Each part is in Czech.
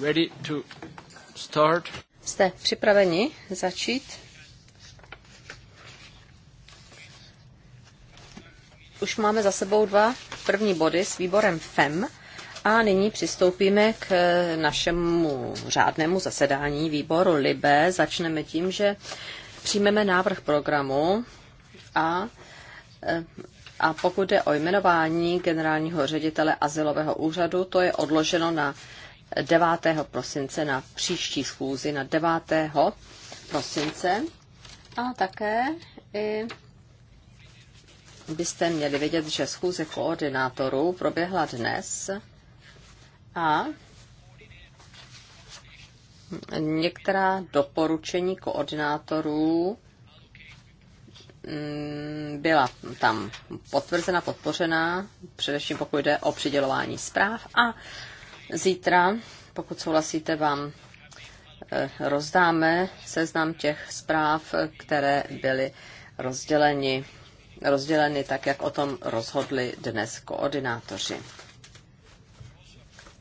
ready to start? Jste připraveni začít? Už máme za sebou dva první body s výborem FEM a nyní přistoupíme k eh, našemu řádnému zasedání výboru LIBE. Začneme tím, že přijmeme návrh programu a eh, a pokud je o jmenování generálního ředitele asilového úřadu, to je odloženo na 9. prosince na příští schůzi, na 9. prosince. A také i byste měli vědět, že schůze koordinátorů proběhla dnes a některá doporučení koordinátorů mm, byla tam potvrzena, podpořena, především pokud jde o přidělování zpráv a Zítra, pokud souhlasíte, vám eh, rozdáme seznam těch zpráv, které byly rozděleny, rozděleny tak, jak o tom rozhodli dnes koordinátoři.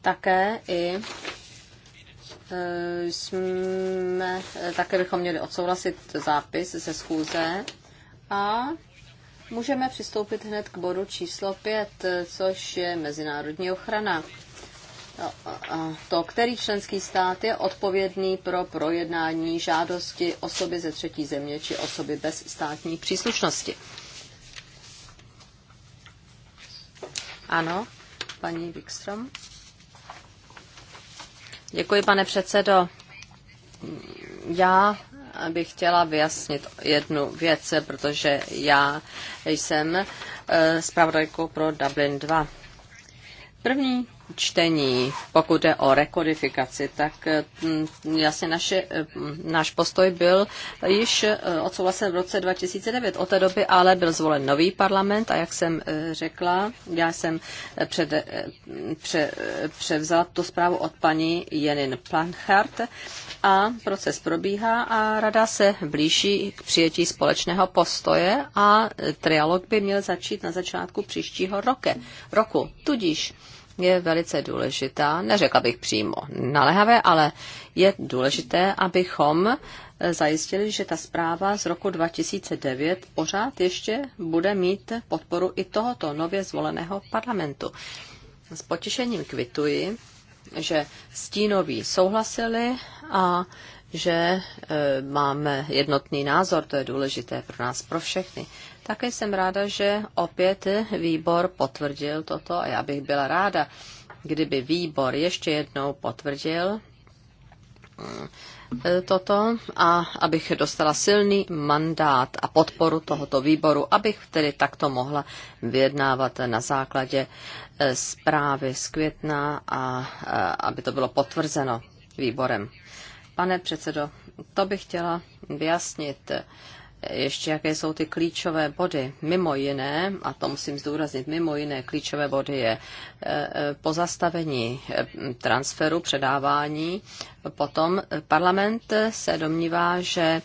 Také i eh, jsme, eh, také bychom měli odsouhlasit zápis ze schůze a můžeme přistoupit hned k bodu číslo 5, což je mezinárodní ochrana to, který členský stát je odpovědný pro projednání žádosti osoby ze třetí země či osoby bez státní příslušnosti. Ano, paní Wikström. Děkuji, pane předsedo. Já bych chtěla vyjasnit jednu věc, protože já jsem eh, zpravodajkou pro Dublin 2. První čtení, pokud jde o rekodifikaci, tak mm, jasně naše, mm, náš postoj byl již e, odsouhlasen v roce 2009. Od té doby ale byl zvolen nový parlament a jak jsem e, řekla, já jsem e, před, pře, převzala tu zprávu od paní Jenin Planchart a proces probíhá a rada se blíží k přijetí společného postoje a trialog by měl začít na začátku příštího roke, roku. Tudíž je velice důležitá, neřekla bych přímo nalehavé, ale je důležité, abychom eh, zajistili, že ta zpráva z roku 2009 pořád ještě bude mít podporu i tohoto nově zvoleného parlamentu. S potěšením kvituji, že stínoví souhlasili a že eh, máme jednotný názor, to je důležité pro nás, pro všechny. Také jsem ráda, že opět výbor potvrdil toto a já bych byla ráda, kdyby výbor ještě jednou potvrdil eh, toto a abych dostala silný mandát a podporu tohoto výboru, abych tedy takto mohla vyjednávat na základě eh, zprávy z května a eh, aby to bylo potvrzeno výborem. Pane předsedo, to bych chtěla vyjasnit ještě jaké jsou ty klíčové body. Mimo jiné, a to musím zdůraznit, mimo jiné klíčové body je eh, pozastavení eh, transferu, předávání. Potom parlament se domnívá, že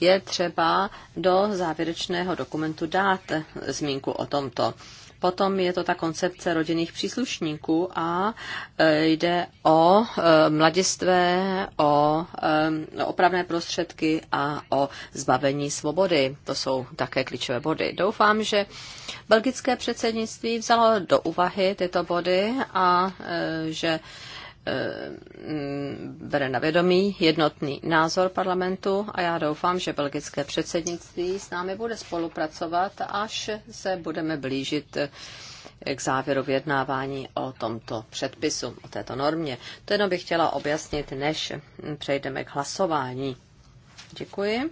je třeba do závěrečného dokumentu dát zmínku o tomto. Potom je to ta koncepce rodinných příslušníků a e, jde o e, mladistvé, e, o opravné prostředky a o zbavení svobody. To jsou také klíčové body. Doufám, že belgické předsednictví vzalo do úvahy tyto body a že Eh, bere na vědomí jednotný názor parlamentu a já doufám, že belgické předsednictví s námi bude spolupracovat, až se budeme blížit eh, k závěru vyjednávání o tomto předpisu, o této normě. To jenom bych chtěla objasnit, než přejdeme k hlasování. Děkuji.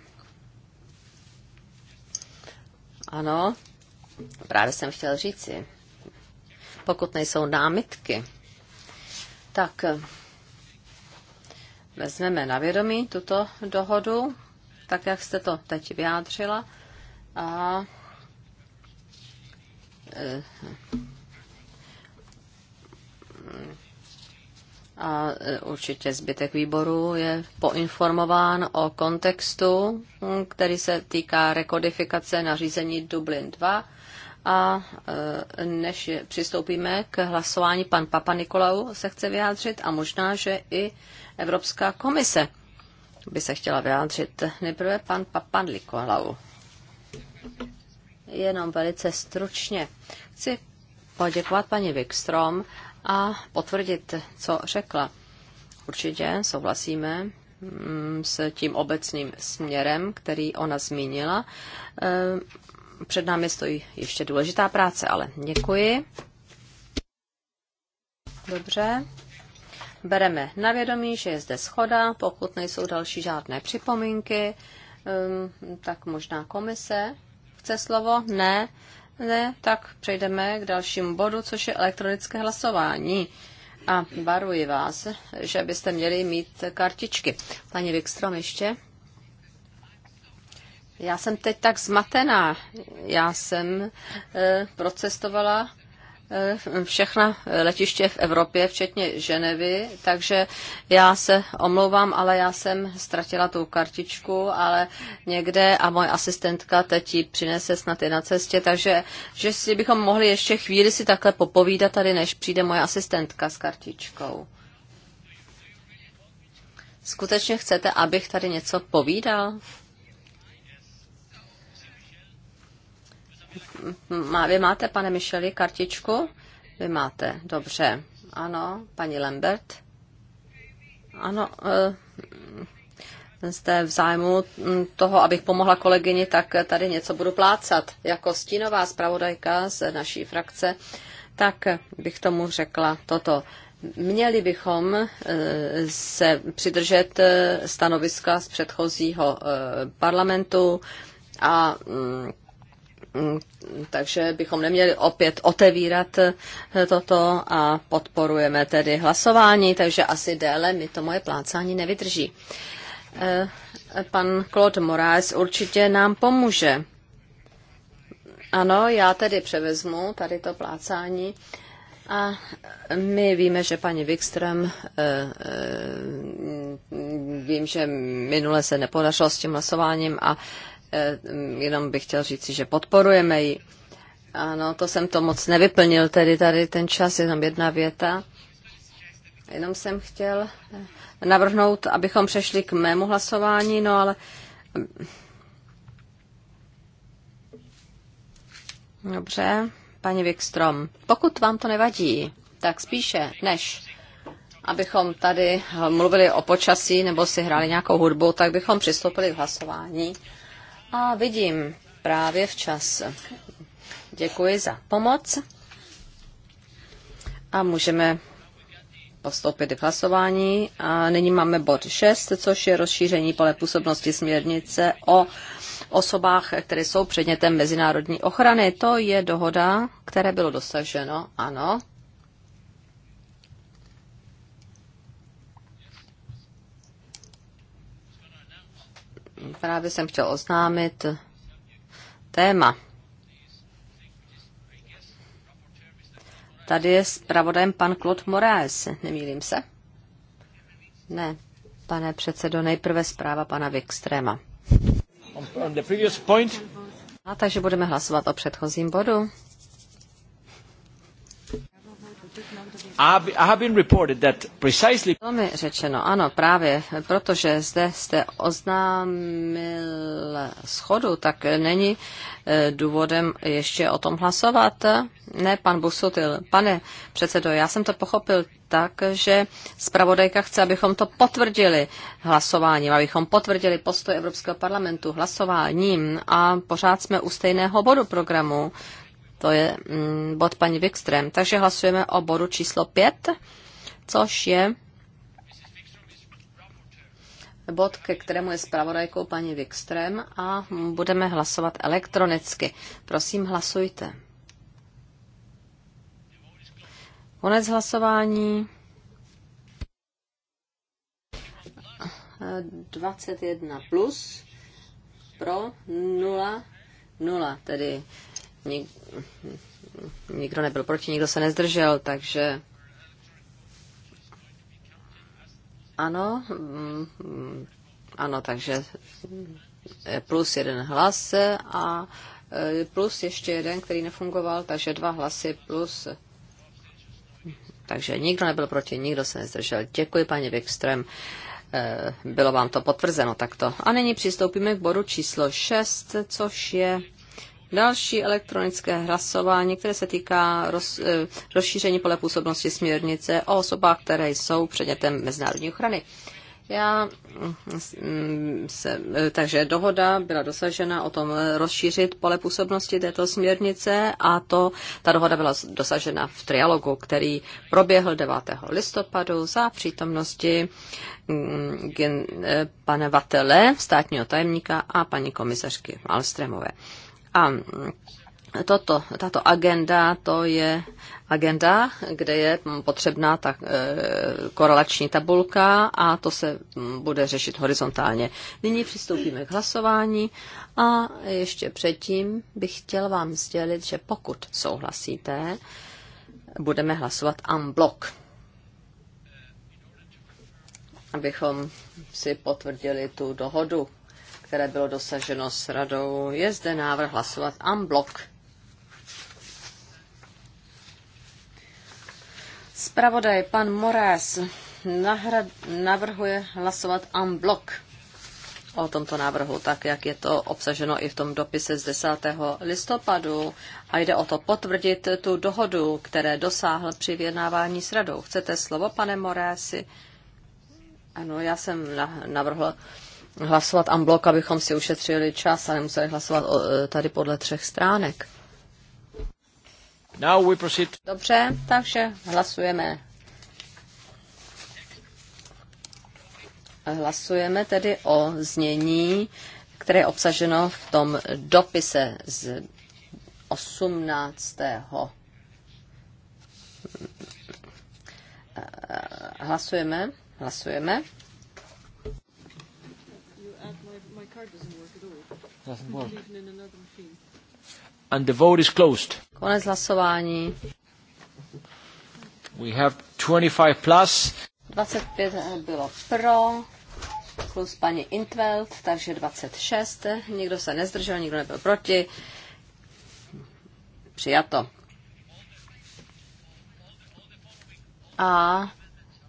Ano, právě jsem chtěl říci, pokud nejsou námitky, tak vezmeme na vědomí tuto dohodu, tak jak jste to teď vyjádřila, a eh, a eh, určitě zbytek výboru je poinformován o kontextu, hm, který se týká rekodifikace nařízení Dublin 2 a e, než přistoupíme k hlasování, pan Papa Nikolau se chce vyjádřit a možná, že i Evropská komise by se chtěla vyjádřit. Nejprve pan Papa Nikolau. Jenom velice stručně. Chci poděkovat paní Wikstrom a potvrdit, co řekla. Určitě souhlasíme mm, s tím obecným směrem, který ona zmínila e, před námi stojí ještě důležitá práce, ale děkuji. Dobře. Bereme na vědomí, že je zde schoda, pokud nejsou další žádné připomínky, um, tak možná komise chce slovo? Ne. Ne, tak přejdeme k dalšímu bodu, což je elektronické hlasování. A varuji vás, že byste měli mít kartičky. Paní Wikstrom ještě. Já jsem teď tak zmatená. Já jsem e, procestovala eh, všechna letiště v Evropě, včetně Ženevy, takže já se omlouvám, ale já jsem ztratila tu kartičku, ale někde a moje asistentka teď ji přinese snad i na cestě, takže že si bychom mohli ještě chvíli si takhle popovídat tady, než přijde moje asistentka s kartičkou. Skutečně chcete, abych tady něco povídal? Má, vy máte, pane Micheli, kartičku? Vy máte, dobře. Ano, paní Lambert. Ano, eh, jste v zájmu toho, abych pomohla kolegyni, tak tady něco budu plácat. Jako stínová zpravodajka z naší frakce, tak bych tomu řekla toto. Měli bychom eh, se přidržet eh, stanoviska z předchozího parlamentu a mm, takže bychom neměli opět otevírat eh, toto a podporujeme tedy hlasování, takže asi déle mi to moje plácání nevydrží. Eh, pan Claude Moraes určitě nám pomůže. Ano, já tedy převezmu tady to plácání. A my víme, že paní Wikström, eh, vím, že minule se nepodařilo s tím hlasováním a Eh, mm, jenom bych chtěl říct, že podporujeme ji. Ano, to jsem to moc nevyplnil, tedy tady ten čas, jenom jedna věta. Jenom jsem chtěl eh, navrhnout, abychom přešli k mému hlasování, no ale... Mm, dobře, paní Wikstrom, pokud vám to nevadí, tak spíše než abychom tady mluvili o počasí nebo si hráli nějakou hudbu, tak bychom přistoupili k hlasování. A vidím právě včas. Děkuji za pomoc. A můžeme postoupit k hlasování. A nyní máme bod 6, což je rozšíření pole působnosti směrnice o osobách, které jsou předmětem mezinárodní ochrany. To je dohoda, které bylo dosaženo, ano, právě jsem chtěl oznámit téma. Tady je zpravodajem pan Claude Moraes, nemýlím se? Ne, pane předsedo, nejprve zpráva pana Vikstrema. A takže budeme hlasovat o předchozím bodu. Bylo mi řečeno, ano, právě protože zde jste oznámil schodu, tak není eh, důvodem ještě o tom hlasovat. Ne, pan Busutil. Pane předsedo, já jsem to pochopil tak, že zpravodajka chce, abychom to potvrdili hlasováním, abychom potvrdili postoj Evropského parlamentu hlasováním a pořád jsme u stejného bodu programu to je mm, bod paní Wikström. Takže hlasujeme o bodu číslo 5, což je bod, ke kterému je zpravodajkou paní Wikström a budeme hlasovat elektronicky. Prosím, hlasujte. Konec hlasování. 21 plus pro 0, 0, tedy Nik, nikdo nebyl proti, nikdo se nezdržel, takže ano, mm, ano, takže e plus jeden hlas a e plus ještě jeden, který nefungoval, takže dva hlasy plus. Takže nikdo nebyl proti, nikdo se nezdržel. Děkuji, paní Wikström. E, bylo vám to potvrzeno takto. A nyní přistoupíme k bodu číslo 6, což je Další elektronické hlasování, které se týká roz, eh, rozšíření pole působnosti směrnice o osobách, které jsou předmětem mezinárodní ochrany. Já mm, se, eh, takže dohoda byla dosažena o tom eh, rozšířit pole působnosti této směrnice a to, ta dohoda byla dosažena v trialogu, který proběhl 9. listopadu za přítomnosti mm, gen, pana Vatele, státního tajemníka a paní komisařky Malstremové. A toto, tato agenda, to je agenda, kde je potřebná ta e, korelační tabulka a to se bude řešit horizontálně. Nyní přistoupíme k hlasování a ještě předtím bych chtěl vám sdělit, že pokud souhlasíte, budeme hlasovat en blok. Abychom si potvrdili tu dohodu které bylo dosaženo s radou. Je zde návrh hlasovat unblock. Spravodaj pan Moraes nahrad, navrhuje hlasovat unblock o tomto návrhu, tak jak je to obsaženo i v tom dopise z 10. listopadu. A jde o to potvrdit tu dohodu, které dosáhl při vyjednávání s radou. Chcete slovo, pane Morási? Ano, já jsem navrhl hlasovat unblock, abychom si ušetřili čas a nemuseli hlasovat e, tady podle třech stránek. Now we proceed. Dobře, takže hlasujeme. Hlasujeme tedy o znění, které je obsaženo v tom dopise z 18. E, e, hlasujeme, hlasujeme. card doesn't work at all. Doesn't work. And the vote is closed. Konec hlasování. We have 25 plus. 25 eh, bylo pro, plus paní Intveld, takže 26. Nikdo se nezdržel, nikdo nebyl proti. Přijato. A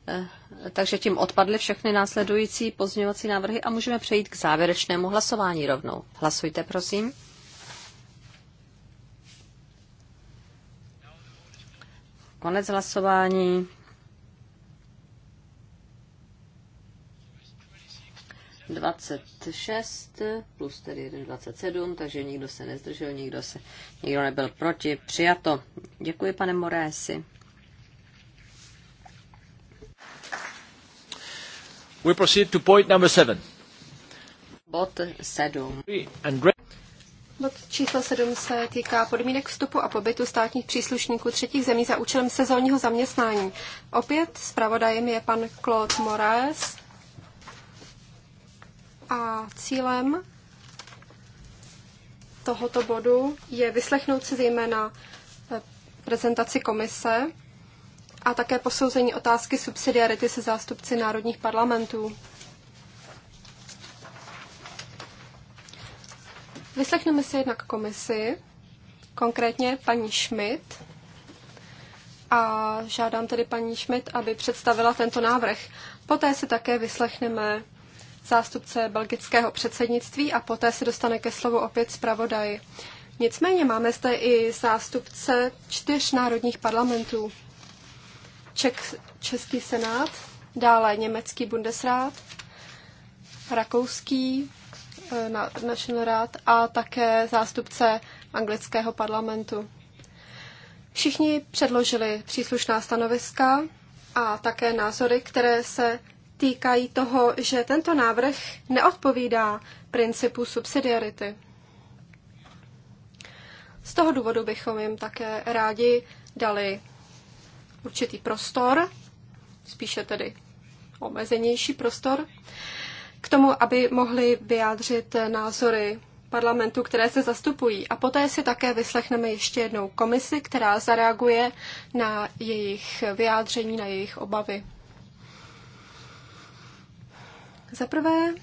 eh, takže tím odpadly všechny následující pozměňovací návrhy a můžeme přejít k závěrečnému hlasování rovnou. Hlasujte, prosím. Konec hlasování. 26 plus tedy jeden 27, takže nikdo se nezdržel, nikdo, se, nikdo nebyl proti. Přijato. Děkuji, pane Moresi. We proceed to point number seven. Bod Bod číslo 7 se týká podmínek vstupu a pobytu státních příslušníků třetích zemí za účelem sezónního zaměstnání. Opět zpravodajem je pan Claude Moraes a cílem tohoto bodu je vyslechnout si zejména eh, prezentaci komise a také posouzení otázky subsidiarity se zástupci národních parlamentů. Vyslechneme si jednak komisi, konkrétně paní Schmidt, a žádám tedy paní Schmidt, aby představila tento návrh. Poté si také vyslechneme zástupce belgického předsednictví a poté se dostane ke slovu opět zpravodaj. Nicméně máme zde i zástupce čtyř národních parlamentů. Ček, Český senát, dále Německý Bundesrat, Rakouský eh, na, National Rad a také zástupce anglického parlamentu. Všichni předložili příslušná stanoviska a také názory, které se týkají toho, že tento návrh neodpovídá principu subsidiarity. Z toho důvodu bychom jim také rádi dali určitý prostor, spíše tedy omezenější prostor, k tomu, aby mohli vyjádřit názory parlamentu, které se zastupují. A poté si také vyslechneme ještě jednou komisi, která zareaguje na jejich vyjádření, na jejich obavy. Za prvé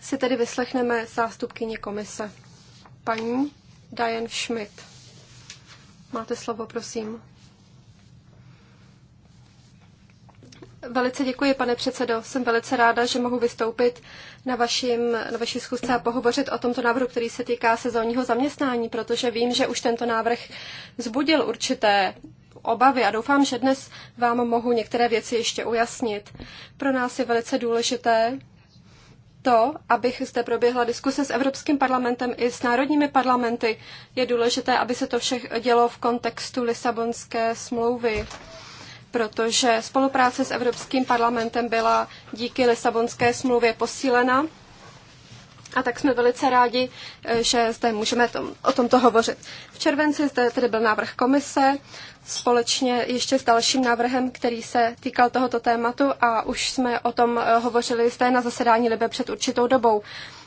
si tedy vyslechneme zástupkyně komise, paní Diane Schmidt. Máte slovo, prosím. Velice děkuji, pane předsedo. Jsem velice ráda, že mohu vystoupit na, vašim, na vaší schůzce a pohovořit o tomto návrhu, který se týká sezónního zaměstnání, protože vím, že už tento návrh zbudil určité obavy a doufám, že dnes vám mohu některé věci ještě ujasnit. Pro nás je velice důležité to, abych zde proběhla diskuse s Evropským parlamentem i s národními parlamenty. Je důležité, aby se to vše dělo v kontextu Lisabonské smlouvy protože spolupráce s Evropským parlamentem byla díky Lisabonské smlouvě posílena. A tak jsme velice rádi, že zde můžeme tom, o tomto hovořit. V červenci zde tedy byl návrh komise, společně ještě s dalším návrhem, který se týkal tohoto tématu a už jsme o tom eh, hovořili zde na zasedání Libe před určitou dobou.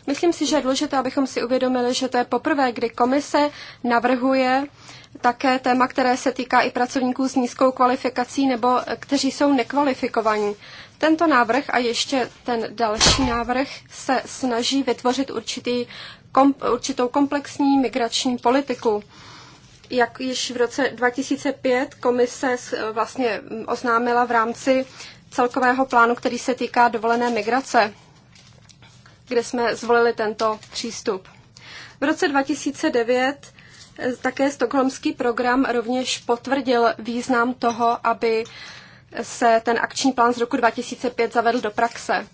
Myslím si, že je důležité, abychom si uvědomili, že to je poprvé, kdy komise navrhuje uh, také téma, které se týká i pracovníků s nízkou kvalifikací nebo eh, kteří jsou nekvalifikovaní. Tento návrh a ještě ten další návrh se snaží vytvořit určitý, kom, určitou komplexní migrační politiku. Jak již v roce 2005 komise eh, vlastně mm, oznámila v rámci celkového plánu, který se týká dovolené migrace, kde jsme zvolili tento přístup. V roce 2009 také stokholmský program rovněž potvrdil význam toho, aby se ten akční plán z roku 2005 zavedl do praxe.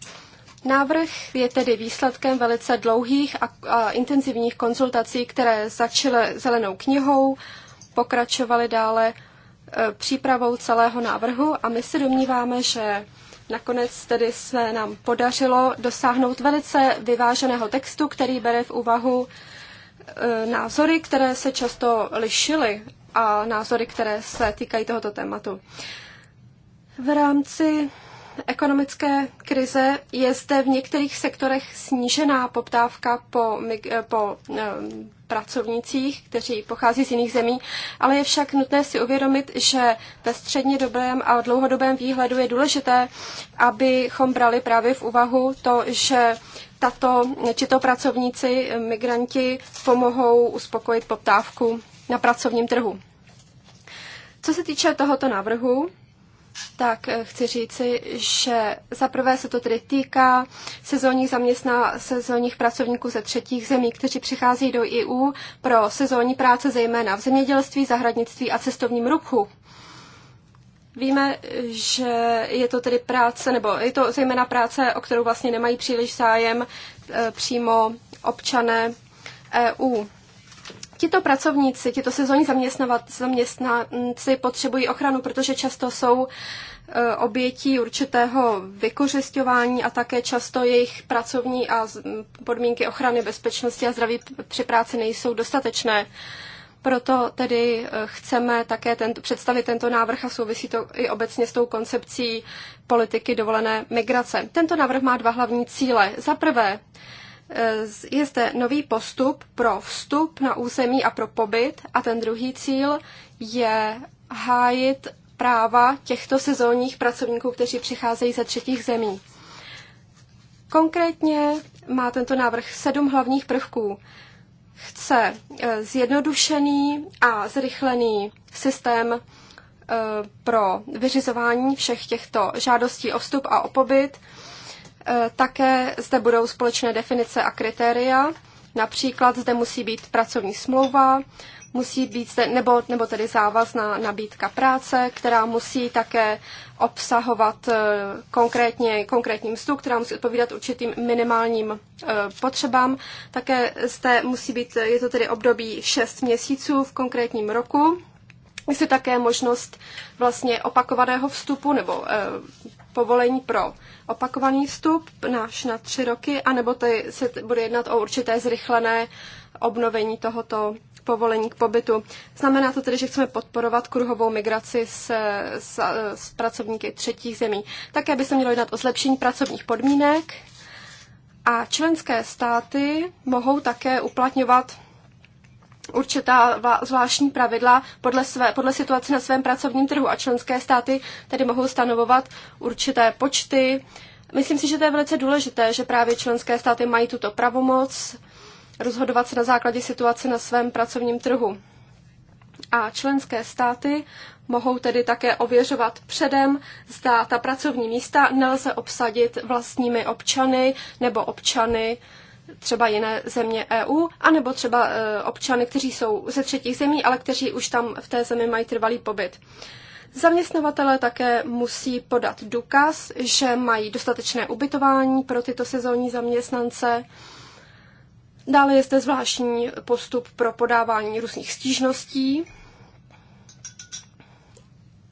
Návrh je tedy výsledkem velice dlouhých a, a intenzivních konzultací, které začaly zelenou knihou, pokračovaly dále e, přípravou celého návrhu a my se domníváme, že nakonec tedy se nám podařilo dosáhnout velice vyváženého textu, který bere v úvahu Eh, názory, které se často lišily a názory, které se týkají tohoto tématu. V rámci ekonomické krize je zde v některých sektorech snížená poptávka po, eh, po eh, pracovnících, kteří pochází z jiných zemí, ale je však nutné si uvědomit, že ve střednědobém a dlouhodobém výhledu je důležité, abychom brali právě v úvahu to, že tato, tito pracovníci, migranti, pomohou uspokojit poptávku na pracovním trhu. Co se týče tohoto návrhu, tak eh, chci říci, že za prvé se to tedy týká sezónních zaměstná sezónních pracovníků ze třetích zemí, kteří přichází do EU pro sezónní práce zejména v zemědělství, zahradnictví a cestovním ruchu. Víme, že je to tedy práce, nebo je to zejména práce, o kterou vlastně nemají příliš zájem eh, přímo občané EU. Tito pracovníci, tito sezónní zaměstnanci potřebují ochranu, protože často jsou eh, obětí určitého vykořišťování a také často jejich pracovní a podmínky ochrany bezpečnosti a zdraví při práci nejsou dostatečné. Proto tedy eh, chceme také tento, představit tento návrh a souvisí to i obecně s tou koncepcí politiky dovolené migrace. Tento návrh má dva hlavní cíle. Za prvé, eh, je zde nový postup pro vstup na území a pro pobyt a ten druhý cíl je hájit práva těchto sezónních pracovníků, kteří přicházejí ze třetích zemí. Konkrétně má tento návrh sedm hlavních prvků chce eh, zjednodušený a zrychlený systém eh, pro vyřizování všech těchto žádostí o vstup a o pobyt. Eh, také zde budou společné definice a kritéria. Například zde musí být pracovní smlouva musí být, nebo, nebo tedy závazná nabídka práce, která musí také obsahovat eh, konkrétně, konkrétní mzdu, která musí odpovídat určitým minimálním eh, potřebám. Také zde musí být, eh, je to tedy období 6 měsíců v konkrétním roku, je také možnost vlastně opakovaného vstupu nebo povolení pro opakovaný vstup náš na tři roky, anebo tady se bude jednat o určité zrychlené obnovení tohoto povolení k pobytu. Znamená to tedy, že chceme podporovat kruhovou migraci s, s, s pracovníky třetích zemí. Také by se mělo jednat o zlepšení pracovních podmínek a členské státy mohou také uplatňovat určitá zvláštní pravidla podle, své, podle situace na svém pracovním trhu a členské státy tedy mohou stanovovat určité počty. Myslím si, že to je velice důležité, že právě členské státy mají tuto pravomoc rozhodovat se na základě situace na svém pracovním trhu. A členské státy mohou tedy také ověřovat předem, zda ta pracovní místa nelze obsadit vlastními občany nebo občany třeba jiné země EU, anebo třeba e, občany, kteří jsou ze třetích zemí, ale kteří už tam v té zemi mají trvalý pobyt. Zaměstnavatele také musí podat důkaz, že mají dostatečné ubytování pro tyto sezónní zaměstnance. Dále je zde zvláštní postup pro podávání různých stížností.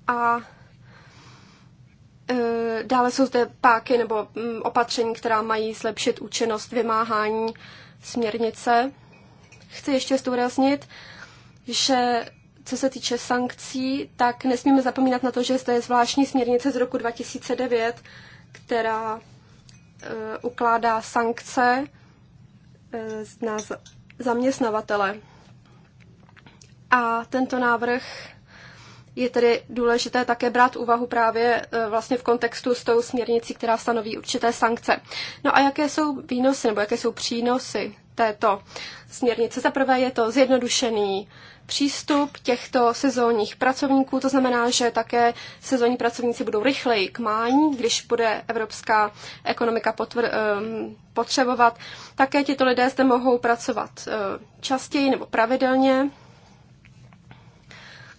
A Eh, dále jsou zde páky nebo mm, opatření, která mají zlepšit účinnost vymáhání směrnice. Chci ještě zdůraznit, že co se týče sankcí, tak nesmíme zapomínat na to, že zde je zvláštní směrnice z roku 2009, která eh, ukládá sankce eh, na zaměstnavatele. A tento návrh je tedy důležité také brát úvahu právě e, vlastně v kontextu s tou směrnicí, která stanoví určité sankce. No a jaké jsou výnosy nebo jaké jsou přínosy této směrnice? Za prvé je to zjednodušený přístup těchto sezónních pracovníků, to znamená, že také sezónní pracovníci budou rychleji k mání, když bude evropská ekonomika potvr, e, potřebovat. Také tito lidé zde mohou pracovat e, častěji nebo pravidelně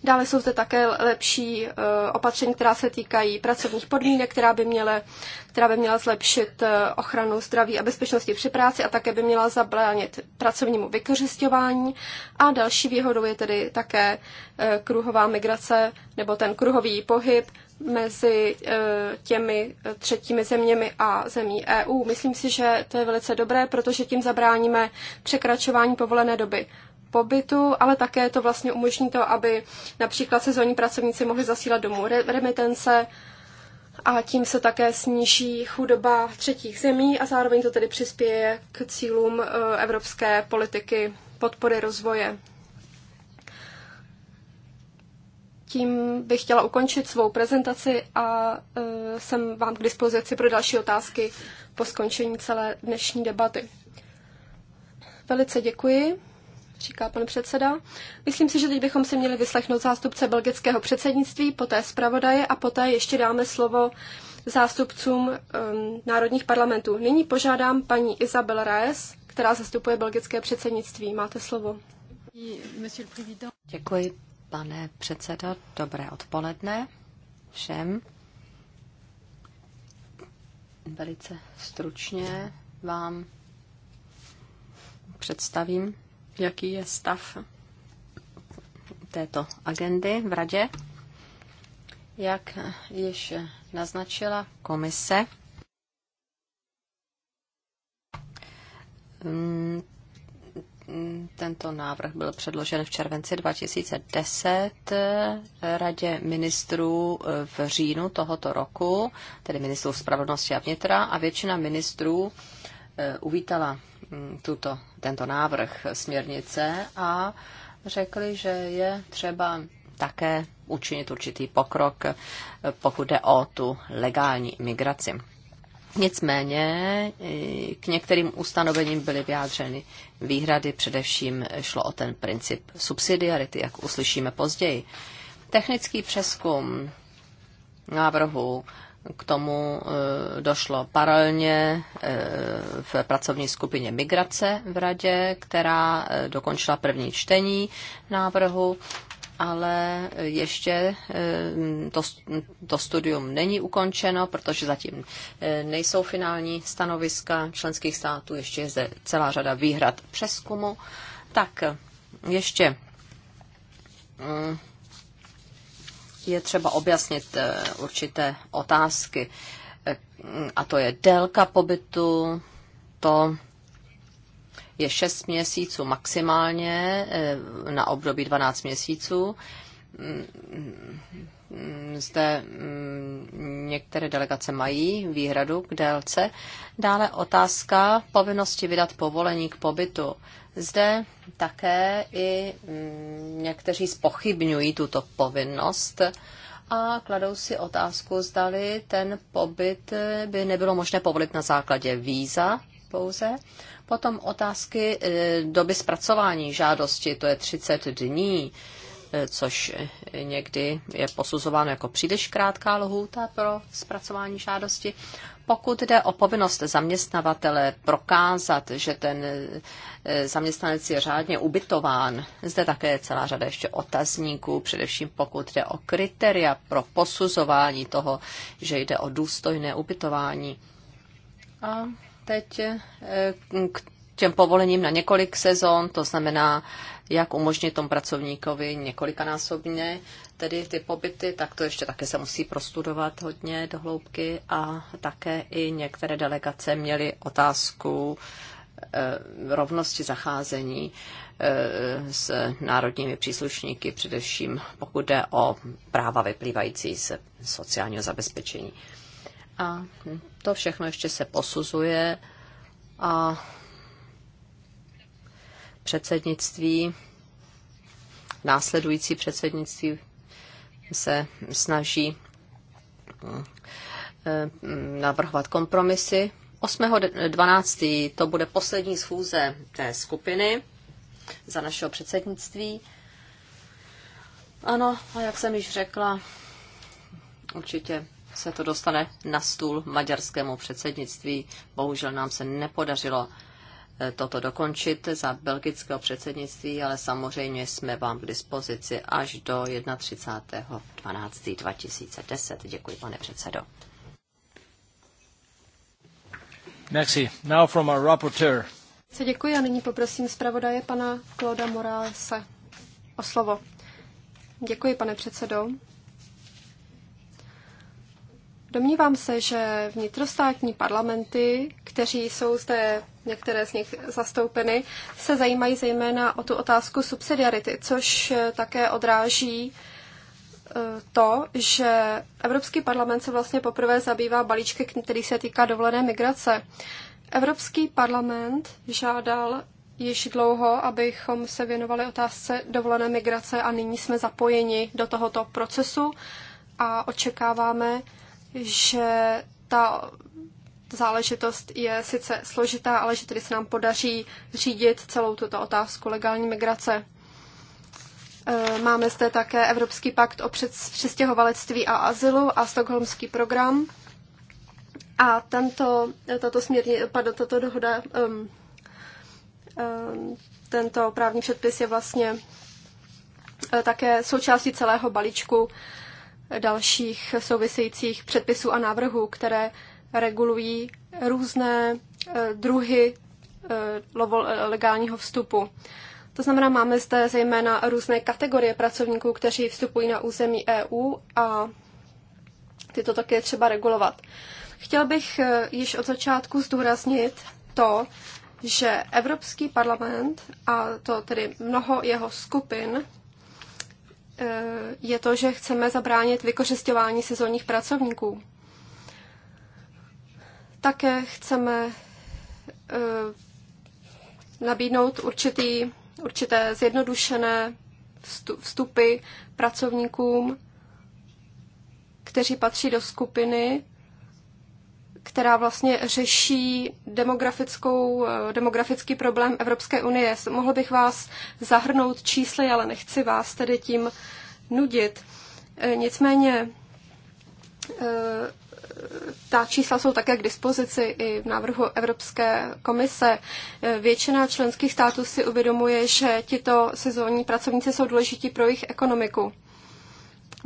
Dále jsou zde také lepší eh, opatření, která se týkají pracovních podmínek, která by, měla, která by měla zlepšit eh, ochranu zdraví a bezpečnosti při práci a také by měla zabránit pracovnímu vykořišťování. A další výhodou je tedy také eh, kruhová migrace nebo ten kruhový pohyb mezi těmi třetími zeměmi a zemí EU. Myslím si, že to je velice dobré, protože tím zabráníme překračování povolené doby pobytu, ale také to vlastně umožní to, aby například sezónní pracovníci mohli zasílat domů remitence a tím se také sníží chudoba třetích zemí a zároveň to tedy přispěje k cílům eh, evropské politiky podpory rozvoje. Tím bych chtěla ukončit svou prezentaci a eh, jsem vám k dispozici pro další otázky po skončení celé dnešní debaty. Velice děkuji říká pan předseda. Myslím si, že teď bychom si měli vyslechnout zástupce belgického předsednictví, poté zpravodaje a poté ještě dáme slovo zástupcům um, národních parlamentů. Nyní požádám paní Isabel Reyes, která zastupuje belgické předsednictví. Máte slovo. Děkuji, pane předsedo. Dobré odpoledne všem. Velice stručně vám představím jaký je stav této agendy v radě. Jak již naznačila komise, mm, tento návrh byl předložen v červenci 2010 Radě ministrů v říjnu tohoto roku, tedy ministrů spravedlnosti a vnitra, a většina ministrů eh, uvítala tuto, tento návrh směrnice a řekli, že je třeba také učinit určitý pokrok, pokud jde o tu legální migraci. Nicméně k některým ustanovením byly vyjádřeny výhrady, především šlo o ten princip subsidiarity, jak uslyšíme později. Technický přeskum návrhu k tomu e, došlo paralelně e, v pracovní skupině migrace v radě, která e, dokončila první čtení návrhu, ale ještě to, to studium není ukončeno, protože zatím nejsou finální stanoviska členských států, ještě je zde celá řada výhrad přeskumu. Tak ještě mm, je třeba objasnit eh, určité otázky. Eh, a to je délka pobytu, to je 6 měsíců maximálně eh, na období 12 měsíců. Mm, mm, zde mm, některé delegace mají výhradu k délce. Dále otázka povinnosti vydat povolení k pobytu. Zde také i mm, někteří spochybňují tuto povinnost a kladou si otázku, zdali ten pobyt by nebylo možné povolit na základě víza pouze. Potom otázky e, doby zpracování žádosti, to je 30 dní, e, což někdy je posuzováno jako příliš krátká lhůta pro zpracování žádosti. Pokud jde o povinnost zaměstnavatele prokázat, že ten e, zaměstnanec je řádně ubytován, zde také je celá řada ještě otazníků, především pokud jde o kritéria pro posuzování toho, že jde o důstojné ubytování. A teď e, k těm povolením na několik sezon, to znamená, jak umožnit tomu pracovníkovi několikanásobně tedy ty pobyty, tak to ještě také se musí prostudovat hodně do hloubky a také i některé delegace měly otázku eh, rovnosti zacházení eh, s národními příslušníky, především pokud jde o práva vyplývající z sociálního zabezpečení. A to všechno ještě se posuzuje a předsednictví, následující předsednictví se snaží eh, navrhovat kompromisy. 8.12. to bude poslední schůze té skupiny za našeho předsednictví. Ano, a jak jsem již řekla, určitě se to dostane na stůl maďarskému předsednictví. Bohužel nám se nepodařilo toto dokončit za belgického předsednictví, ale samozřejmě jsme vám k dispozici až do 31.12.2010. Děkuji, pane předsedo. Merci. Now from our rapporteur. Se děkuji a nyní poprosím zpravodaje pana Clauda Morálse o slovo. Děkuji, pane předsedo. Domnívám se, že vnitrostátní parlamenty, kteří jsou zde některé z nich zastoupeny, se zajímají zejména o tu otázku subsidiarity, což také odráží e, to, že Evropský parlament se vlastně poprvé zabývá balíčky, který se týká dovolené migrace. Evropský parlament žádal již dlouho, abychom se věnovali otázce dovolené migrace a nyní jsme zapojeni do tohoto procesu a očekáváme, že ta záležitost je sice složitá, ale že tedy se nám podaří řídit celou tuto otázku legální migrace. E, máme zde také Evropský pakt o přestěhovalectví a azylu a Stockholmský program. A tento, tato, směrně, pardon, tato dohoda, um, um, tento právní předpis je vlastně e, také součástí celého balíčku dalších souvisejících předpisů a návrhů, které regulují různé eh, druhy eh, eh, legálního vstupu. To znamená, máme zde zejména různé kategorie pracovníků, kteří vstupují na území EU a tyto také třeba regulovat. Chtěl bych již od začátku zdůraznit to, že Evropský parlament a to tedy mnoho jeho skupin je to, že chceme zabránit vykořišťování sezónních pracovníků. Také chceme eh, nabídnout určitý, určité zjednodušené vstupy pracovníkům, kteří patří do skupiny, která vlastně řeší demografickou, eh, demografický problém Evropské unie. Mohl bych vás zahrnout čísly, ale nechci vás tedy tím nudit. Eh, nicméně eh, ta čísla jsou také k dispozici i v návrhu Evropské komise. Většina členských států si uvědomuje, že tito sezónní pracovníci jsou důležití pro jejich ekonomiku.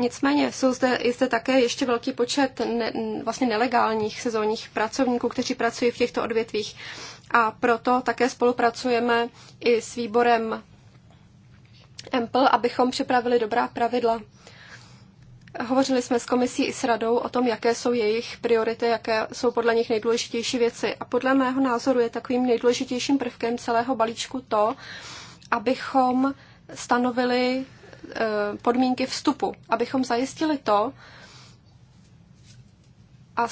Nicméně jsou zde, je zde také ještě velký počet ne, vlastně nelegálních sezónních pracovníků, kteří pracují v těchto odvětvích. A proto také spolupracujeme i s výborem EMPL, abychom připravili dobrá pravidla. Hovořili jsme s komisí i s radou o tom, jaké jsou jejich priority, jaké jsou podle nich nejdůležitější věci. A podle mého názoru je takovým nejdůležitějším prvkem celého balíčku to, abychom stanovili Eh, podmínky vstupu, abychom zajistili to, a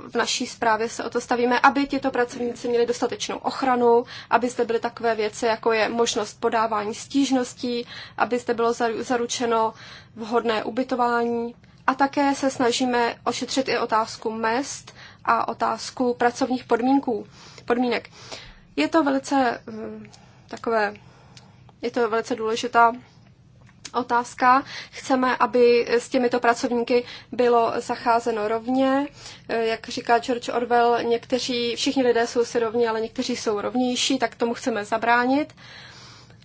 v naší zprávě se o to stavíme, aby tito pracovníci měli dostatečnou ochranu, aby zde byly takové věci, jako je možnost podávání stížností, aby zde bylo zaručeno vhodné ubytování. A také se snažíme ošetřit i otázku mest a otázku pracovních podmínků, podmínek. Je to velice eh, takové, je to velice důležitá otázka. Chceme, aby s těmito pracovníky bylo zacházeno rovně. Eh, jak říká George Orwell, někteří, všichni lidé jsou si rovni, ale někteří jsou rovnější, tak tomu chceme zabránit.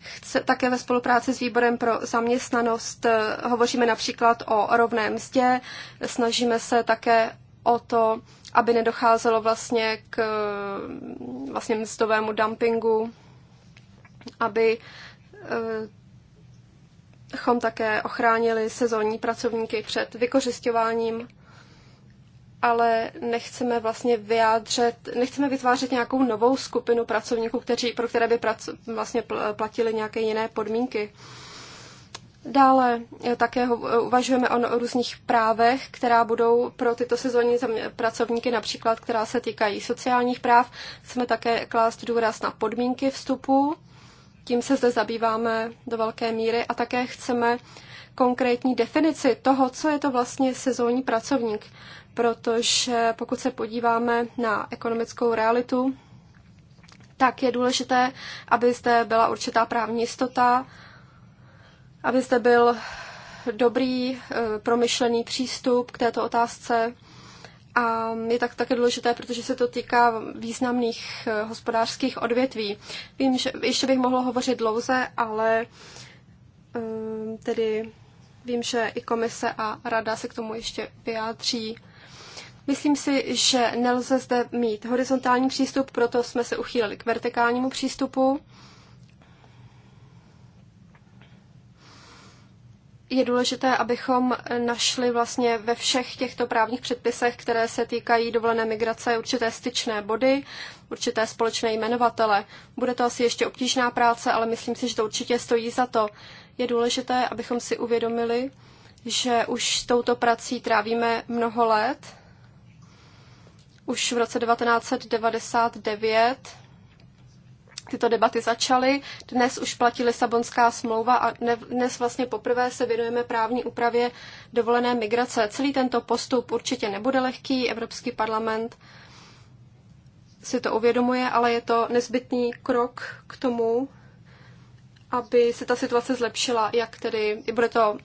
Chce, také ve spolupráci s výborem pro zaměstnanost eh, hovoříme například o rovné mzdě, snažíme se také o to, aby nedocházelo vlastně k eh, vlastně mzdovému dumpingu, aby abychom také ochránili sezónní pracovníky před vykořišťováním, ale nechceme vlastně vyjádřet, nechceme vytvářet nějakou novou skupinu pracovníků, kteří, pro které by prac, vlastně platili nějaké jiné podmínky. Dále eh, také eh, uvažujeme no, o různých právech, která budou pro tyto sezónní pracovníky, například která se týkají sociálních práv. Chceme také klást důraz na podmínky vstupu tím se zde zabýváme do velké míry a také chceme konkrétní definici toho, co je to vlastně sezónní pracovník, protože pokud se podíváme na ekonomickou realitu, tak je důležité, aby zde byla určitá právní jistota, aby zde byl dobrý, eh, promyšlený přístup k této otázce, a je tak také důležité, protože se to týká významných eh, hospodářských odvětví. Vím, že ještě bych mohla hovořit dlouze, ale ehm, tedy vím, že i komise a rada se k tomu ještě vyjádří. Myslím si, že nelze zde mít horizontální přístup, proto jsme se uchýlili k vertikálnímu přístupu. je důležité, abychom našli vlastně ve všech těchto právních předpisech, které se týkají dovolené migrace, určité styčné body, určité společné jmenovatele. Bude to asi ještě obtížná práce, ale myslím si, že to určitě stojí za to. Je důležité, abychom si uvědomili, že už touto prací trávíme mnoho let. Už v roce 1999 tyto debaty začaly. Dnes už platí Lisabonská smlouva a dnes vlastně poprvé se věnujeme právní úpravě dovolené migrace. Celý tento postup určitě nebude lehký. Evropský parlament si to uvědomuje, ale je to nezbytný krok k tomu, aby se ta situace zlepšila, jak tedy, bude to um,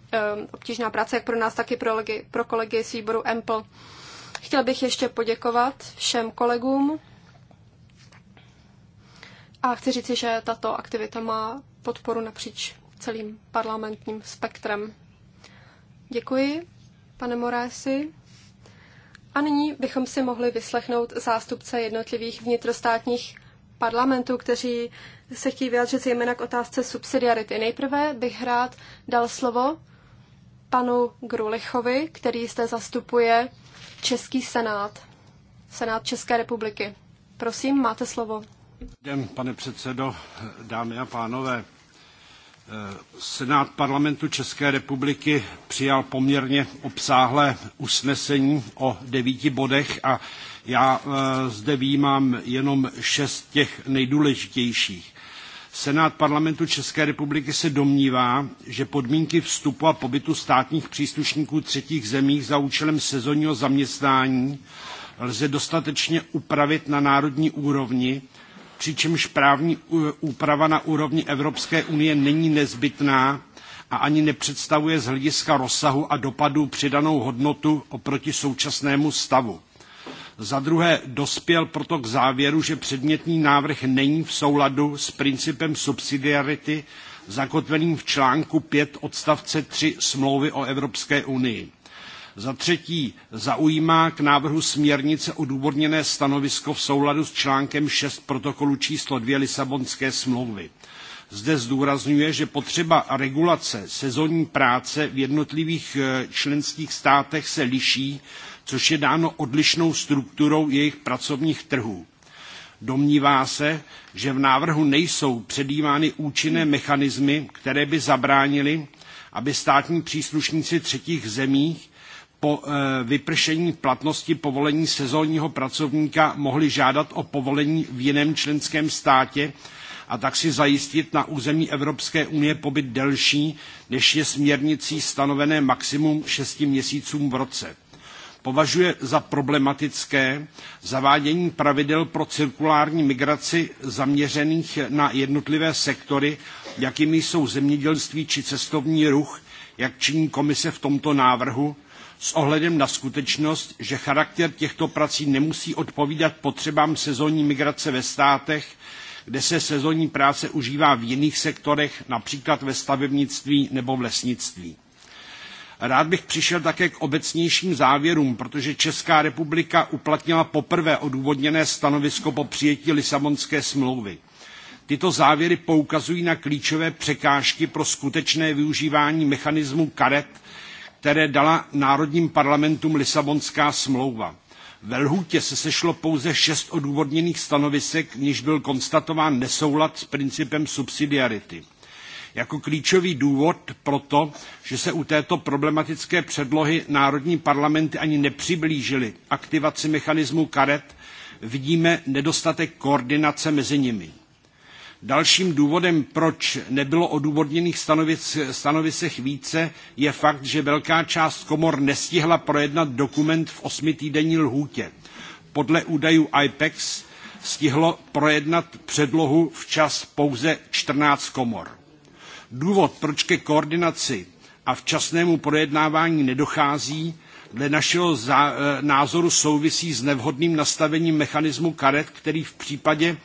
obtížná práce jak pro nás, tak i pro, legi, pro kolegy z výboru EMPL. Chtěla bych ještě poděkovat všem kolegům, a chci říci, že tato aktivita má podporu napříč celým parlamentním spektrem. Děkuji, pane Morési. A nyní bychom si mohli vyslechnout zástupce jednotlivých vnitrostátních parlamentů, kteří se chtějí vyjádřit zejména k otázce subsidiarity. Nejprve bych rád dal slovo panu Grulichovi, který zde zastupuje Český senát, senát České republiky. Prosím, máte slovo. Den, pane předsedo, dámy a pánové. Senát parlamentu České republiky přijal poměrně obsáhlé usnesení o devíti bodech a já eh, zde výjímám jenom šest těch nejdůležitějších. Senát parlamentu České republiky se domnívá, že podmínky vstupu a pobytu státních příslušníků třetích zemí za účelem sezónního zaměstnání lze dostatečně upravit na národní úrovni přičemž právní e, úprava na úrovni Evropské unie není nezbytná a ani nepředstavuje z hlediska rozsahu a dopadů přidanou hodnotu oproti současnému stavu. Za druhé dospěl proto k závěru, že předmětný návrh není v souladu s principem subsidiarity zakotveným v článku 5 odstavce 3 smlouvy o Evropské unii. Za třetí zaujímá k návrhu směrnice odůvodněné stanovisko v souladu s článkem 6 protokolu číslo 2 Lisabonské smlouvy. Zde zdůrazňuje, že potřeba regulace sezónní práce v jednotlivých e, členských státech se liší, což je dáno odlišnou strukturou jejich pracovních trhů. Domnívá se, že v návrhu nejsou předjímány účinné mechanismy, které by zabránily, aby státní příslušníci třetích zemích po eh, vypršení platnosti povolení sezónního pracovníka mohli žádat o povolení v jiném členském státě a tak si zajistit na území Evropské unie pobyt delší, než je směrnicí stanovené maximum 6 měsícům v roce. Považuje za problematické zavádění pravidel pro cirkulární migraci zaměřených na jednotlivé sektory, jakými jsou zemědělství či cestovní ruch, jak činí komise v tomto návrhu, s ohledem na skutečnost, že charakter těchto prací nemusí odpovídat potřebám sezónní migrace ve státech, kde se sezónní práce užívá v jiných sektorech, například ve stavebnictví nebo v lesnictví. Rád bych přišel také k obecnějším závěrům, protože Česká republika uplatnila poprvé odůvodněné stanovisko po přijetí Lisabonské smlouvy. Tyto závěry poukazují na klíčové překážky pro skutečné využívání mechanismu karet které dala národním parlamentům Lisabonská smlouva. Ve lhůtě se sešlo pouze šest odůvodněných stanovisek, v níž byl konstatován nesoulad s principem subsidiarity. Jako klíčový důvod pro to, že se u této problematické předlohy národní parlamenty ani nepřiblížily aktivaci mechanismu karet, vidíme nedostatek koordinace mezi nimi. Dalším důvodem, proč nebylo odůvodněných stanovisech více, je fakt, že velká část komor nestihla projednat dokument v osmitýdenní lhůtě. Podle údajů IPEX stihlo projednat předlohu včas pouze 14 komor. Důvod, proč ke koordinaci a včasnému projednávání nedochází, dle našeho e, názoru souvisí s nevhodným nastavením mechanismu karet, který v případě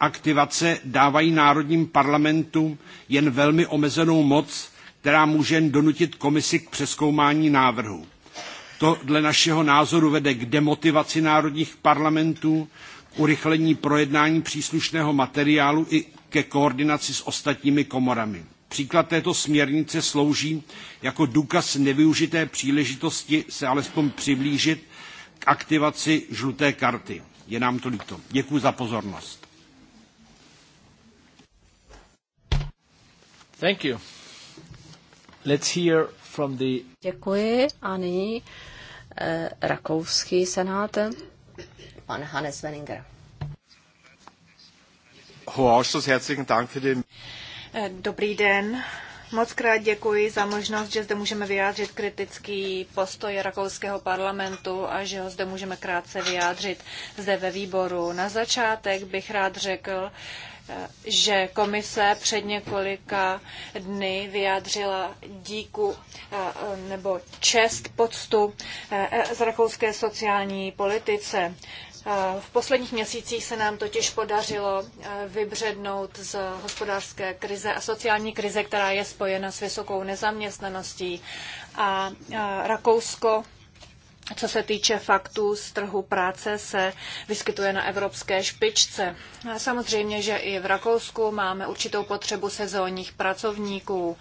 aktivace dávají národním parlamentům jen velmi omezenou moc, která může donutit komisi k přeskoumání návrhu. To dle našeho názoru vede k demotivaci národních parlamentů, k urychlení projednání příslušného materiálu i ke koordinaci s ostatními komorami. Příklad této směrnice slouží jako důkaz nevyužité příležitosti se alespoň přiblížit k aktivaci žluté karty. Je nám to líto. Děkuji za pozornost. Let's hear from the... Děkuji a nyní eh, rakouský senát, pan Hannes Weninger. Eh, dobrý den. Moc krát děkuji za možnost, že zde můžeme vyjádřit kritický postoj rakouského parlamentu a že ho zde můžeme krátce vyjádřit zde ve výboru. Na začátek bych rád řekl, že komise před několika dny vyjádřila díku nebo čest poctu e, z rakouské sociální politice. V posledních měsících se nám totiž podařilo vybřednout z hospodářské krize a sociální krize, která je spojena s vysokou nezaměstnaností. A Rakousko co se týče faktů z trhu práce, se vyskytuje na evropské špičce. Samozřejmě, že i v Rakousku máme určitou potřebu sezónních pracovníků,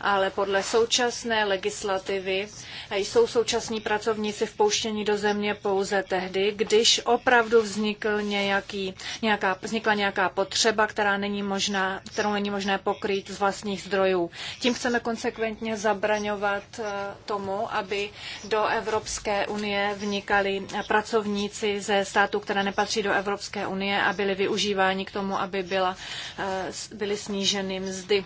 ale podle současné legislativy jsou současní pracovníci vpouštěni do země pouze tehdy, když opravdu vznikl nějaký, nějaká, vznikla nějaká potřeba, která není možná, kterou není možné pokrýt z vlastních zdrojů. Tím chceme konsekventně zabraňovat eh, tomu, aby do Evropské unie vnikali pracovníci ze států, které nepatří do Evropské unie a byli využíváni k tomu, aby byla, eh, byly sníženy mzdy.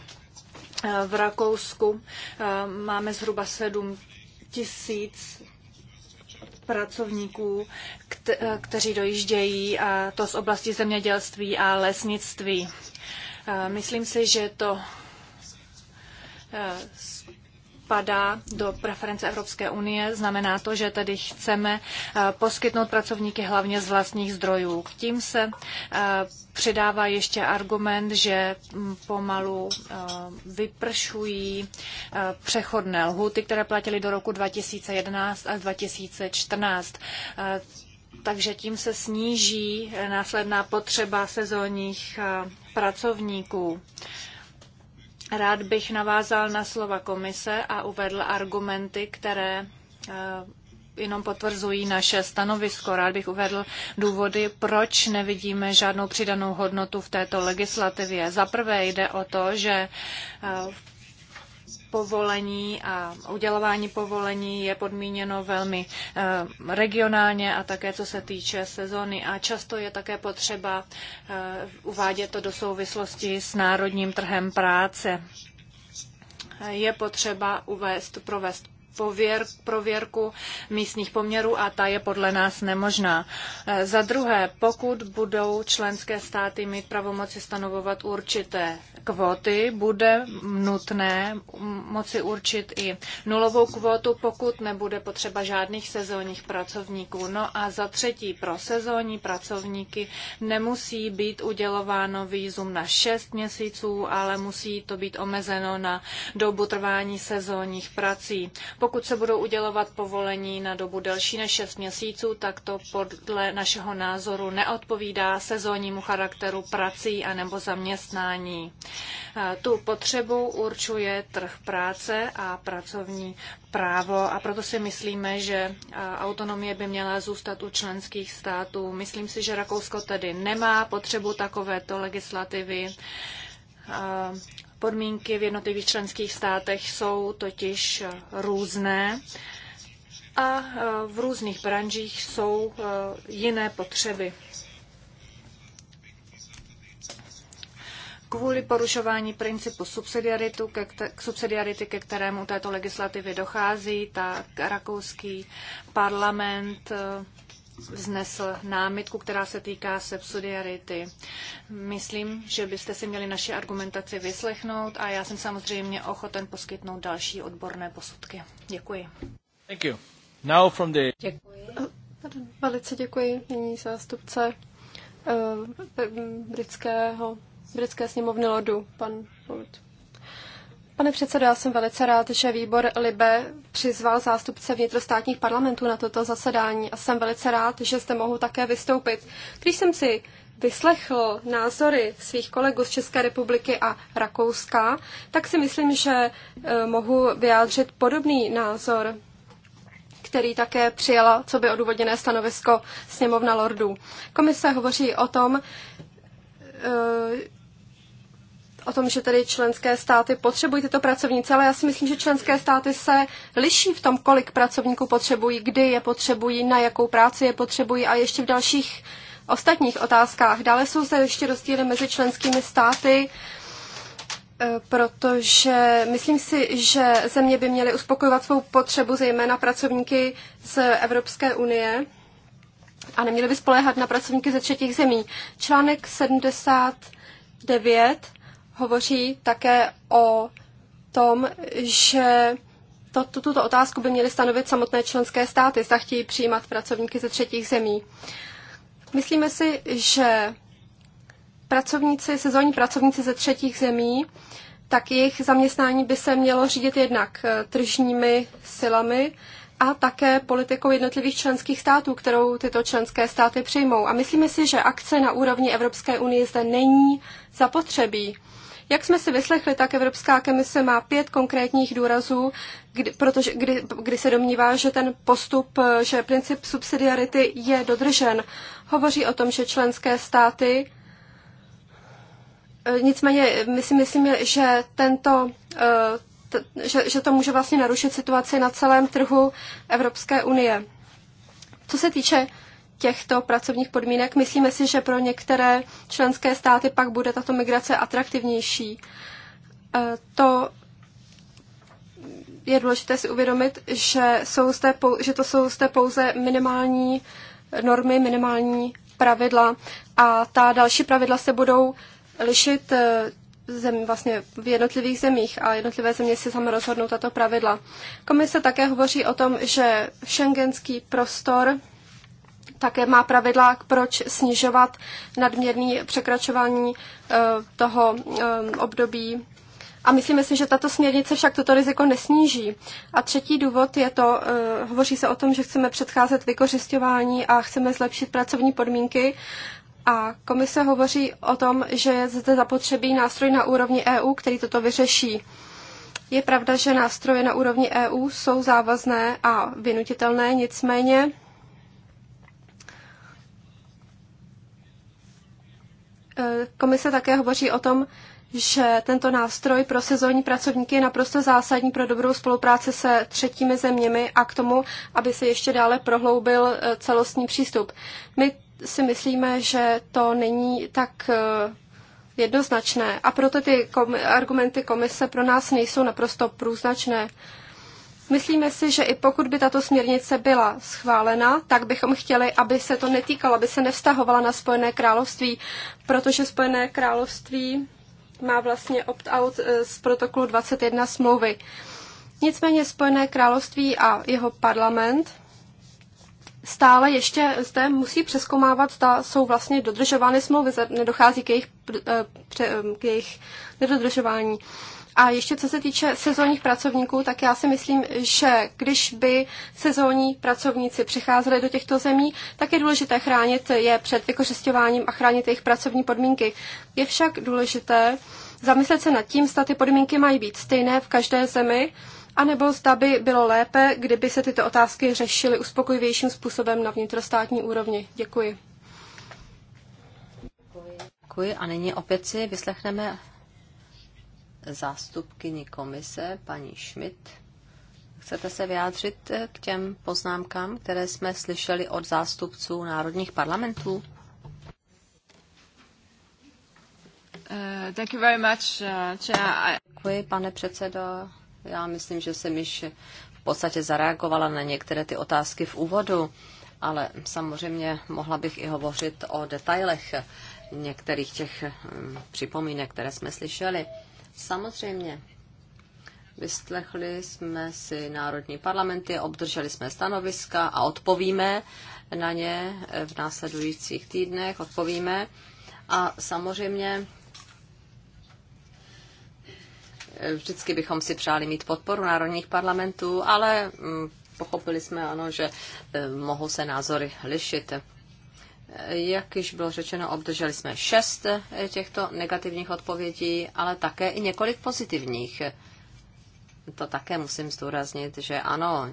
Eh, v Rakousku eh, máme zhruba 7 tisíc pracovníků, kteří dojíždějí a to z oblasti zemědělství a lesnictví. Myslím si, že to padá do preference Evropské unie. Znamená to, že tedy chceme eh, poskytnout pracovníky hlavně z vlastních zdrojů. K tím se eh, přidává ještě argument, že mm, pomalu eh, vypršují přechodné lhuty, které platily do roku 2011 a 2014 takže tím se sníží následná potřeba sezónních pracovníků. Rád bych navázal na slova komise a uvedl argumenty, které eh, jenom potvrzují naše stanovisko. Rád bych uvedl důvody, proč nevidíme žádnou přidanou hodnotu v této legislativě. Za prvé jde o to, že v eh, povolení a udělování povolení je podmíněno velmi eh, regionálně a také co se týče sezóny a často je také potřeba eh, uvádět to do souvislosti s národním trhem práce. Je potřeba uvést, provést pověr, prověrku místních poměrů a ta je podle nás nemožná. E, za druhé, pokud budou členské státy mít pravomoci stanovovat určité kvóty, bude nutné moci určit i nulovou kvótu, pokud nebude potřeba žádných sezónních pracovníků. No a za třetí, pro sezónní pracovníky nemusí být udělováno výzum na 6 měsíců, ale musí to být omezeno na dobu trvání sezónních prací. Pokud pokud se budou udělovat povolení na dobu delší než 6 měsíců, tak to podle našeho názoru neodpovídá sezónnímu charakteru prací anebo zaměstnání. Tu potřebu určuje trh práce a pracovní právo a proto si myslíme, že autonomie by měla zůstat u členských států. Myslím si, že Rakousko tedy nemá potřebu takovéto legislativy podmínky v jednotlivých členských státech jsou totiž různé a v různých branžích jsou jiné potřeby. Kvůli porušování principu ke, k subsidiarity, ke kterému této legislativy dochází, tak rakouský parlament vznesl námitku, která se týká subsidiarity. Myslím, že byste si měli naši argumentaci vyslechnout a já jsem samozřejmě ochoten poskytnout další odborné posudky. Děkuji. Thank you. Now from the... Děkuji. Velice děkuji. Nyní zástupce eh, britského, britské sněmovny lodu, pan Wood. Pane předsedo, já jsem velice rád, že výbor Libe přizval zástupce vnitrostátních parlamentů na toto zasedání a jsem velice rád, že zde mohu také vystoupit. Když jsem si vyslechl názory svých kolegů z České republiky a Rakouska, tak si myslím, že eh, mohu vyjádřit podobný názor, který také přijala co by odůvodněné stanovisko sněmovna lordů. Komise hovoří o tom, eh, o tom, že tady členské státy potřebují tyto pracovnice, ale já si myslím, že členské státy se liší v tom, kolik pracovníků potřebují, kdy je potřebují, na jakou práci je potřebují a ještě v dalších ostatních otázkách. Dále jsou zde ještě rozdíly mezi členskými státy, e, protože myslím si, že země by měly uspokojovat svou potřebu, zejména pracovníky z Evropské unie a neměly by spoléhat na pracovníky ze třetích zemí. Článek 79 hovoří také o tom, že to, to, tuto otázku by měly stanovit samotné členské státy, zda chtějí přijímat pracovníky ze třetích zemí. Myslíme si, že pracovníci, sezónní pracovníci ze třetích zemí, tak jejich zaměstnání by se mělo řídit jednak eh, tržními silami a také politikou jednotlivých členských států, kterou tyto členské státy přijmou. A myslíme si, že akce na úrovni Evropské unie zde není zapotřebí. Jak jsme si vyslechli, tak Evropská komise má pět konkrétních důrazů, kdy, protože, kdy, kdy se domnívá, že ten postup, eh, že princip subsidiarity je dodržen. Hovoří o tom, že členské státy eh, Nicméně my si myslíme, že tento, eh, že, že to může vlastně narušit situaci na celém trhu Evropské unie. Co se týče těchto pracovních podmínek. Myslíme si, že pro některé členské státy pak bude tato migrace atraktivnější. E, to je důležité si uvědomit, že, jsou zde, že to jsou zde pouze minimální normy, minimální pravidla a ta další pravidla se budou lišit e, zem, vlastně v jednotlivých zemích a jednotlivé země si sami rozhodnou tato pravidla. Komise také hovoří o tom, že šengenský prostor také má pravidla, proč snižovat nadměrný překračování eh, toho eh, období. A myslíme si, že tato směrnice však toto riziko nesníží. A třetí důvod je to, eh, hovoří se o tom, že chceme předcházet vykořišťování a chceme zlepšit pracovní podmínky. A komise hovoří o tom, že je zde zapotřebí nástroj na úrovni EU, který toto vyřeší. Je pravda, že nástroje na úrovni EU jsou závazné a vynutitelné, nicméně Komise také hovoří o tom, že tento nástroj pro sezónní pracovníky je naprosto zásadní pro dobrou spolupráci se třetími zeměmi a k tomu, aby se ještě dále prohloubil eh, celostní přístup. My si myslíme, že to není tak eh, jednoznačné a proto ty argumenty komise pro nás nejsou naprosto průznačné. Myslíme si, že i pokud by tato směrnice byla schválena, tak bychom chtěli, aby se to netýkalo, aby se nevztahovala na Spojené království, protože Spojené království má vlastně opt-out eh, z protokolu 21 smlouvy. Nicméně Spojené království a jeho parlament stále ještě zde musí přeskomávat, zda jsou vlastně dodržovány smlouvy, nedochází k jejich, eh, eh, k jejich nedodržování. A ještě co se týče sezónních pracovníků, tak já si myslím, že když by sezónní pracovníci přicházeli do těchto zemí, tak je důležité chránit je před vykořišťováním a chránit jejich pracovní podmínky. Je však důležité zamyslet se nad tím, zda ty podmínky mají být stejné v každé zemi, anebo zda by bylo lépe, kdyby se tyto otázky řešily uspokojivějším způsobem na vnitrostátní úrovni. Děkuji. Děkuji a nyní opět si vyslechneme zástupkyni komise, paní Schmidt. Chcete se vyjádřit eh, k těm poznámkám, které jsme slyšeli od zástupců národních parlamentů? Uh, thank you very much, uh, I... Děkuji, pane předsedo. Já myslím, že jsem již v podstatě zareagovala na některé ty otázky v úvodu, ale samozřejmě mohla bych i hovořit o detailech některých těch mm, připomínek, které jsme slyšeli. Samozřejmě. Vyslechli jsme si národní parlamenty, obdrželi jsme stanoviska a odpovíme na ně v následujících týdnech. Odpovíme. A samozřejmě vždycky bychom si přáli mít podporu národních parlamentů, ale mm, pochopili jsme ano, že eh, mohou se názory lišit. Jak již bylo řečeno, obdrželi jsme šest eh, těchto negativních odpovědí, ale také i několik pozitivních. To také musím zdůraznit, že ano,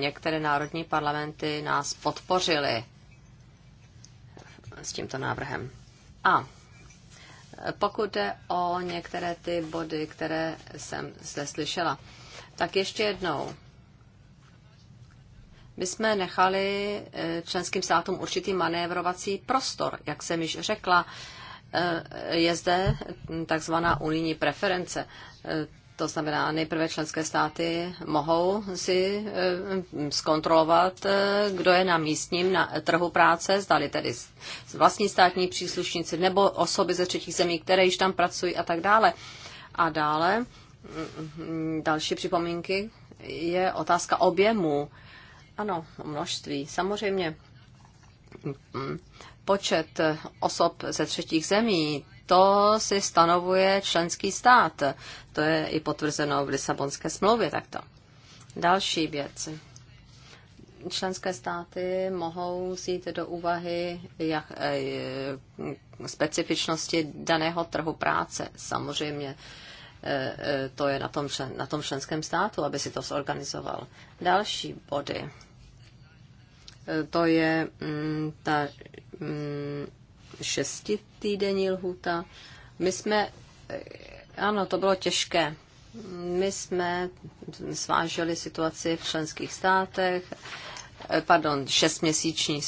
některé národní parlamenty nás podpořily s tímto návrhem. A pokud jde o některé ty body, které jsem zde slyšela, tak ještě jednou my jsme nechali eh, členským státům určitý manévrovací prostor. Jak jsem již řekla, eh, je zde takzvaná unijní preference. Eh, to znamená, nejprve členské státy mohou si zkontrolovat, kdo je na místním na trhu práce, zdali tedy vlastní státní příslušníci nebo osoby ze třetích zemí, které již tam pracují a tak dále. A dále mm, mm, další připomínky je otázka objemu ano, množství. Samozřejmě mm, počet osob ze třetích zemí, to si stanovuje členský stát. To je i potvrzeno v Lisabonské smlouvě takto. Další věc. Členské státy mohou vzít do úvahy jak, e, specifičnosti daného trhu práce. Samozřejmě e, e, to je na tom, člen, na tom členském státu, aby si to zorganizoval. Další body to je mm, ta mm, šestitýdenní lhůta. My jsme, eh, ano, to bylo těžké. My jsme sváželi situaci v členských státech, eh, pardon, šestměsíční,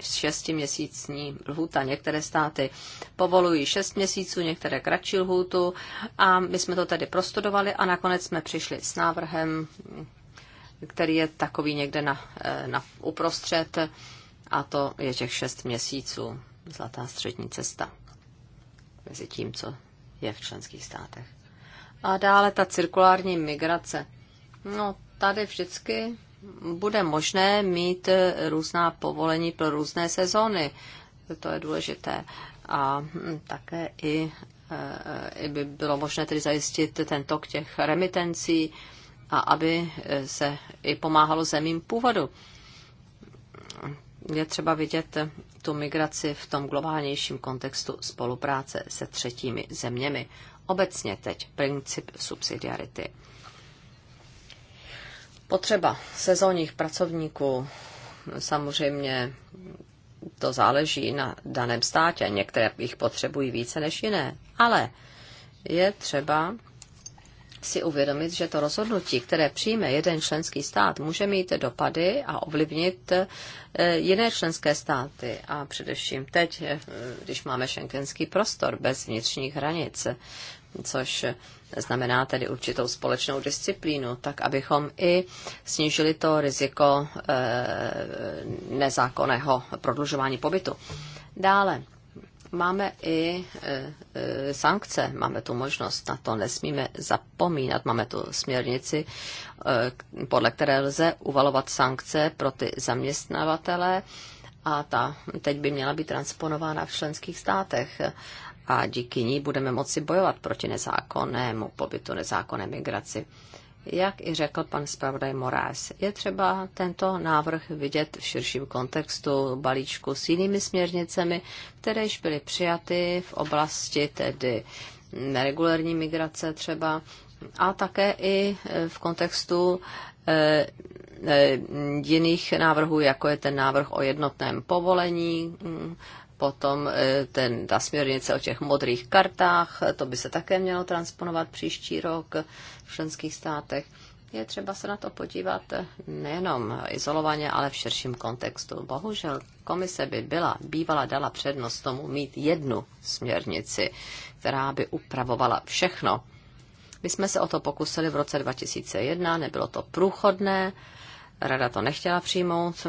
šestiměsíční lhůta. Některé státy povolují šest měsíců, některé kratší lhůtu a my jsme to tedy prostudovali a nakonec jsme přišli s návrhem, který je takový někde na, eh, na uprostřed, a to je těch šest měsíců, zlatá střední cesta mezi tím, co je v členských státech. A dále ta cirkulární migrace. No, tady vždycky bude možné mít různá povolení pro různé sezóny. To je důležité. A hm, také i, eh, i by bylo možné tedy zajistit ten tok těch remitencí, a aby eh, se i pomáhalo zemím původu. Je třeba vidět eh, tu migraci v tom globálnějším kontextu spolupráce se třetími zeměmi. Obecně teď princip subsidiarity. Potřeba sezónních pracovníků samozřejmě to záleží na daném státě. Některé jich potřebují více než jiné. Ale je třeba si uvědomit, že to rozhodnutí, které přijme jeden členský stát, může mít dopady a ovlivnit eh, jiné členské státy. A především teď, eh, když máme šenkenský prostor bez vnitřních hranic, což znamená tedy určitou společnou disciplínu, tak abychom i snížili to riziko eh, nezákonného prodlužování pobytu. Dále máme i e, e, sankce, máme tu možnost, na to nesmíme zapomínat. Máme tu směrnici, e, podle které lze uvalovat sankce pro ty zaměstnavatele a ta teď by měla být transponována v členských státech a díky ní budeme moci bojovat proti nezákonnému pobytu, nezákonné migraci. Jak i řekl pan zpravodaj Moráz, je třeba tento návrh vidět v širším kontextu balíčku s jinými směrnicemi, které již byly přijaty v oblasti tedy neregulární migrace třeba a také i e, v kontextu e, e, jiných návrhů, jako je ten návrh o jednotném povolení, potom eh, ten, ta směrnice o těch modrých kartách, eh, to by se také mělo transponovat příští rok v členských státech. Je třeba se na to podívat eh, nejenom izolovaně, ale v širším kontextu. Bohužel komise by byla bývala dala přednost tomu mít jednu směrnici, která by upravovala všechno. My jsme se o to pokusili v roce 2001, nebylo to průchodné, rada to nechtěla přijmout,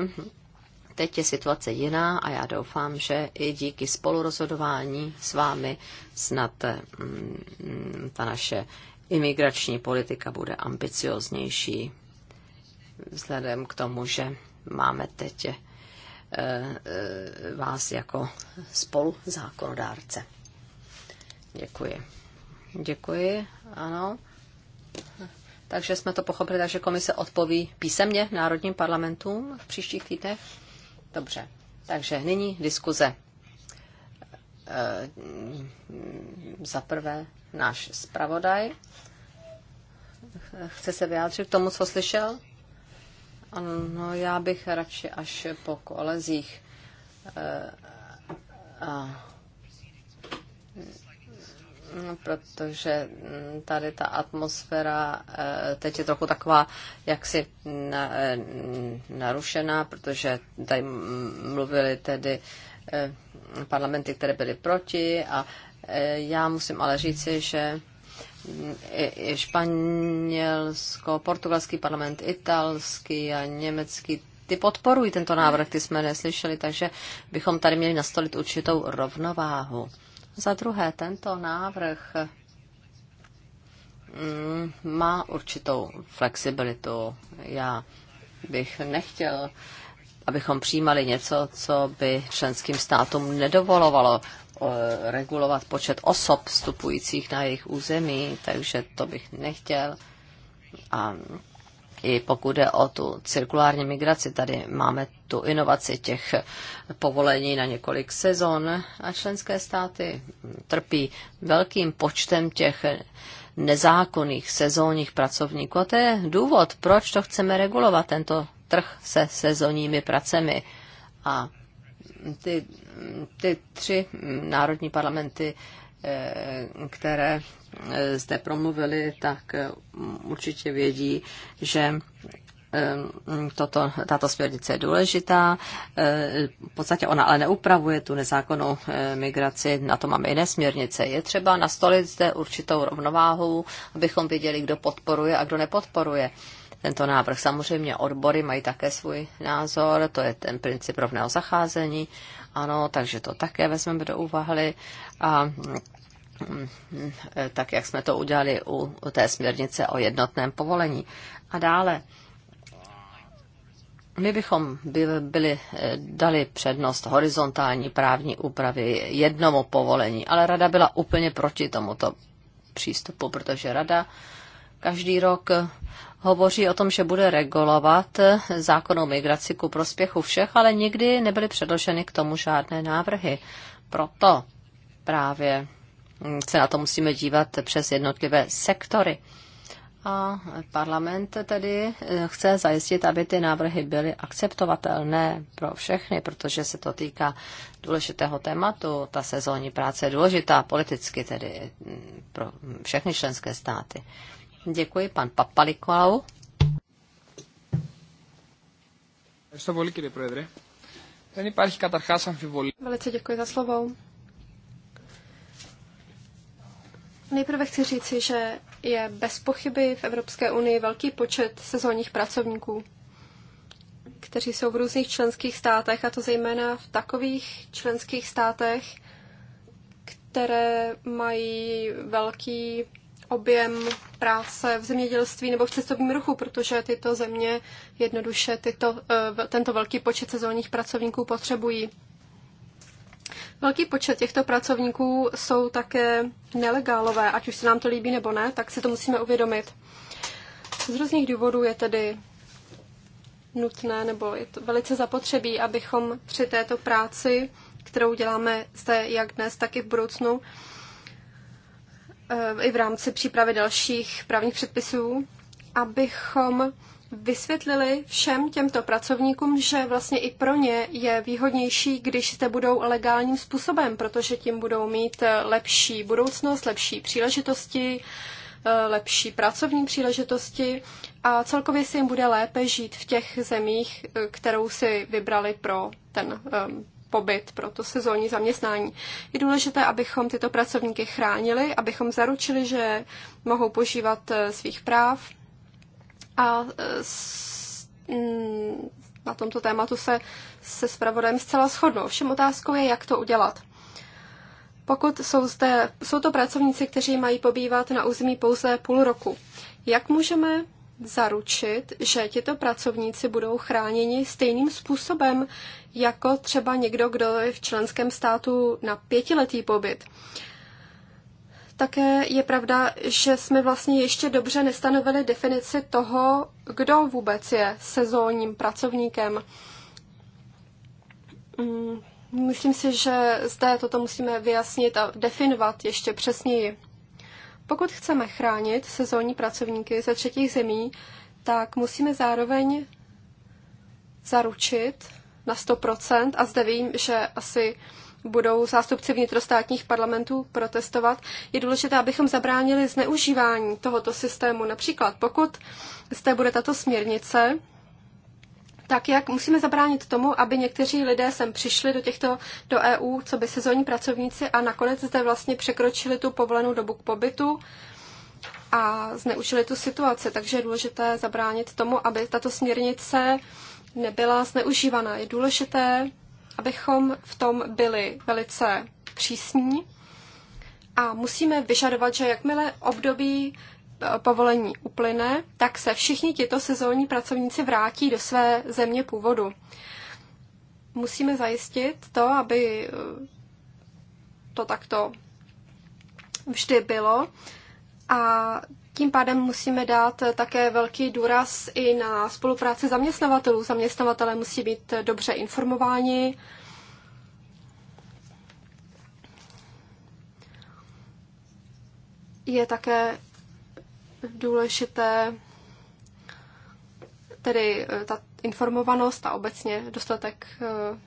Teď je situace jiná a já doufám, že i díky spolurozhodování s vámi snad mm, ta naše imigrační politika bude ambicioznější vzhledem k tomu, že máme teď eh, eh, vás jako spoluzákonodárce. Děkuji. Děkuji, ano. Takže jsme to pochopili, takže komise odpoví písemně národním parlamentům v příštích týdnech. Dobře, takže nyní diskuze. Eh, za prvé náš zpravodaj. Chce se vyjádřit k tomu, co slyšel? Ano, já bych radši až po kolezích. Eh, a Mm, protože mm, tady ta atmosféra eh, teď je trochu taková jaksi mm, eh, narušená, protože tady mluvili tedy eh, parlamenty, které byly proti a já musím ale říci, že Španělsko, portugalský parlament, italský a německý, ty podporují tento návrh, ty jsme neslyšeli, takže bychom tady měli nastolit určitou rovnováhu. Za druhé, tento návrh mm, má určitou flexibilitu. Já bych nechtěl, abychom přijímali něco, co by členským státům nedovolovalo eh, regulovat počet osob vstupujících na jejich území, takže to bych nechtěl. A i pokud jde o tu cirkulární migraci, tady máme tu inovaci těch povolení na několik sezon a členské státy trpí velkým počtem těch nezákonných sezónních pracovníků. A to je důvod, proč to chceme regulovat, tento trh se sezónními pracemi. A ty, ty tři národní parlamenty které eh, zde promluvili, tak eh, určitě vědí, že eh, toto, tato směrnice je důležitá. V podstatě ona ale neupravuje tu nezákonnou migraci, na to máme jiné směrnice. Je třeba nastolit zde určitou rovnováhu, abychom viděli, kdo podporuje a kdo nepodporuje tento návrh. Samozřejmě odbory mají také svůj názor, to je ten princip rovného zacházení ano, takže to také vezmeme do úvahy a mm, tak, jak jsme to udělali u, té směrnice o jednotném povolení. A dále, my bychom byli, byli, eh, dali přednost horizontální právní úpravy jednomu povolení, ale rada byla úplně proti tomuto přístupu, protože rada každý rok hovoří o tom, že bude regulovat zákonnou migraci ku prospěchu všech, ale nikdy nebyly předloženy k tomu žádné návrhy. Proto právě se na to musíme dívat přes jednotlivé sektory. A parlament tedy eh, chce zajistit, aby ty návrhy byly akceptovatelné pro všechny, protože se to týká důležitého tématu. Ta sezónní práce je důležitá politicky tedy mm, pro všechny členské státy. Děkuji, pan Papaliklau. Velice děkuji za slovo. Nejprve chci říci, že je bez pochyby v Evropské unii velký počet sezónních pracovníků, kteří jsou v různých členských státech, a to zejména v takových členských státech, které mají velký objem práce v zemědělství nebo v cestovním ruchu, protože tyto země jednoduše tyto, eh, tento velký počet sezónních pracovníků potřebují. Velký počet těchto pracovníků jsou také nelegálové, ať už se nám to líbí nebo ne, tak si to musíme uvědomit. Z různých důvodů je tedy nutné nebo je to velice zapotřebí, abychom při této práci, kterou děláme zde jak dnes, tak i v budoucnu, Eh, i v rámci přípravy dalších právních předpisů, abychom vysvětlili všem těmto pracovníkům, že vlastně i pro ně je výhodnější, když se budou legálním způsobem, protože tím budou mít eh, lepší budoucnost, lepší příležitosti, eh, lepší pracovní příležitosti a celkově si jim bude lépe žít v těch zemích, kterou si vybrali pro ten pobyt, pro to sezónní zaměstnání. Je důležité, abychom tyto pracovníky chránili, abychom zaručili, že mohou požívat eh, svých práv a eh, mm, na tomto tématu se se zpravodajem zcela shodnou. Všem otázkou je, jak to udělat. Pokud jsou zde, jsou to pracovníci, kteří mají pobývat na území pouze půl roku, jak můžeme zaručit, že tito pracovníci budou chráněni stejným způsobem jako třeba někdo, kdo je v členském státu na pětiletý pobyt. Také je pravda, že jsme vlastně ještě dobře nestanovili definici toho, kdo vůbec je sezónním pracovníkem. Mm, myslím si, že zde toto musíme vyjasnit a definovat ještě přesněji. Pokud chceme chránit sezónní pracovníky ze třetích zemí, tak musíme zároveň zaručit, na 100% a zde vím, že asi budou zástupci vnitrostátních parlamentů protestovat, je důležité, abychom zabránili zneužívání tohoto systému. Například pokud zde bude tato směrnice, tak jak musíme zabránit tomu, aby někteří lidé sem přišli do těchto, do EU, co by sezónní pracovníci a nakonec zde vlastně překročili tu povolenou dobu k pobytu a zneužili tu situaci. Takže je důležité zabránit tomu, aby tato směrnice nebyla zneužívaná. Je důležité, abychom v tom byli velice přísní a musíme vyžadovat, že jakmile období e, povolení uplyne, tak se všichni tito sezónní pracovníci vrátí do své země původu. Musíme zajistit to, aby e, to takto vždy bylo. A tím pádem musíme dát také velký důraz i na spolupráci zaměstnavatelů. Zaměstnavatele musí být dobře informováni. Je také důležité tedy eh, ta informovanost a obecně dostatek eh,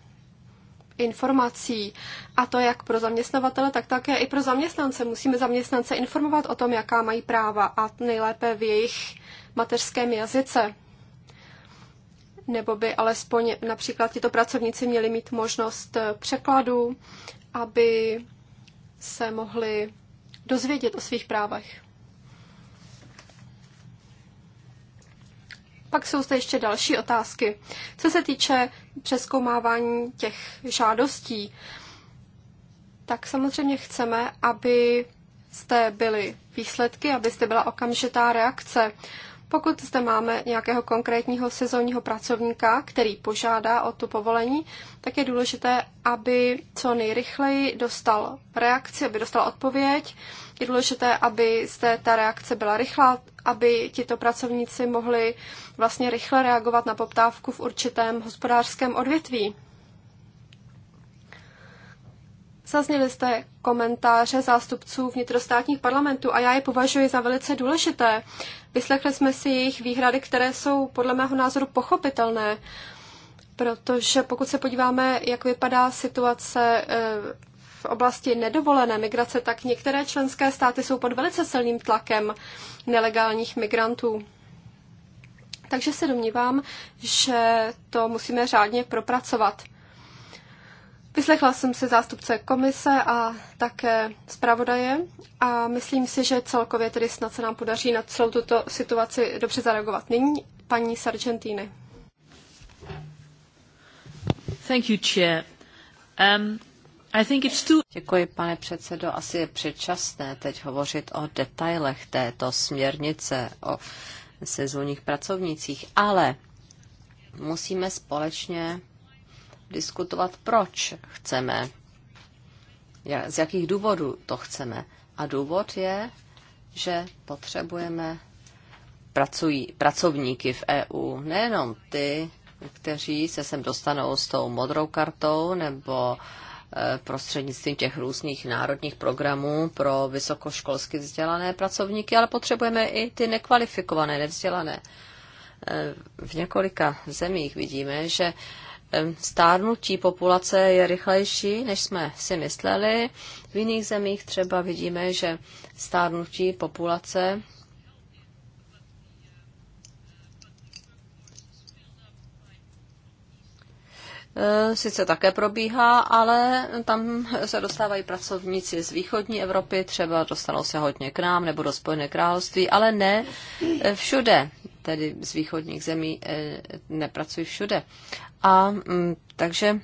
informací. A to jak pro zaměstnavatele, tak také i pro zaměstnance. Musíme zaměstnance informovat o tom, jaká mají práva a nejlépe v jejich mateřském jazyce. Nebo by alespoň například tyto pracovníci měli mít možnost eh, překladu, aby se mohli dozvědět o svých právech. Pak jsou zde ještě další otázky. Co se týče přeskoumávání těch žádostí, tak samozřejmě chceme, aby jste byly výsledky, aby byla okamžitá reakce. Pokud zde máme nějakého konkrétního sezónního pracovníka, který požádá o to povolení, tak je důležité, aby co nejrychleji dostal reakci, aby dostal odpověď, je důležité, aby jste, ta reakce byla rychlá, aby tito pracovníci mohli vlastně rychle reagovat na poptávku v určitém hospodářském odvětví. Zazněli jste komentáře zástupců vnitrostátních parlamentů a já je považuji za velice důležité. Vyslechli jsme si jejich výhrady, které jsou podle mého názoru pochopitelné, protože pokud se podíváme, jak vypadá situace eh, v oblasti nedovolené migrace, tak některé členské státy jsou pod velice silným tlakem nelegálních migrantů. Takže se domnívám, že to musíme řádně propracovat. Vyslechla jsem si zástupce komise a také zpravodaje a myslím si, že celkově tedy snad se nám podaří na celou tuto situaci dobře zareagovat. Nyní paní Sargentini. Thank you, Chair. Um, Děkuji, pane předsedo. Asi je předčasné teď hovořit o detailech této směrnice, o sezónních pracovnicích, ale musíme společně diskutovat, proč chceme, z jakých důvodů to chceme. A důvod je, že potřebujeme pracují, pracovníky v EU, nejenom ty, kteří se sem dostanou s tou modrou kartou nebo uh, Eh, prostřednictvím těch různých národních programů pro vysokoškolsky vzdělané pracovníky, ale potřebujeme i ty nekvalifikované, nevzdělané. Eh, v několika zemích vidíme, že eh, stárnutí populace je rychlejší, než jsme si mysleli. V jiných zemích třeba vidíme, že stárnutí populace Eh, sice také probíhá, ale tam se dostávají pracovníci z východní Evropy, třeba dostanou se hodně k nám nebo do Spojené království, ale ne eh, všude, tedy z východních zemí eh, nepracují všude. A mm, takže,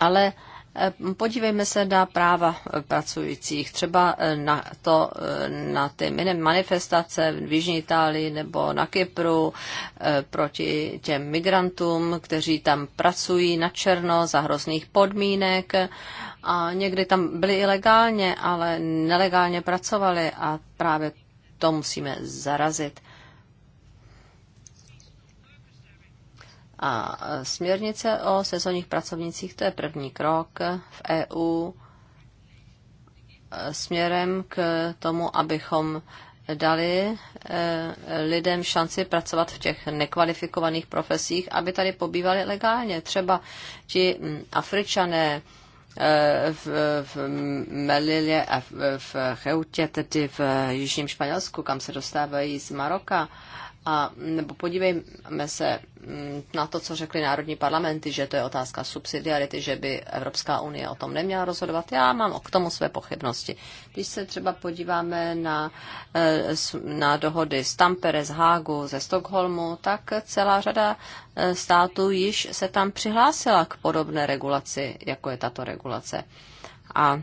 ale Eh, podívejme se na práva pracujících, třeba eh, na, to, eh, na ty manifestace v Jižní Itálii nebo na Kypru proti těm migrantům, kteří tam pracují na černo za hrozných podmínek a někdy tam byli ilegálně, ale nelegálně pracovali a právě to musíme zarazit. A e, směrnice o sezónních pracovnicích, to je první krok v EU e, směrem k tomu, abychom dali e, lidem šanci pracovat v těch nekvalifikovaných profesích, aby tady pobývali legálně. Třeba ti Afričané v, v Melilě a v, v Cheutě, tedy v Jižním Španělsku, kam se dostávají z Maroka, a nebo podívejme se mm, na to, co řekly národní parlamenty, že to je otázka subsidiarity, že by Evropská unie o tom neměla rozhodovat. Já mám k tomu své pochybnosti. Když se třeba podíváme na, eh, na dohody z Tampere, z Hágu, ze Stockholmu, tak celá řada eh, států již se tam přihlásila k podobné regulaci, jako je tato regulace. A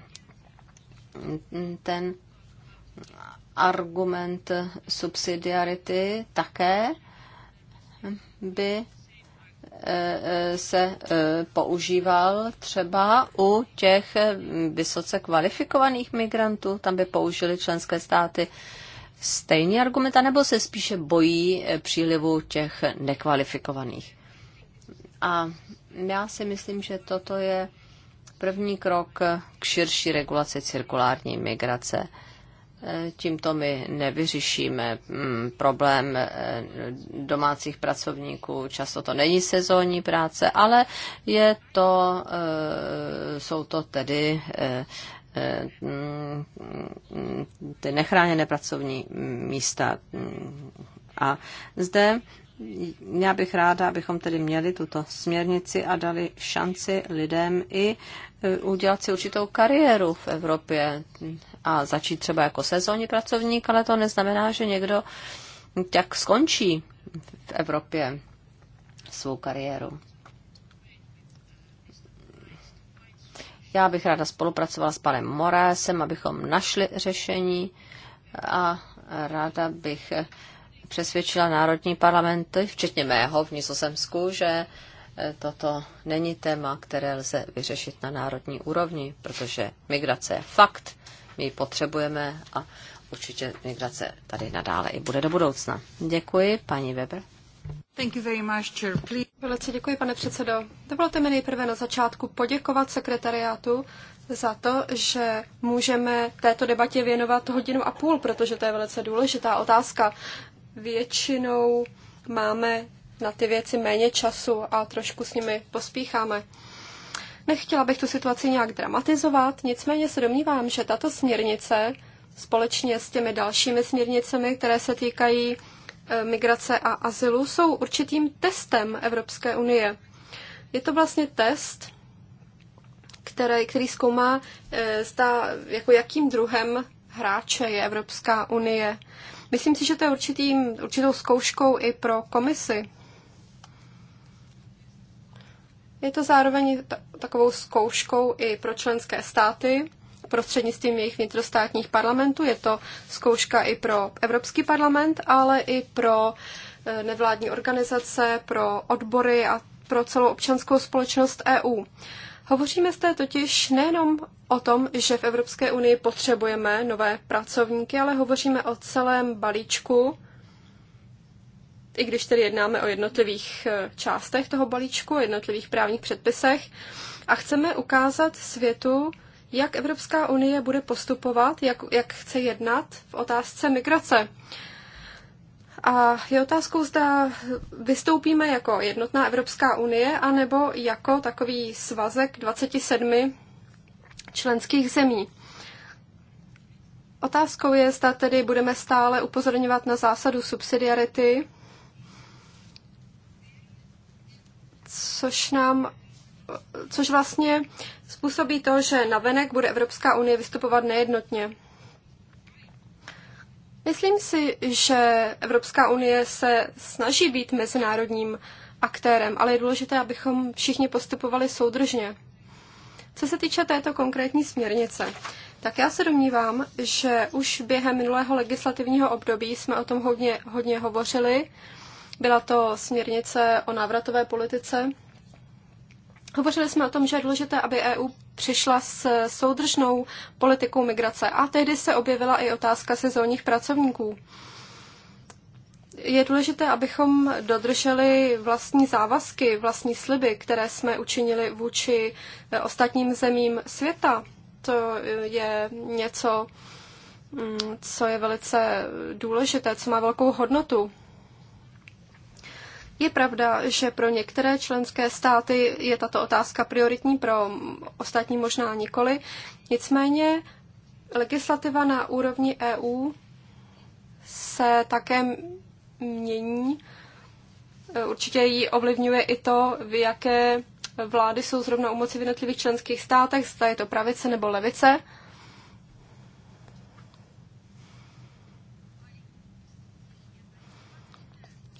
ten argument subsidiarity také by eh, eh, se eh, používal třeba u těch vysoce kvalifikovaných migrantů, tam by použili členské státy stejný argument, anebo se spíše bojí přílivu těch nekvalifikovaných. A já si myslím, že toto je první krok k širší regulaci cirkulární migrace tímto my nevyřešíme mm, problém eh, domácích pracovníků. Často to není sezónní práce, ale je to, eh, jsou to tedy eh, mm, ty nechráněné pracovní místa. A zde já bych ráda, abychom tedy měli tuto směrnici a dali šanci lidem i Eh, udělat si určitou kariéru v Evropě a začít třeba jako sezónní pracovník, ale to neznamená, že někdo tak skončí v Evropě svou kariéru. Já bych ráda spolupracovala s panem Morásem, abychom našli řešení a ráda bych přesvědčila národní parlamenty, včetně mého v Nizozemsku, že toto není téma, které lze vyřešit na národní úrovni, protože migrace je fakt, my ji potřebujeme a určitě migrace tady nadále i bude do budoucna. Děkuji, paní Weber. Thank you very much, Chair. Velice děkuji, pane předsedo. Dovolte mi nejprve na začátku poděkovat sekretariátu za to, že můžeme této debatě věnovat hodinu a půl, protože to je velice důležitá otázka. Většinou máme na ty věci méně času a trošku s nimi pospícháme. Nechtěla bych tu situaci nějak dramatizovat, nicméně se domnívám, že tato směrnice společně s těmi dalšími směrnicemi, které se týkají e, migrace a azylu, jsou určitým testem Evropské unie. Je to vlastně test, který, který zkoumá, e, zda, jako jakým druhem hráče je Evropská unie. Myslím si, že to je určitým, určitou zkouškou i pro komisi. Je to zároveň takovou zkouškou i pro členské státy prostřednictvím jejich vnitrostátních parlamentů. Je to zkouška i pro Evropský parlament, ale i pro eh, nevládní organizace, pro odbory a pro celou občanskou společnost EU. Hovoříme zde totiž nejenom o tom, že v Evropské unii potřebujeme nové pracovníky, ale hovoříme o celém balíčku i když tedy jednáme o jednotlivých eh, částech toho balíčku, jednotlivých právních předpisech, a chceme ukázat světu, jak Evropská unie bude postupovat, jak, jak chce jednat v otázce migrace. A je otázkou, zda vystoupíme jako jednotná Evropská unie, anebo jako takový svazek 27 členských zemí. Otázkou je, zda tedy budeme stále upozorňovat na zásadu subsidiarity což nám což vlastně způsobí to, že navenek bude Evropská unie vystupovat nejednotně. Myslím si, že Evropská unie se snaží být mezinárodním aktérem, ale je důležité, abychom všichni postupovali soudržně. Co se týče této konkrétní směrnice, tak já se domnívám, že už během minulého legislativního období jsme o tom hodně, hodně hovořili. Byla to směrnice o návratové politice. Hovořili jsme o tom, že je důležité, aby EU přišla s soudržnou politikou migrace a tehdy se objevila i otázka sezónních pracovníků. Je důležité, abychom dodrželi vlastní závazky, vlastní sliby, které jsme učinili vůči eh, ostatním zemím světa. To eh, je něco, mm, co je velice důležité, co má velkou hodnotu. Je pravda, že pro některé členské státy je tato otázka prioritní, pro ostatní možná nikoli. Nicméně legislativa na úrovni EU se také mění. Určitě ji ovlivňuje i to, v jaké vlády jsou zrovna u moci v jednotlivých členských státech, zda je to pravice nebo levice.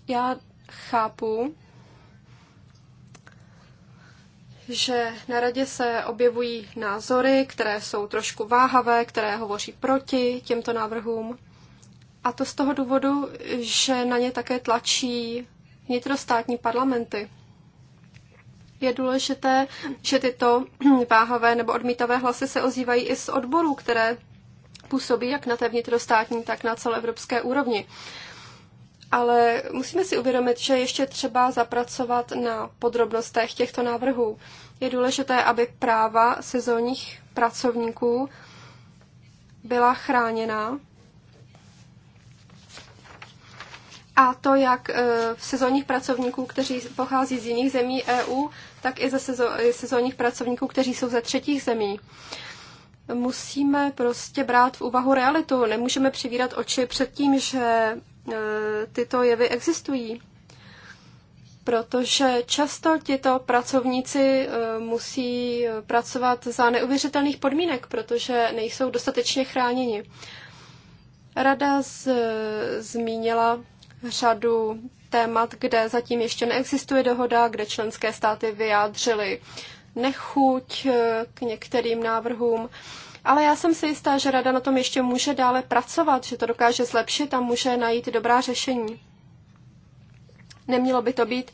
Já chápu, že na radě se objevují názory, které jsou trošku váhavé, které hovoří proti těmto návrhům. A to z toho důvodu, že na ně také tlačí vnitrostátní parlamenty. Je důležité, že tyto váhavé nebo odmítavé hlasy se ozývají i z odborů, které působí jak na té vnitrostátní, tak na celoevropské úrovni ale musíme si uvědomit, že ještě třeba zapracovat na podrobnostech těchto návrhů. Je důležité, aby práva sezónních pracovníků byla chráněna. A to jak e, v sezónních pracovníků, kteří pochází z jiných zemí EU, tak i ze sezónních pracovníků, kteří jsou ze třetích zemí musíme prostě brát v úvahu realitu. Nemůžeme přivírat oči před tím, že E, tyto jevy existují. Protože často tito pracovníci e, musí pracovat za neuvěřitelných podmínek, protože nejsou dostatečně chráněni. Rada z, zmínila řadu témat, kde zatím ještě neexistuje dohoda, kde členské státy vyjádřily nechuť e, k některým návrhům. Ale já jsem si jistá, že rada na tom ještě může dále pracovat, že to dokáže zlepšit a může najít dobrá řešení. Nemělo by to být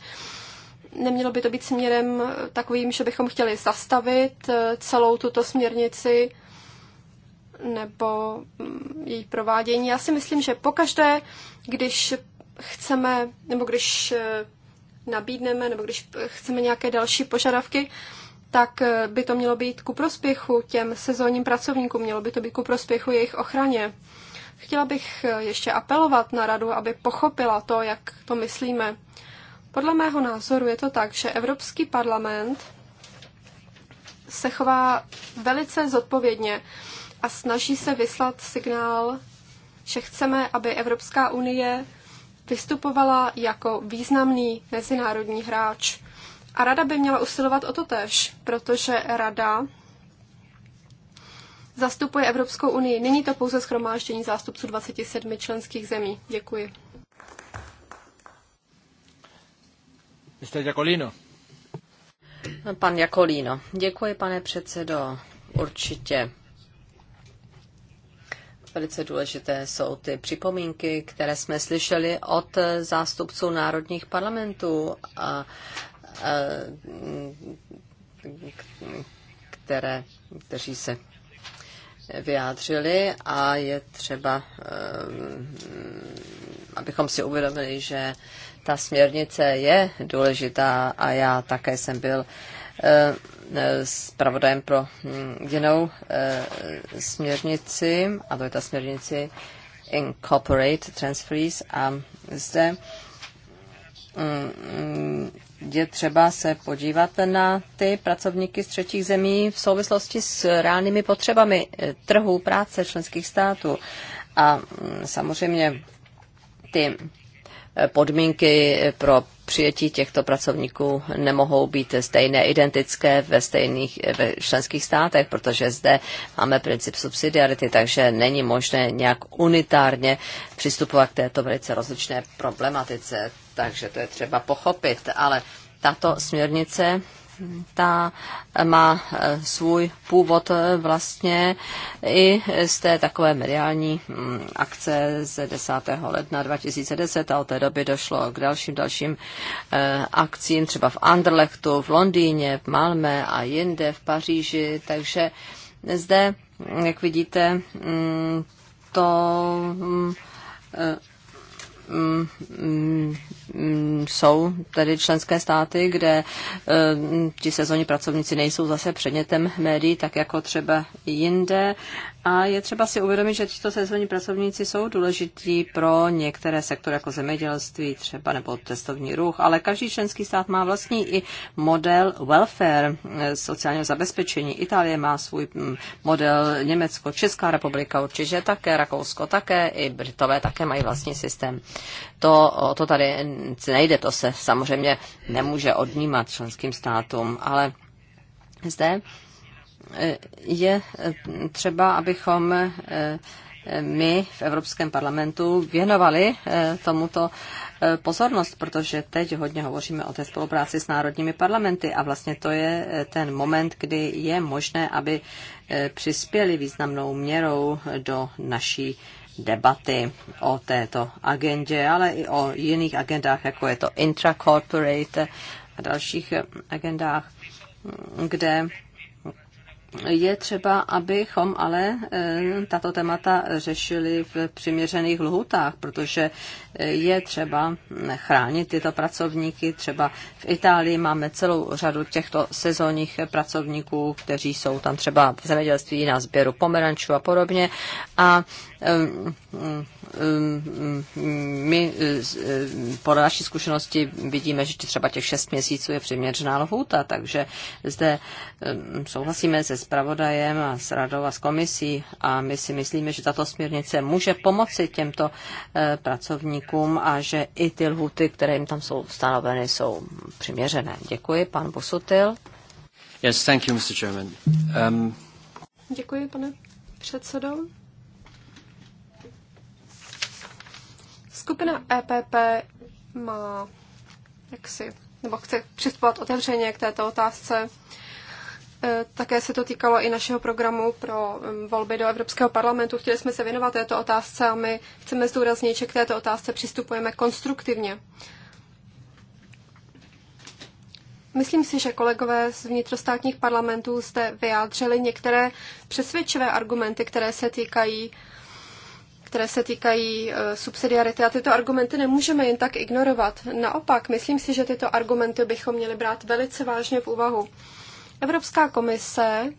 nemělo by to být směrem takovým, že bychom chtěli zastavit eh, celou tuto směrnici nebo mm, její provádění. Já si myslím, že pokaždé, když chceme, nebo když eh, nabídneme, nebo když eh, chceme nějaké další požadavky, tak eh, by to mělo být ku prospěchu těm sezónním pracovníkům, mělo by to být ku prospěchu jejich ochraně. Chtěla bych eh, ještě apelovat na radu, aby pochopila to, jak to myslíme. Podle mého názoru je to tak, že Evropský parlament se chová velice zodpovědně a snaží se vyslat signál, že chceme, aby Evropská unie vystupovala jako významný mezinárodní hráč. A rada by měla usilovat o to tež, protože rada zastupuje Evropskou unii. Není to pouze schromáždění zástupců 27 členských zemí. Děkuji. Mr. Jakolino. Pan Jakolino. Děkuji, pane předsedo. Určitě. Velice důležité jsou ty připomínky, které jsme slyšeli od zástupců národních parlamentů. A které, kteří se vyjádřili a je třeba, eh, abychom si uvědomili, že ta směrnice je důležitá a já také jsem byl eh, pravodajem pro hm, jinou eh, směrnici, a to je ta směrnici Incorporate Transferees a zde hm, hm, je třeba se podívat na ty pracovníky z třetích zemí v souvislosti s reálnými potřebami eh, trhu práce členských států. A mm, samozřejmě ty eh, podmínky pro přijetí těchto pracovníků nemohou být stejné, identické ve stejných eh, ve členských státech, protože zde máme princip subsidiarity, takže není možné nějak unitárně přistupovat k této velice rozličné problematice takže to je třeba pochopit, ale tato směrnice ta má eh, svůj původ eh, vlastně i z té takové mediální mm, akce z 10. ledna 2010 a od té doby došlo k dalším dalším eh, akcím, třeba v Anderlechtu, v Londýně, v Malmé a jinde v Paříži, takže zde, mm, jak vidíte, mm, to Mm, jsou tedy členské státy, kde mm, ti sezónní pracovníci nejsou zase předmětem médií, tak jako třeba jinde. A je třeba si uvědomit, že tito sezónní pracovníci jsou důležití pro některé sektory, jako zemědělství třeba nebo testovní ruch, ale každý členský stát má vlastní i model welfare, eh, sociálního zabezpečení. Itálie má svůj mm, model, Německo, Česká republika určitě také, Rakousko také, i Britové také mají vlastní systém to, to tady nejde, to se samozřejmě nemůže odnímat členským státům, ale zde e, je e, třeba, abychom e, my v Evropském parlamentu věnovali tomuto pozornost, protože teď hodně hovoříme o té spolupráci s národními parlamenty a vlastně to je ten moment, kdy je možné, aby přispěli významnou měrou do naší debaty o této agendě, ale i o jiných agendách, jako je to intracorporate a dalších agendách, kde je třeba, abychom ale eh, tato témata řešili v přiměřených lhutách, protože eh, je třeba chránit tyto pracovníky. Třeba v Itálii máme celou řadu těchto sezónních pracovníků, kteří jsou tam třeba v zemědělství na sběru pomerančů a podobně. A eh, Ehm, ehm, my ehm, po naší zkušenosti vidíme, že třeba těch šest měsíců je přiměřená lhůta, takže zde souhlasíme se spravodajem a s radou a s komisí a my si myslíme, že tato směrnice může pomoci těmto eh, pracovníkům a že i ty lhuty, které jim tam jsou stanoveny, jsou přiměřené. Děkuji, pan Bosutil. Yes, thank you, Mr. Chairman. Um... Děkuji, pane předsedo. Skupina EPP má jaksi, nebo chce přistupovat otevřeně k této otázce. E, také se to týkalo i našeho programu pro um, volby do Evropského parlamentu. Chtěli jsme se věnovat této otázce a my chceme zdůraznit, že k této otázce přistupujeme konstruktivně. Myslím si, že kolegové z vnitrostátních parlamentů jste vyjádřili některé přesvědčivé argumenty, které se týkají které se týkají eh, subsidiarity a tyto argumenty nemůžeme jen tak ignorovat. Naopak, myslím si, že tyto argumenty bychom měli brát velice vážně v úvahu. Evropská komise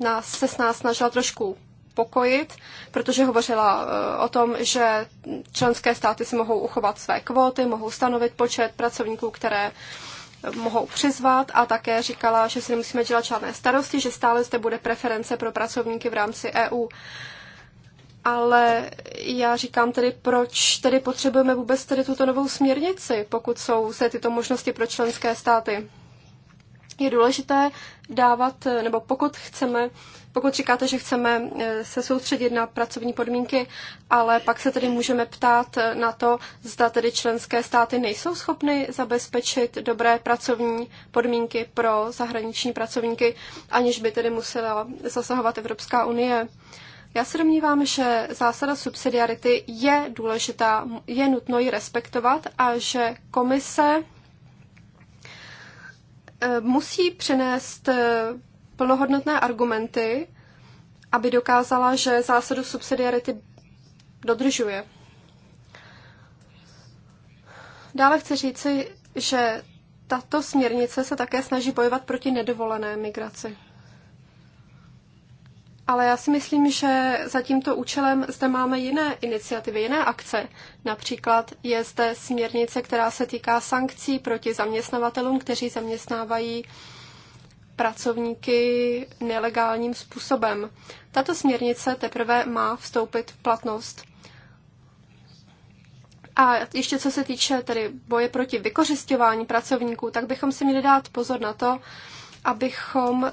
nás, se s nás snažila trošku pokojit, protože hovořila eh, o tom, že členské státy si mohou uchovat své kvóty, mohou stanovit počet pracovníků, které eh, mohou přizvat a také říkala, že si nemusíme dělat žádné starosti, že stále zde bude preference pro pracovníky v rámci EU ale já říkám tedy, proč tedy potřebujeme vůbec tedy tuto novou směrnici, pokud jsou se tyto možnosti pro členské státy. Je důležité dávat, nebo pokud chceme, pokud říkáte, že chceme eh, se soustředit na pracovní podmínky, ale pak se tedy můžeme ptát eh, na to, zda tedy členské státy nejsou schopny zabezpečit dobré pracovní podmínky pro zahraniční pracovníky, aniž by tedy musela zasahovat Evropská unie. Uh, já se domnívám, že zásada subsidiarity je důležitá, je nutno ji respektovat a že komise eh, musí přinést eh, plnohodnotné argumenty, aby dokázala, že zásadu subsidiarity dodržuje. Dále chci říci, že tato směrnice se také snaží bojovat proti nedovolené migraci ale já si myslím, že za tímto účelem zde máme jiné iniciativy, jiné akce. Například je zde směrnice, která se týká sankcí proti zaměstnavatelům, kteří zaměstnávají pracovníky nelegálním způsobem. Tato směrnice teprve má vstoupit v platnost. A ještě co se týče tedy boje proti vykořišťování pracovníků, tak bychom si měli dát pozor na to, abychom eh,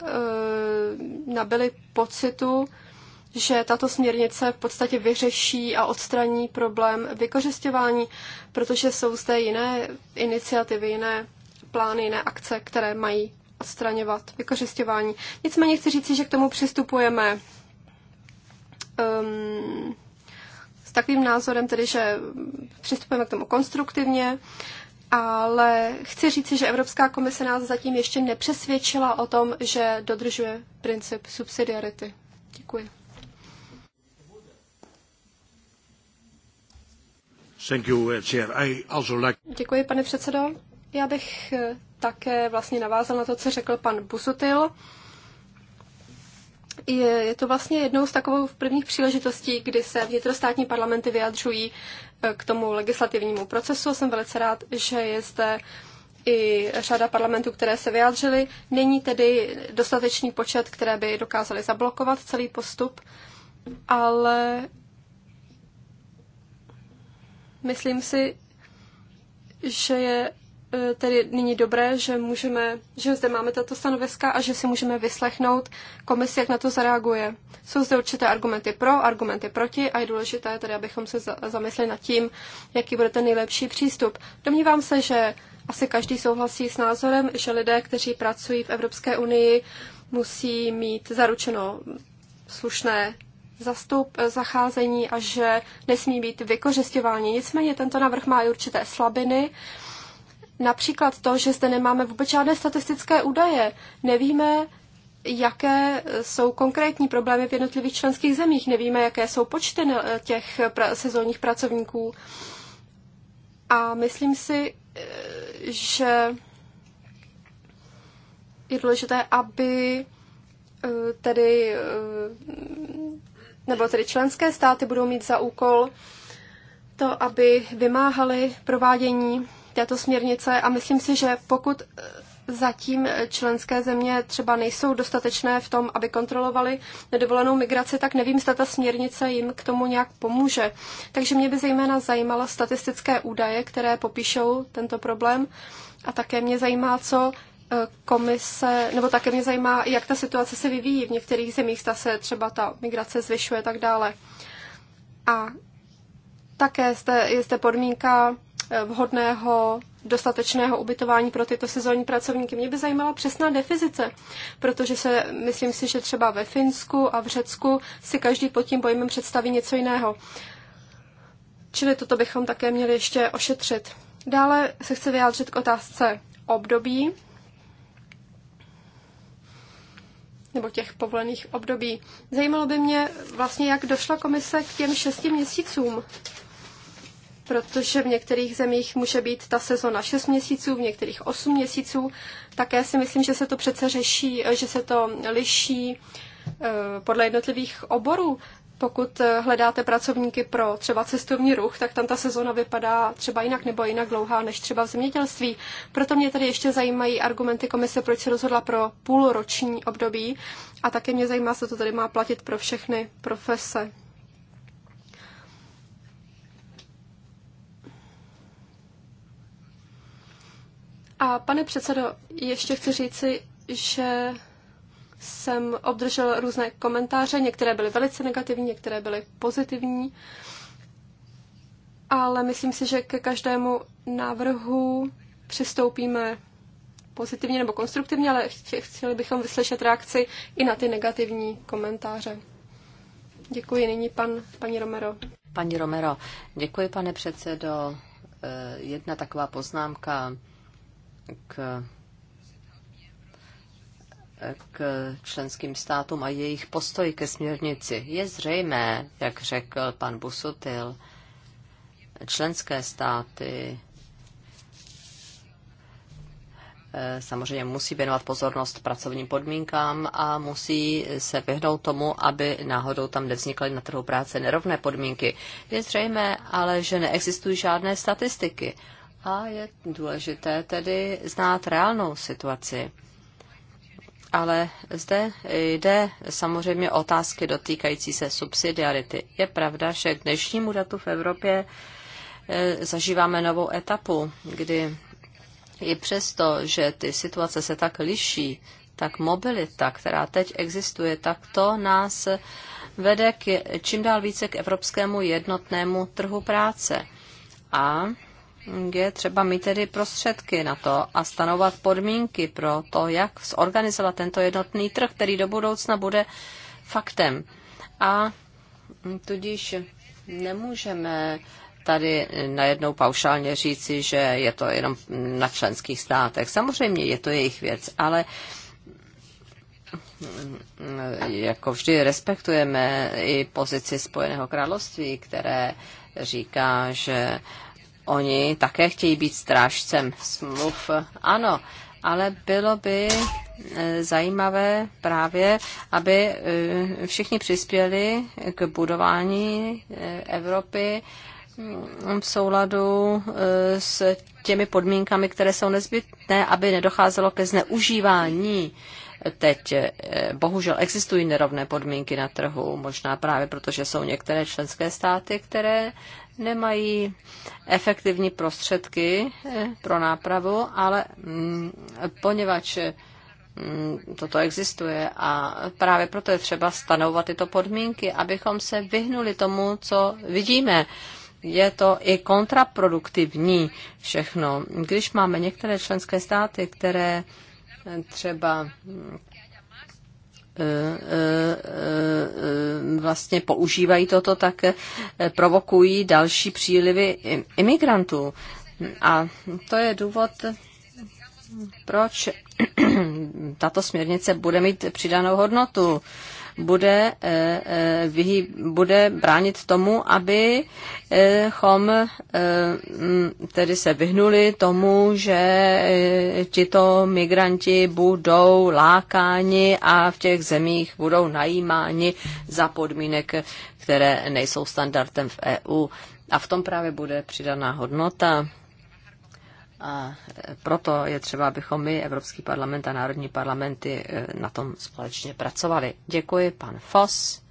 nabili pocitu, že tato směrnice v podstatě vyřeší a odstraní problém vykořišťování, protože jsou zde jiné iniciativy, jiné plány, jiné akce, které mají odstraňovat vykořišťování. Nicméně chci říci, že k tomu přistupujeme um, s takovým názorem, tedy že přistupujeme k tomu konstruktivně ale chci říci, že Evropská komise nás zatím ještě nepřesvědčila o tom, že dodržuje princip subsidiarity. Děkuji. Eh, Děkuji, pane předsedo. Já bych eh, také vlastně navázal na to, co řekl pan Busutil je, je to vlastně jednou z takových prvních příležitostí, kdy se vnitrostátní parlamenty vyjadřují eh, k tomu legislativnímu procesu. Jsem velice rád, že je zde i řada parlamentů, které se vyjádřily. Není tedy dostatečný počet, které by dokázaly zablokovat celý postup, ale myslím si, že je Eh, tedy nyní dobré, že můžeme, že zde máme tato stanoviska a že si můžeme vyslechnout komisi, jak na to zareaguje. Jsou zde určité argumenty pro, argumenty proti a je důležité tedy, abychom se zamysleli nad tím, jaký bude ten nejlepší přístup. Domnívám se, že asi každý souhlasí s názorem, že lidé, kteří pracují v Evropské unii, musí mít zaručeno slušné zastup, eh, zacházení a že nesmí být vykořišťováni. Nicméně tento návrh má i určité slabiny. Například to, že zde nemáme vůbec žádné statistické údaje. Nevíme, jaké jsou konkrétní problémy v jednotlivých členských zemích. Nevíme, jaké jsou počty eh, těch sezónních pracovníků. A myslím si, eh, že je důležité, aby eh, tedy, nebo tedy členské státy budou mít za úkol to, aby vymáhali provádění této směrnice a myslím si, že pokud zatím členské země třeba nejsou dostatečné v tom, aby kontrolovali nedovolenou migraci, tak nevím, zda ta směrnice jim k tomu nějak pomůže. Takže mě by zejména zajímala statistické údaje, které popíšou tento problém a také mě zajímá, co eh, komise, nebo také mě zajímá, jak ta situace se vyvíjí v některých zemích, zda se třeba ta migrace zvyšuje a tak dále. A také zde, je zde podmínka vhodného dostatečného ubytování pro tyto sezónní pracovníky. Mě by zajímala přesná defizice, protože se, myslím si, že třeba ve Finsku a v Řecku si každý pod tím pojmem představí něco jiného. Čili toto bychom také měli ještě ošetřit. Dále se chci vyjádřit k otázce období nebo těch povolených období. Zajímalo by mě vlastně, jak došla komise k těm šesti měsícům protože v některých zemích může být ta sezona 6 měsíců, v některých 8 měsíců. Také si myslím, že se to přece řeší, eh, že se to liší eh, podle jednotlivých oborů. Pokud eh, hledáte pracovníky pro třeba cestovní ruch, tak tam ta sezona vypadá třeba jinak nebo jinak dlouhá než třeba v zemědělství. Proto mě tady ještě zajímají argumenty komise, proč se rozhodla pro půlroční období a také mě zajímá, co to tady má platit pro všechny profese. A pane předsedo, ještě chci říci, že jsem obdržel různé komentáře, některé byly velice negativní, některé byly pozitivní, ale myslím si, že ke každému návrhu přistoupíme pozitivně nebo konstruktivně, ale chtěli bychom vyslyšet reakci i na ty negativní komentáře. Děkuji. Nyní pan, paní Romero. Paní Romero, děkuji, pane předsedo. Eh, jedna taková poznámka k, k členským státům a jejich postoj ke směrnici. Je zřejmé, jak řekl pan Busutil, členské státy eh, samozřejmě musí věnovat pozornost pracovním podmínkám a musí se vyhnout tomu, aby náhodou tam nevznikly na trhu práce nerovné podmínky. Je zřejmé ale, že neexistují žádné statistiky a je důležité tedy znát reálnou situaci. Ale zde jde samozřejmě o otázky dotýkající se subsidiarity. Je pravda, že k dnešnímu datu v Evropě e, zažíváme novou etapu, kdy i přesto, že ty situace se tak liší, tak mobilita, která teď existuje, tak to nás vede k, čím dál více k evropskému jednotnému trhu práce. A je třeba mít tedy prostředky na to a stanovat podmínky pro to, jak zorganizovat tento jednotný trh, který do budoucna bude faktem. A tudíž nemůžeme tady najednou paušálně říci, že je to jenom na členských státech. Samozřejmě je to jejich věc, ale jako vždy respektujeme i pozici Spojeného království, které říká, že oni také chtějí být strážcem smluv. Ano, ale bylo by eh, zajímavé právě, aby eh, všichni přispěli k budování eh, Evropy mm, v souladu s těmi podmínkami, které jsou nezbytné, aby nedocházelo ke zneužívání. Teď bohužel existují nerovné podmínky na trhu, možná právě protože jsou některé členské státy, které nemají efektivní prostředky eh, pro nápravu, ale mm, poněvadž mm, toto existuje a právě proto je třeba stanovat tyto podmínky, abychom se vyhnuli tomu, co vidíme. Je to i kontraproduktivní všechno. Když máme některé členské státy, které eh, třeba Eh, eh, eh, vlastně používají toto, tak provokují další přílivy imigrantů. A to je důvod, proč tato směrnice bude mít přidanou hodnotu bude, eh, eh, bude bránit tomu, abychom eh, mm, tedy se vyhnuli tomu, že tito migranti budou lákáni a v těch zemích budou najímáni za podmínek, které nejsou standardem v EU. A v tom právě bude přidaná hodnota a e, proto je třeba, abychom my, Evropský parlament a národní parlamenty, e, na tom společně pracovali. Děkuji, pan Foss.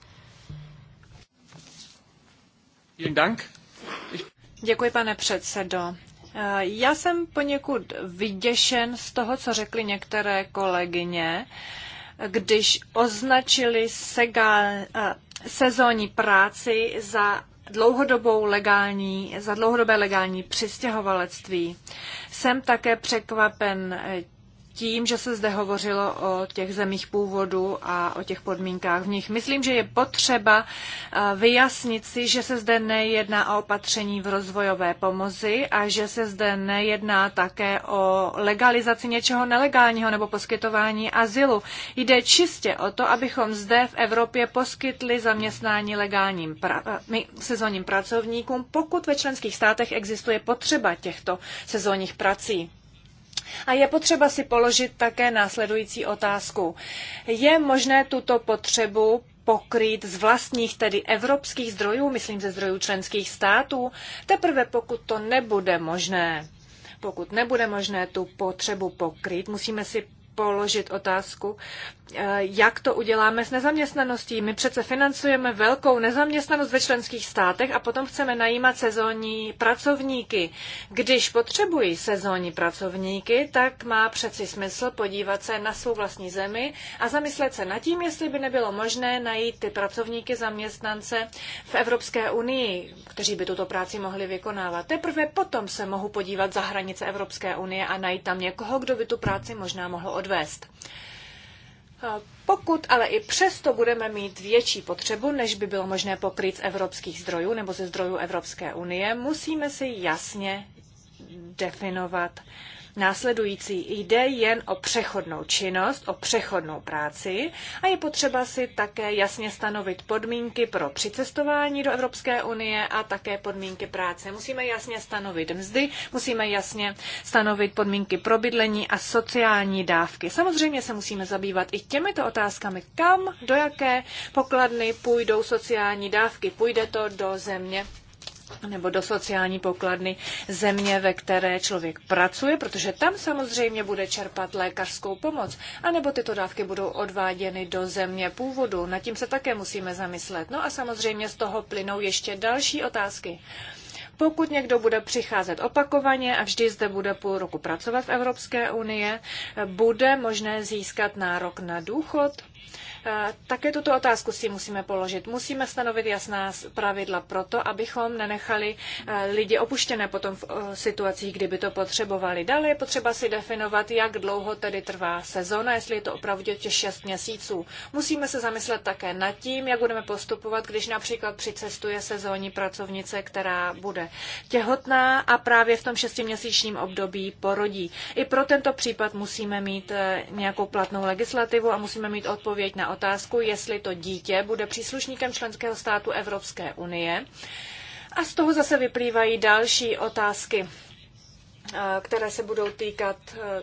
Děkuji, pane předsedo. E, já jsem poněkud vyděšen z toho, co řekly některé kolegyně, když označili sezónní práci za dlouhodobou legální, za dlouhodobé legální přistěhovalectví. Jsem také překvapen tím, že se zde hovořilo o těch zemích původu a o těch podmínkách v nich. Myslím, že je potřeba eh, vyjasnit si, že se zde nejedná o opatření v rozvojové pomoci a že se zde nejedná také o legalizaci něčeho nelegálního nebo poskytování azylu. Jde čistě o to, abychom zde v Evropě poskytli zaměstnání legálním pra- eh, sezónním pracovníkům, pokud ve členských státech existuje potřeba těchto sezónních prací. A je potřeba si položit také následující otázku. Je možné tuto potřebu pokrýt z vlastních, tedy evropských zdrojů, myslím ze zdrojů členských států, teprve pokud to nebude možné. Pokud nebude možné tu potřebu pokrýt, musíme si položit otázku, eh, jak to uděláme s nezaměstnaností. My přece financujeme velkou nezaměstnanost ve členských státech a potom chceme najímat sezónní pracovníky. Když potřebují sezónní pracovníky, tak má přeci smysl podívat se na svou vlastní zemi a zamyslet se nad tím, jestli by nebylo možné najít ty pracovníky, zaměstnance v Evropské unii, kteří by tuto práci mohli vykonávat. Teprve potom se mohu podívat za hranice Evropské unie a najít tam někoho, kdo by tu práci možná mohl od odvést. Pokud ale i přesto budeme mít větší potřebu, než by bylo možné pokrýt z evropských zdrojů nebo ze zdrojů Evropské unie, musíme si jasně definovat následující. Jde jen o přechodnou činnost, o přechodnou práci a je potřeba si také jasně stanovit podmínky pro přicestování do Evropské unie a také podmínky práce. Musíme jasně stanovit mzdy, musíme jasně stanovit podmínky pro bydlení a sociální dávky. Samozřejmě se musíme zabývat i těmito otázkami, kam, do jaké pokladny půjdou sociální dávky. Půjde to do země nebo do sociální pokladny země, ve které člověk pracuje, protože tam samozřejmě bude čerpat lékařskou pomoc, anebo tyto dávky budou odváděny do země původu. Nad tím se také musíme zamyslet. No a samozřejmě z toho plynou ještě další otázky. Pokud někdo bude přicházet opakovaně a vždy zde bude půl roku pracovat v Evropské unie, bude možné získat nárok na důchod? Eh, také tuto otázku si musíme položit. Musíme stanovit jasná pravidla pro to, abychom nenechali eh, lidi opuštěné potom v eh, situacích, kdyby to potřebovali. Dále je potřeba si definovat, jak dlouho tedy trvá sezóna. jestli je to opravdu těch 6 měsíců. Musíme se zamyslet také nad tím, jak budeme postupovat, když například přicestuje sezónní pracovnice, která bude těhotná a právě v tom šestiměsíčním období porodí. I pro tento případ musíme mít nějakou platnou legislativu a musíme mít odpověď odpověď na otázku, jestli to dítě bude příslušníkem členského státu Evropské unie. A z toho zase vyplývají další otázky, eh, které se budou týkat eh,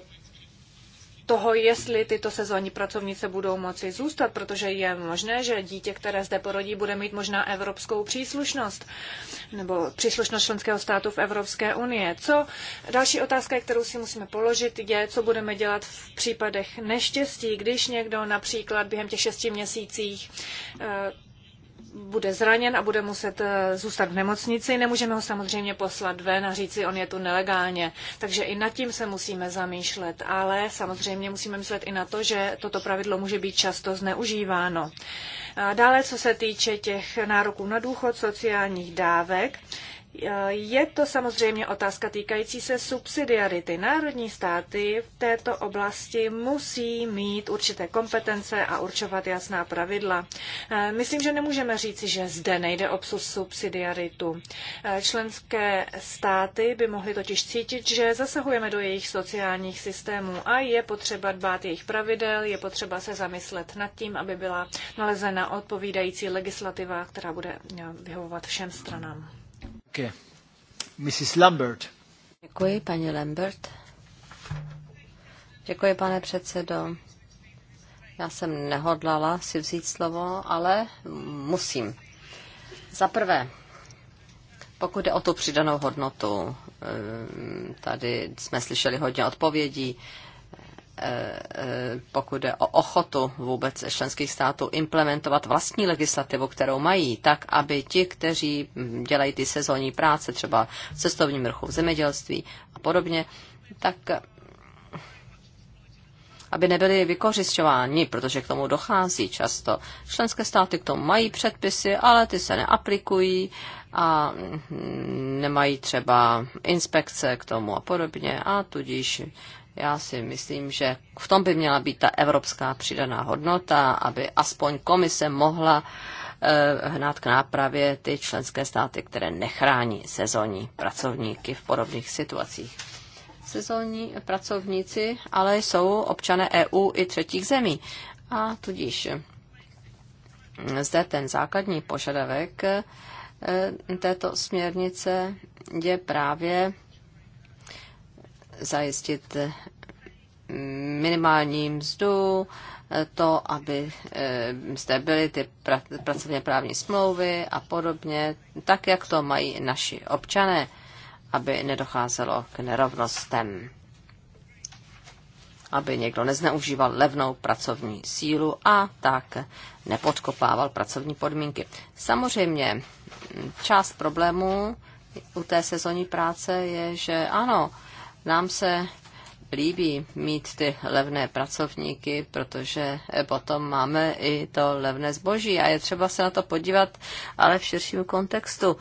toho, jestli tyto sezónní pracovnice budou moci zůstat, protože je možné, že dítě, které zde porodí, bude mít možná evropskou příslušnost nebo příslušnost členského státu v Evropské unii. Co další otázka, kterou si musíme položit, je, co budeme dělat v případech neštěstí, když někdo například během těch šesti měsících eh, bude zraněn a bude muset eh, zůstat v nemocnici. Nemůžeme ho samozřejmě poslat ven a říci, on je tu nelegálně. Takže i nad tím se musíme zamýšlet. Ale samozřejmě musíme myslet i na to, že toto pravidlo může být často zneužíváno. Dále, co se týče těch nároků na důchod, sociálních dávek, je to samozřejmě otázka týkající se subsidiarity. Národní státy v této oblasti musí mít určité kompetence a určovat jasná pravidla. Eh, myslím, že nemůžeme říci, že zde nejde o subsidiaritu. Eh, členské státy by mohly totiž cítit, že zasahujeme do jejich sociálních systémů a je potřeba dbát jejich pravidel, je potřeba se zamyslet nad tím, aby byla nalezena odpovídající legislativa, která bude eh, vyhovovat všem stranám. Okay. Mrs. Lambert. Děkuji, paní Lambert. Děkuji, pane předsedo. Já jsem nehodlala si vzít slovo, ale musím. Za prvé, pokud jde o tu přidanou hodnotu, eh, tady jsme slyšeli hodně odpovědí. Eh, eh, pokud jde o ochotu vůbec členských států implementovat vlastní legislativu, kterou mají, tak aby ti, kteří mm, dělají ty sezónní práce, třeba v cestovním ruchu, v zemědělství a podobně, tak eh, aby nebyli vykořišťováni, protože k tomu dochází často. Členské státy k tomu mají předpisy, ale ty se neaplikují a mm, nemají třeba inspekce k tomu a podobně a tudíž já si myslím, že v tom by měla být ta evropská přidaná hodnota, aby aspoň komise mohla eh, hnát k nápravě ty členské státy, které nechrání sezónní pracovníky v podobných situacích. Sezónní pracovníci ale jsou občané EU i třetích zemí. A tudíž hm, zde ten základní požadavek eh, této směrnice je právě zajistit minimální mzdu, to, aby eh, zde byly ty pracovně právní smlouvy a podobně, tak jak to mají naši občané, aby nedocházelo k nerovnostem aby někdo nezneužíval levnou pracovní sílu a tak nepodkopával pracovní podmínky. Samozřejmě část problémů u té sezónní práce je, že ano, nám se líbí mít ty levné pracovníky, protože e, potom máme i to levné zboží a je třeba se na to podívat, ale v širším kontextu.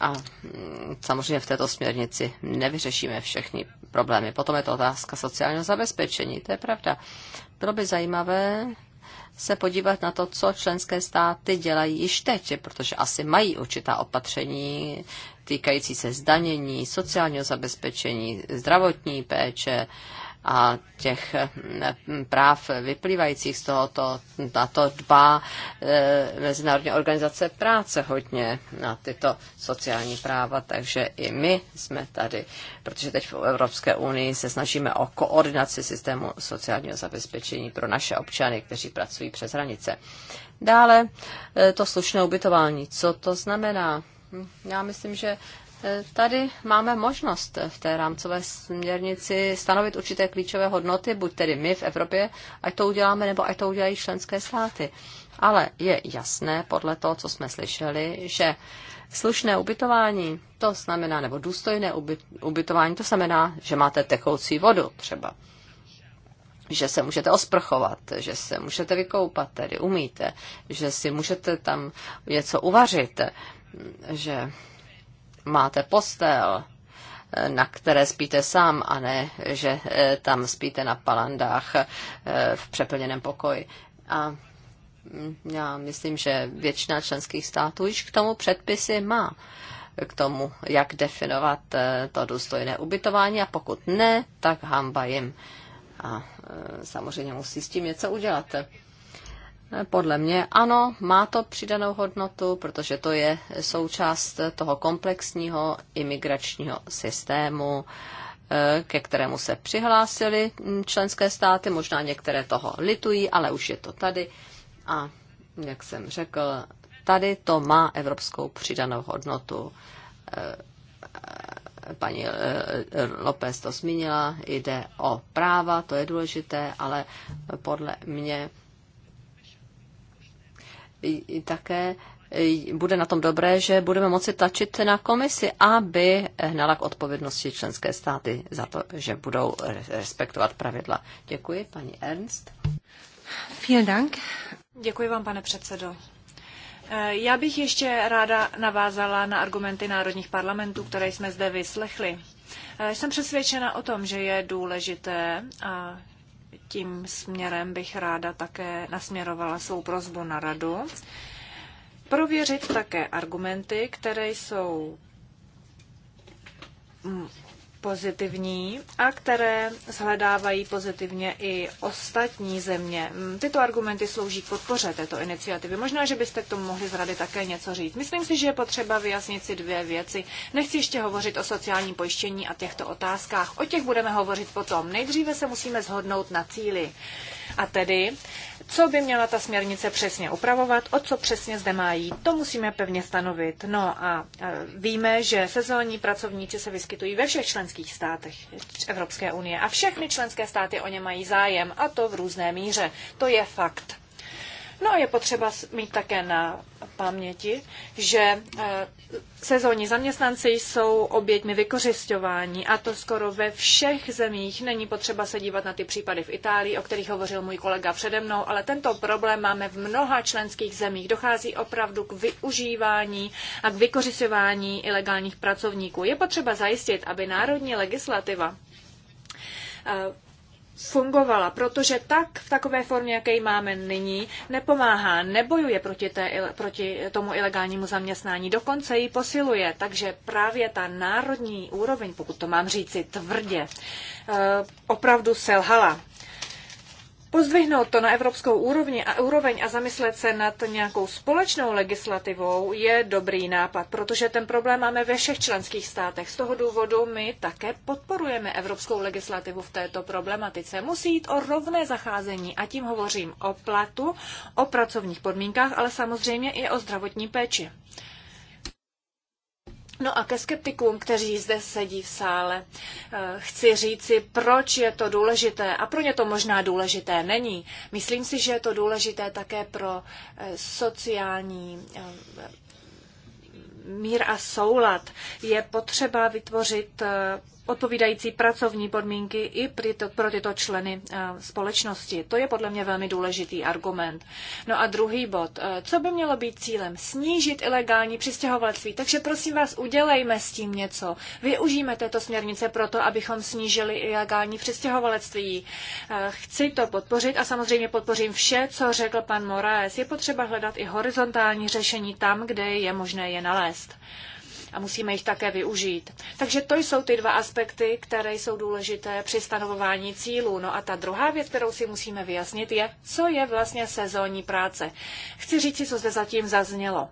A mm, samozřejmě v této směrnici nevyřešíme všechny problémy. Potom je to otázka sociálního zabezpečení, to je pravda. Bylo by zajímavé se podívat na to, co členské státy dělají již teď, protože asi mají určitá opatření, týkající se zdanění, sociálního zabezpečení, zdravotní péče a těch mm, práv vyplývajících z tohoto, na to dbá e, Mezinárodní organizace práce hodně na tyto sociální práva, takže i my jsme tady, protože teď v Evropské unii se snažíme o koordinaci systému sociálního zabezpečení pro naše občany, kteří pracují přes hranice. Dále e, to slušné ubytování. Co to znamená? já myslím, že e, Tady máme možnost v té rámcové směrnici stanovit určité klíčové hodnoty, buď tedy my v Evropě, ať to uděláme, nebo ať to udělají členské státy. Ale je jasné, podle toho, co jsme slyšeli, že slušné ubytování, to znamená, nebo důstojné ubytování, to znamená, že máte tekoucí vodu třeba. Že se můžete osprchovat, že se můžete vykoupat, tedy umíte, že si můžete tam něco uvařit, že máte postel, na které spíte sám, a ne, že eh, tam spíte na palandách eh, v přeplněném pokoji. A mm, já myslím, že většina členských států již k tomu předpisy má k tomu, jak definovat eh, to důstojné ubytování a pokud ne, tak hamba jim. A samozřejmě musí s tím něco udělat. Podle mě ano, má to přidanou hodnotu, protože to je součást toho komplexního imigračního systému, eh, ke kterému se přihlásili mm, členské státy. Možná některé toho litují, ale už je to tady. A jak jsem řekl, tady to má evropskou přidanou hodnotu. Eh, paní eh, López to zmínila, jde o práva, to je důležité, ale podle mě také bude na tom dobré, že budeme moci tlačit na komisi, aby hnala k odpovědnosti členské státy za to, že budou respektovat pravidla. Děkuji, paní Ernst. Vielen Dank. Děkuji vám, pane předsedo. Eh, já bych ještě ráda navázala na argumenty národních parlamentů, které jsme zde vyslechli. Eh, jsem přesvědčena o tom, že je důležité, a tím směrem bych ráda také nasměrovala svou prozbu na radu. Prověřit také argumenty, které jsou mm, pozitivní a které shledávají pozitivně i ostatní země. Mm, tyto argumenty slouží k podpoře této iniciativy. Možná, že byste k tomu mohli z rady také něco říct. Myslím si, že je potřeba vyjasnit si dvě věci. Nechci ještě hovořit o sociálním pojištění a těchto otázkách. O těch budeme hovořit potom. Nejdříve se musíme zhodnout na cíli. A tedy co by měla ta směrnice přesně upravovat, o co přesně zde má jít, to musíme pevně stanovit. No a e, víme, že sezónní pracovníci se vyskytují ve všech členských státech Evropské unie a všechny členské státy o ně mají zájem a to v různé míře. To je fakt. No a je potřeba mít také na paměti, že eh, sezónní zaměstnanci jsou oběťmi vykořišťování a to skoro ve všech zemích. Není potřeba se dívat na ty případy v Itálii, o kterých hovořil můj kolega přede mnou, ale tento problém máme v mnoha členských zemích. Dochází opravdu k využívání a k vykořišťování ilegálních pracovníků. Je potřeba zajistit, aby národní legislativa eh, fungovala, protože tak v takové formě, jaké ji máme nyní, nepomáhá, nebojuje proti, té, proti tomu ilegálnímu zaměstnání, dokonce ji posiluje. Takže právě ta národní úroveň, pokud to mám říci tvrdě, eh, opravdu selhala. Pozdvihnout to na evropskou úrovni a úroveň a zamyslet se nad nějakou společnou legislativou je dobrý nápad, protože ten problém máme ve všech členských státech. Z toho důvodu my také podporujeme evropskou legislativu v této problematice. Musí jít o rovné zacházení a tím hovořím o platu, o pracovních podmínkách, ale samozřejmě i o zdravotní péči. No a ke skeptikům, kteří zde sedí v sále, eh, chci říci, proč je to důležité a pro ně to možná důležité není. Myslím si, že je to důležité také pro eh, sociální eh, mír a soulad. Je potřeba vytvořit odpovídající pracovní podmínky i pro tyto členy eh, společnosti. To je podle mě velmi důležitý argument. No a druhý bod. Eh, co by mělo být cílem? Snížit ilegální přistěhovalectví. Takže prosím vás, udělejme s tím něco. Využijeme této směrnice proto, abychom snížili ilegální přistěhovalectví. Eh, chci to podpořit a samozřejmě podpořím vše, co řekl pan Moraes. Je potřeba hledat i horizontální řešení tam, kde je možné je nalézt a musíme jich také využít. Takže to jsou ty dva aspekty, které jsou důležité při stanovování cílů. No a ta druhá věc, kterou si musíme vyjasnit, je, co je vlastně sezónní práce. Chci říct si, co zde zatím zaznělo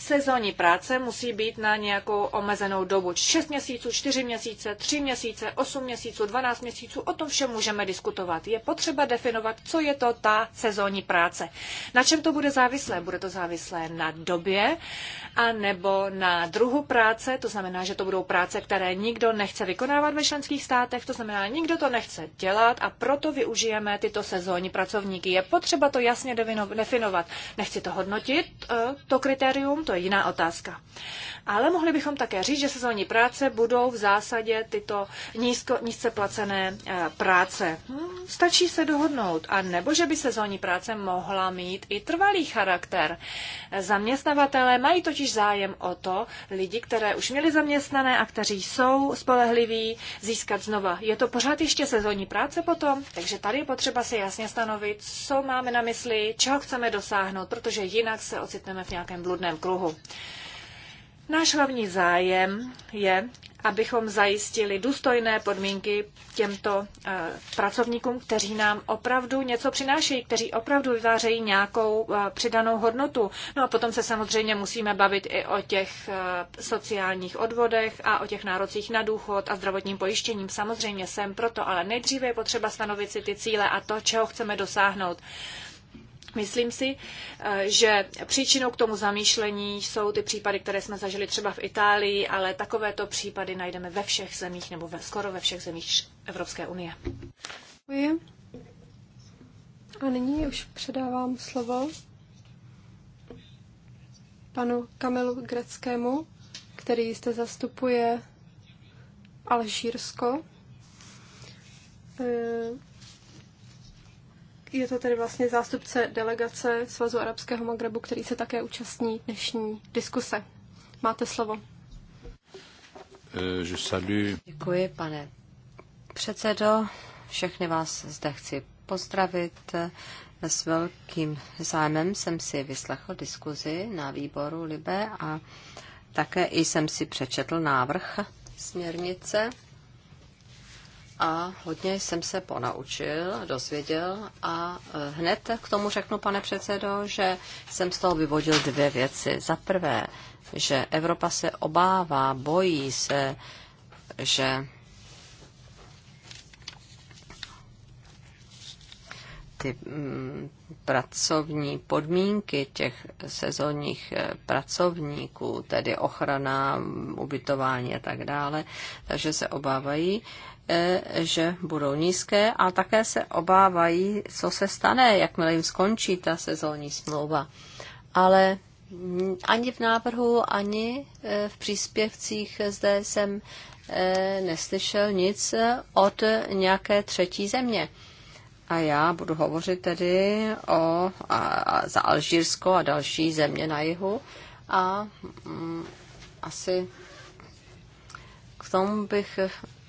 sezónní práce musí být na nějakou omezenou dobu. 6 měsíců, 4 měsíce, 3 měsíce, 8 měsíců, 12 měsíců, o tom všem můžeme diskutovat. Je potřeba definovat, co je to ta sezónní práce. Na čem to bude závislé? Bude to závislé na době a nebo na druhu práce, to znamená, že to budou práce, které nikdo nechce vykonávat ve členských státech, to znamená, nikdo to nechce dělat a proto využijeme tyto sezónní pracovníky. Je potřeba to jasně definovat. Nechci to hodnotit, eh, to kritérium, to je jiná otázka. Ale mohli bychom také říct, že sezónní práce budou v zásadě tyto nízko, nízce placené eh, práce. Hmm, stačí se dohodnout. A nebo, že by sezónní práce mohla mít i trvalý charakter. Zaměstnavatelé mají totiž zájem o to, lidi, které už měli zaměstnané a kteří jsou spolehliví, získat znova. Je to pořád ještě sezónní práce potom, takže tady je potřeba si jasně stanovit, co máme na mysli, čeho chceme dosáhnout, protože jinak se ocitneme v nějakém bludném kruhu. Bohu. Náš hlavní zájem je, abychom zajistili důstojné podmínky těmto eh, pracovníkům, kteří nám opravdu něco přinášejí, kteří opravdu vytvářejí nějakou eh, přidanou hodnotu. No a potom se samozřejmě musíme bavit i o těch eh, sociálních odvodech a o těch nárocích na důchod a zdravotním pojištěním. Samozřejmě jsem proto, ale nejdříve je potřeba stanovit si ty cíle a to, čeho chceme dosáhnout. Myslím si, eh, že příčinou k tomu zamýšlení jsou ty případy, které jsme zažili třeba v Itálii, ale takovéto případy najdeme ve všech zemích nebo ve, skoro ve všech zemích Evropské unie. Děkuji. A nyní už předávám slovo panu Kamilu Greckému, který zde zastupuje Alžírsko. Eh, je to tedy vlastně zástupce delegace Svazu arabského Magrebu, který se také účastní dnešní diskuse. Máte slovo. Eh, Děkuji, pane předsedo. Všechny vás zde chci pozdravit. S velkým zájmem jsem si vyslechl diskuzi na výboru Libe a také jsem si přečetl návrh směrnice a hodně jsem se ponaučil, dozvěděl a e, hned k tomu řeknu, pane předsedo, že jsem z toho vyvodil dvě věci. Za prvé, že Evropa se obává, bojí se, že ty mm, pracovní podmínky těch sezónních eh, pracovníků, tedy ochrana, ubytování a tak dále, takže se obávají, eh, že budou nízké, ale také se obávají, co se stane, jakmile jim skončí ta sezónní smlouva. Ale mm, ani v návrhu, ani eh, v příspěvcích zde jsem neslyšel nic od nějaké třetí země. A já budu hovořit tedy o, a, a za Alžírsko a další země na jihu. A mm, asi k tomu bych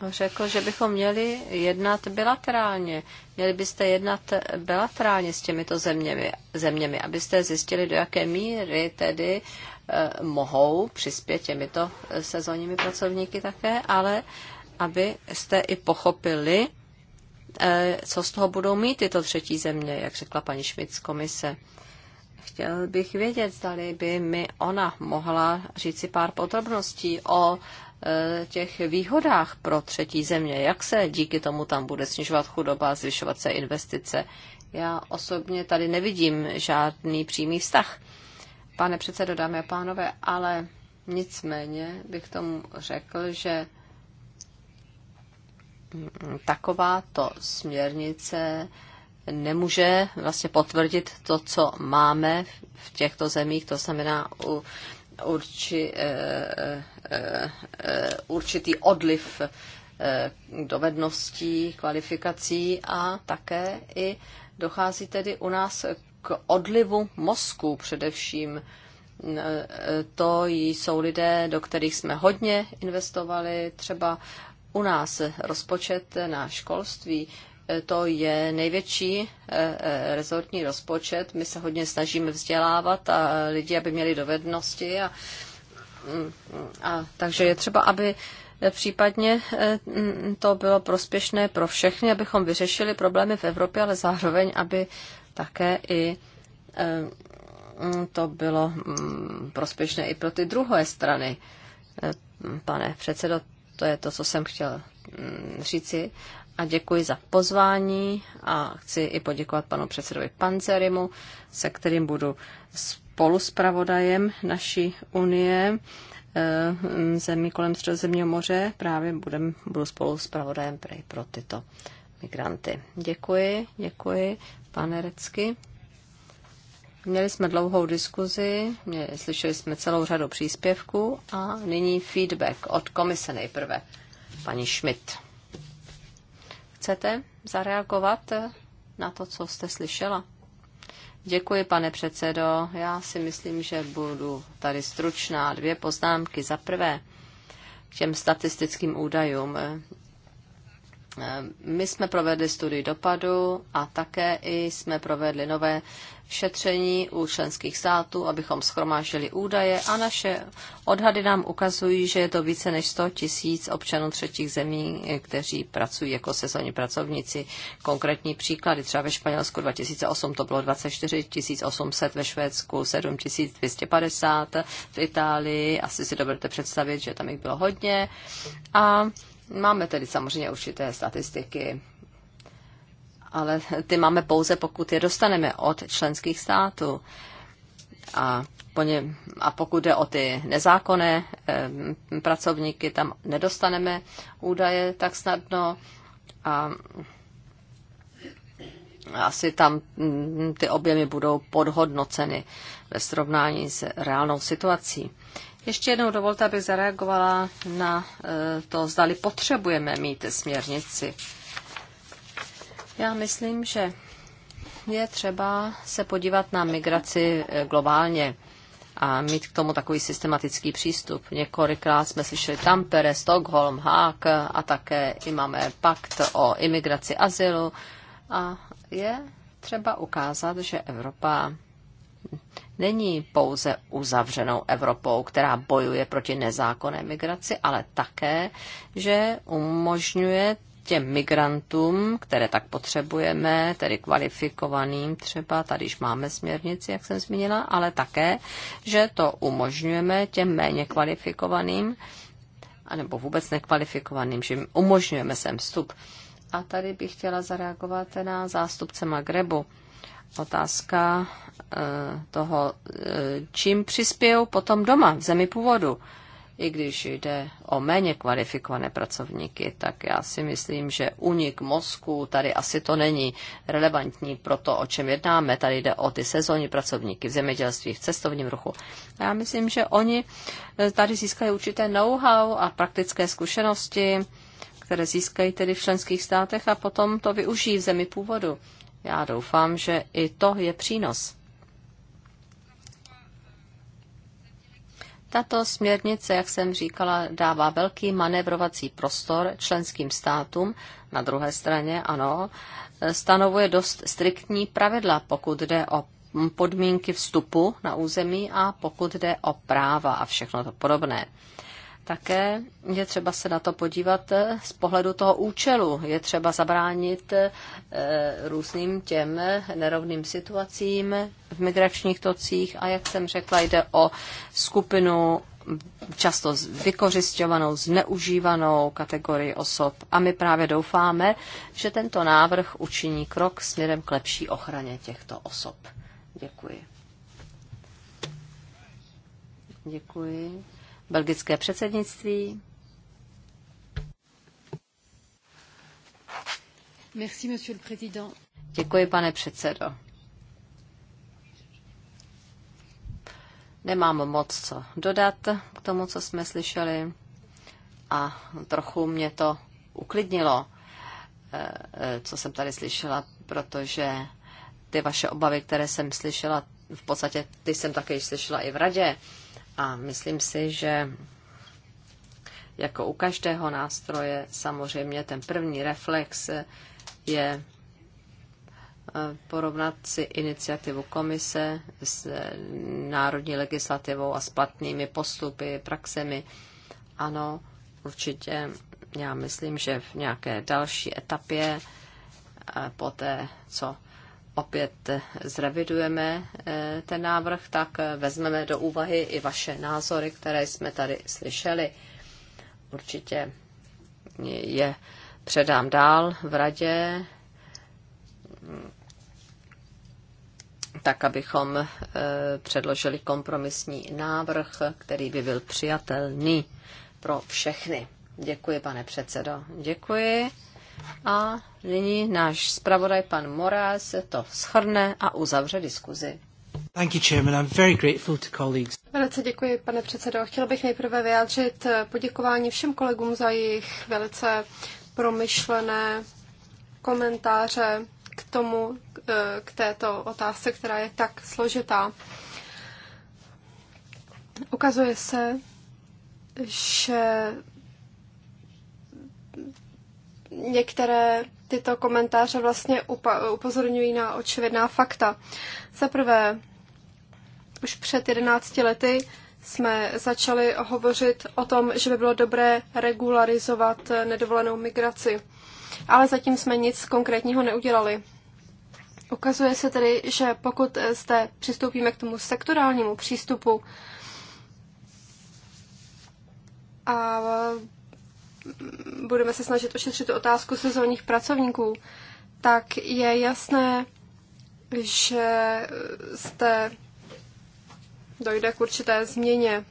řekl, že bychom měli jednat bilaterálně. Měli byste jednat bilaterálně s těmito zeměmi, zeměmi abyste zjistili, do jaké míry tedy e, mohou přispět těmito sezónními pracovníky také, ale abyste i pochopili, Eh, co z toho budou mít tyto třetí země, jak řekla paní Švic komise. Chtěl bych vědět, zda by mi ona mohla říct si pár podrobností o eh, těch výhodách pro třetí země, jak se díky tomu tam bude snižovat chudoba, zvyšovat se investice. Já osobně tady nevidím žádný přímý vztah. Pane předsedo, dámy a pánové, ale nicméně bych tomu řekl, že takováto směrnice nemůže vlastně potvrdit to, co máme v těchto zemích, to znamená u, urči, eh, eh, eh, určitý odliv dovedností, kvalifikací a také i dochází tedy u nás k odlivu mozku především. To jsou lidé, do kterých jsme hodně investovali, třeba u nás rozpočet na školství eh, to je největší eh, eh, rezortní rozpočet. My se hodně snažíme vzdělávat a lidi, aby měli dovednosti. A, mm, a, takže je třeba, aby případně mm, to bylo prospěšné pro všechny, abychom vyřešili problémy v Evropě, ale zároveň, aby také i mm, to bylo prospěšné i pro ty druhé strany. Pane předsedo, to je to, co jsem chtěl mm, říci. A děkuji za pozvání a chci i poděkovat panu předsedovi Pancerimu, se kterým budu spoluspravodajem naší unie eh, zemí kolem Středozemního moře. Právě budem, budu spolu s pravodajem pro tyto migranty. Děkuji, děkuji, pane Recky. Měli jsme dlouhou diskuzi, slyšeli jsme celou řadu příspěvků a nyní feedback od komise nejprve. Paní Schmidt. Chcete zareagovat na to, co jste slyšela? Děkuji, pane předsedo. Já si myslím, že budu tady stručná. Dvě poznámky. Za prvé, k těm statistickým údajům. Eh, my jsme provedli studii dopadu a také i jsme provedli nové šetření u členských států, abychom schromáždili údaje a naše odhady nám ukazují, že je to více než 100 tisíc občanů třetích zemí, eh, kteří pracují jako sezónní pracovníci. Konkrétní příklady, třeba ve Španělsku 2008 to bylo 24 800, ve Švédsku 7 250, v Itálii asi si dobrete představit, že tam jich bylo hodně. A Máme tedy samozřejmě určité statistiky, ale ty máme pouze, pokud je dostaneme od členských států. A, po ně, a pokud jde o ty nezákonné e, pracovníky, tam nedostaneme údaje tak snadno. A asi tam mm, ty objemy budou podhodnoceny ve srovnání s reálnou situací. E, ještě jednou dovolte, abych zareagovala na eh, to, zdali potřebujeme mít směrnici. Já myslím, že je třeba se podívat na migraci eh, globálně a mít k tomu takový systematický přístup. Několikrát jsme slyšeli Tampere, Stockholm, Haag a také i máme pakt o imigraci azylu. A je třeba ukázat, že Evropa není pouze uzavřenou Evropou, která bojuje proti nezákonné migraci, ale také, že umožňuje těm migrantům, které tak potřebujeme, tedy kvalifikovaným třeba, tady již máme směrnici, jak jsem zmínila, ale také, že to umožňujeme těm méně kvalifikovaným, anebo vůbec nekvalifikovaným, že umožňujeme sem vstup. A tady bych chtěla zareagovat na zástupce Magrebu otázka eh, toho, eh, čím přispějou potom doma, v zemi původu. I když jde o méně kvalifikované pracovníky, tak já si myslím, že unik mozku tady asi to není relevantní pro to, o čem jednáme. Tady jde o ty sezónní pracovníky v zemědělství, v cestovním ruchu. já myslím, že oni eh, tady získají určité know-how a praktické zkušenosti, které získají tedy v členských státech a potom to využijí v zemi původu. Já doufám, že i to je přínos. Tato směrnice, jak jsem říkala, dává velký manevrovací prostor členským státům. Na druhé straně, ano, stanovuje dost striktní pravidla, pokud jde o podmínky vstupu na území a pokud jde o práva a všechno to podobné také je třeba se na to podívat eh, z pohledu toho účelu. Je třeba zabránit eh, různým těm nerovným situacím v migračních tocích a jak jsem řekla, jde o skupinu často vykořišťovanou, zneužívanou kategorii osob. A my právě doufáme, že tento návrh učiní krok směrem k lepší ochraně těchto osob. Děkuji. Děkuji belgické předsednictví. Merci, monsieur le président. Děkuji, pane předsedo. Nemám moc co dodat k tomu, co jsme slyšeli a trochu mě to uklidnilo, eh, eh, co jsem tady slyšela, protože ty vaše obavy, které jsem slyšela, v podstatě ty jsem také slyšela i v radě. A myslím si, že jako u každého nástroje, samozřejmě ten první reflex je eh, porovnat si iniciativu komise s eh, národní legislativou a s platnými postupy, praxemi. Ano, určitě já myslím, že v nějaké další etapě eh, po té, co opět zrevidujeme eh, ten návrh, tak vezmeme do úvahy i vaše názory, které jsme tady slyšeli. Určitě je předám dál v radě, tak abychom eh, předložili kompromisní návrh, který by byl přijatelný pro všechny. Děkuji, pane předsedo. Děkuji. A nyní náš zpravodaj pan Moraes to schrne a uzavře diskuzi. Thank you, Chairman. I'm very grateful to colleagues. Velice děkuji, pane předsedo. Chtěl bych nejprve vyjádřit poděkování všem kolegům za jejich velice promyšlené komentáře k tomu, eh, k této otázce, která je tak složitá. Ukazuje se, že některé tyto komentáře vlastně upozorňují na očividná fakta. Za prvé, už před 11 lety jsme začali hovořit o tom, že by bylo dobré regularizovat nedovolenou migraci. Ale zatím jsme nic konkrétního neudělali. Ukazuje se tedy, že pokud zde přistoupíme k tomu sektorálnímu přístupu a budeme se snažit ošetřit otázku sezónních pracovníků, tak je jasné, že jste dojde k určité změně.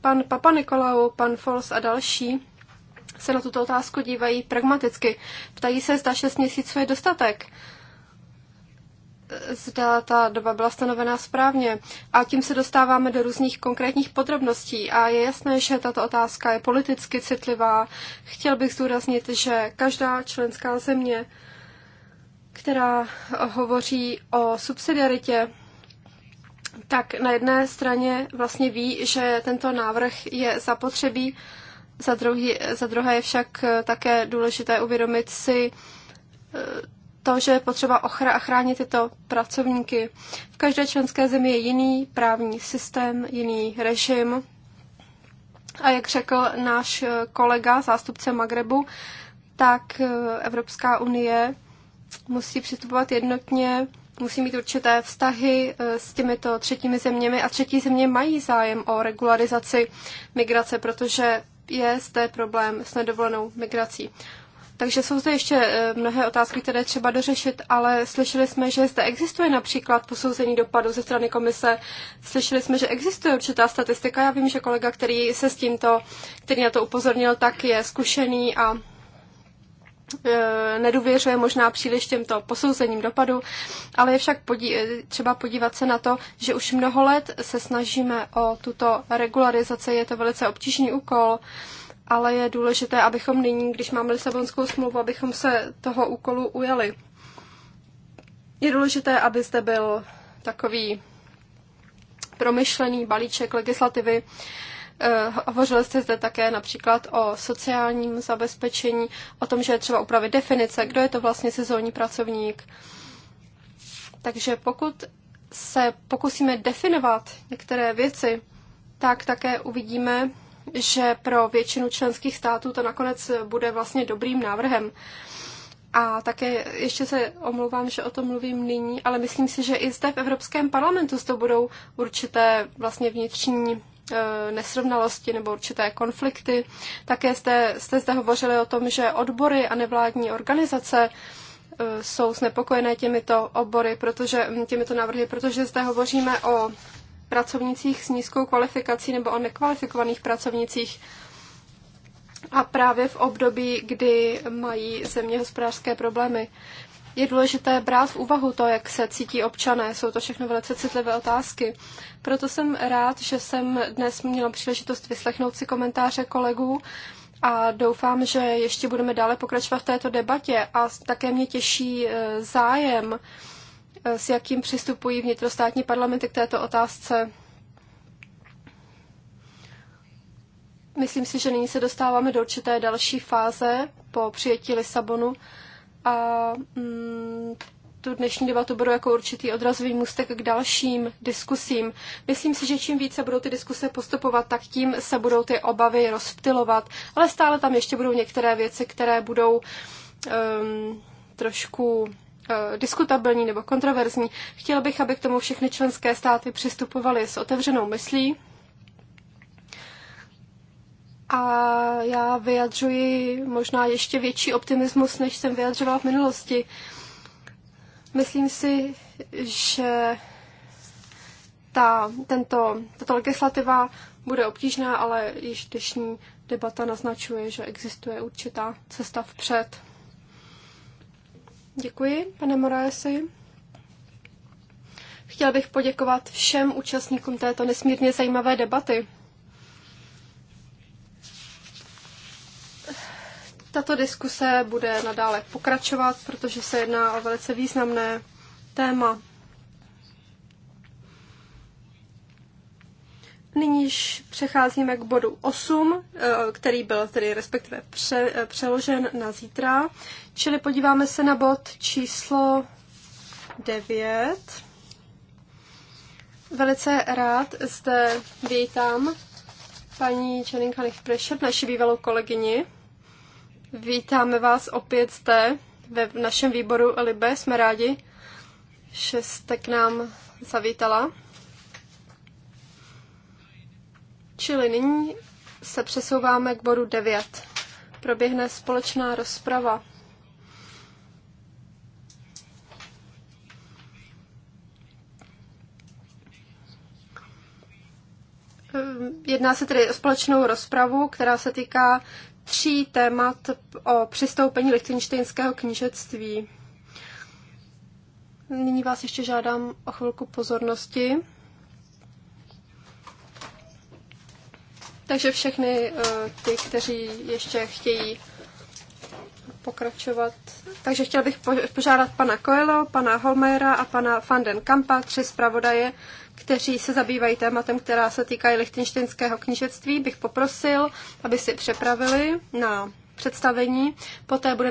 Pan Papa Nikolau, pan Fols a další se na tuto otázku dívají pragmaticky. Ptají se, zda 6 měsíců je dostatek zda ta doba byla stanovená správně. A tím se dostáváme do různých konkrétních podrobností. A je jasné, že tato otázka je politicky citlivá. Chtěl bych zdůraznit, že každá členská země, která hovoří o subsidiaritě, tak na jedné straně vlastně ví, že tento návrh je zapotřebí, za, druhý, za druhé je však také důležité uvědomit si, to, že je potřeba ochra- chránit tyto pracovníky. V každé členské zemi je jiný právní systém, jiný režim. A jak řekl náš eh, kolega, zástupce Magrebu, tak eh, Evropská unie musí přistupovat jednotně, musí mít určité vztahy eh, s těmito třetími zeměmi a třetí země mají zájem o regularizaci migrace, protože je zde problém s nedovolenou migrací. Takže jsou zde ještě eh, mnohé otázky, které třeba dořešit, ale slyšeli jsme, že zde existuje například posouzení dopadu ze strany komise. Slyšeli jsme, že existuje určitá statistika. Já vím, že kolega, který se s tímto, který na to upozornil, tak je zkušený a eh, nedůvěřuje možná příliš těmto posouzením dopadu, ale je však podí, eh, třeba podívat se na to, že už mnoho let se snažíme o tuto regularizaci, je to velice obtížný úkol. Um, ale je důležité, abychom nyní, když máme Lisabonskou smlouvu, abychom se toho úkolu ujeli. Je důležité, aby zde byl takový promyšlený balíček legislativy. Eh, hovořili jste zde také například o sociálním zabezpečení, o tom, že je třeba upravit definice, kdo je to vlastně sezónní pracovník. Takže pokud se pokusíme definovat některé věci, tak také uvidíme, že pro většinu členských států to nakonec bude vlastně dobrým návrhem. A také ještě se omlouvám, že o tom mluvím nyní, ale myslím si, že i zde v Evropském parlamentu to budou určité vlastně vnitřní e, nesrovnalosti nebo určité konflikty. Také jste, jste zde hovořili o tom, že odbory a nevládní organizace e, jsou znepokojené těmito obory, protože, těmito návrhy, protože zde hovoříme o pracovnicích s nízkou kvalifikací nebo o nekvalifikovaných pracovnicích. A právě v období, kdy mají země hospodářské problémy, je důležité brát v úvahu to, jak se cítí občané. Jsou to všechno velice citlivé otázky. Proto jsem rád, že jsem dnes měla příležitost vyslechnout si komentáře kolegů a doufám, že ještě budeme dále pokračovat v této debatě a také mě těší e, zájem Eh, s jakým přistupují vnitrostátní parlamenty k této otázce. Myslím si, že nyní se dostáváme do určité další fáze po přijetí Lisabonu a mm, tu dnešní debatu beru jako určitý odrazový můstek k dalším diskusím. Myslím si, že čím více budou ty diskuse postupovat, tak tím se budou ty obavy rozptilovat, ale stále tam ještě budou některé věci, které budou um, trošku Eh, diskutabilní nebo kontroverzní. Chtěl bych, aby k tomu všechny členské státy přistupovaly s otevřenou myslí. A já vyjadřuji možná ještě větší optimismus, než jsem vyjadřovala v minulosti. Myslím si, že ta, tento, tato legislativa bude obtížná, ale již dnešní debata naznačuje, že existuje určitá cesta vpřed. Děkuji, pane Moraesi. Chtěl bych poděkovat všem účastníkům této nesmírně zajímavé debaty. Tato diskuse bude nadále pokračovat, protože se jedná o velice významné téma. Nyníž přecházíme k bodu 8, eh, který byl tedy respektive pře, eh, přeložen na zítra, čili podíváme se na bod číslo 9. Velice rád zde vítám paní Čelinka Lichprešet, naši bývalou kolegyni. Vítáme vás opět zde ve našem výboru Libe, jsme rádi, že jste k nám zavítala. Čili nyní se přesouváme k bodu 9. Proběhne společná rozprava. Jedná se tedy o společnou rozpravu, která se týká tří témat o přistoupení lichtenštejnského knížectví. Nyní vás ještě žádám o chvilku pozornosti. Takže všechny eh, ty, kteří ještě chtějí pokračovat. Takže chtěl bych požádat pana Coelho, pana Holmera a pana Van den Kampa, tři zpravodaje, kteří se zabývají tématem, která se týká lichtenštinského knižectví, bych poprosil, aby si přepravili na představení. Poté bude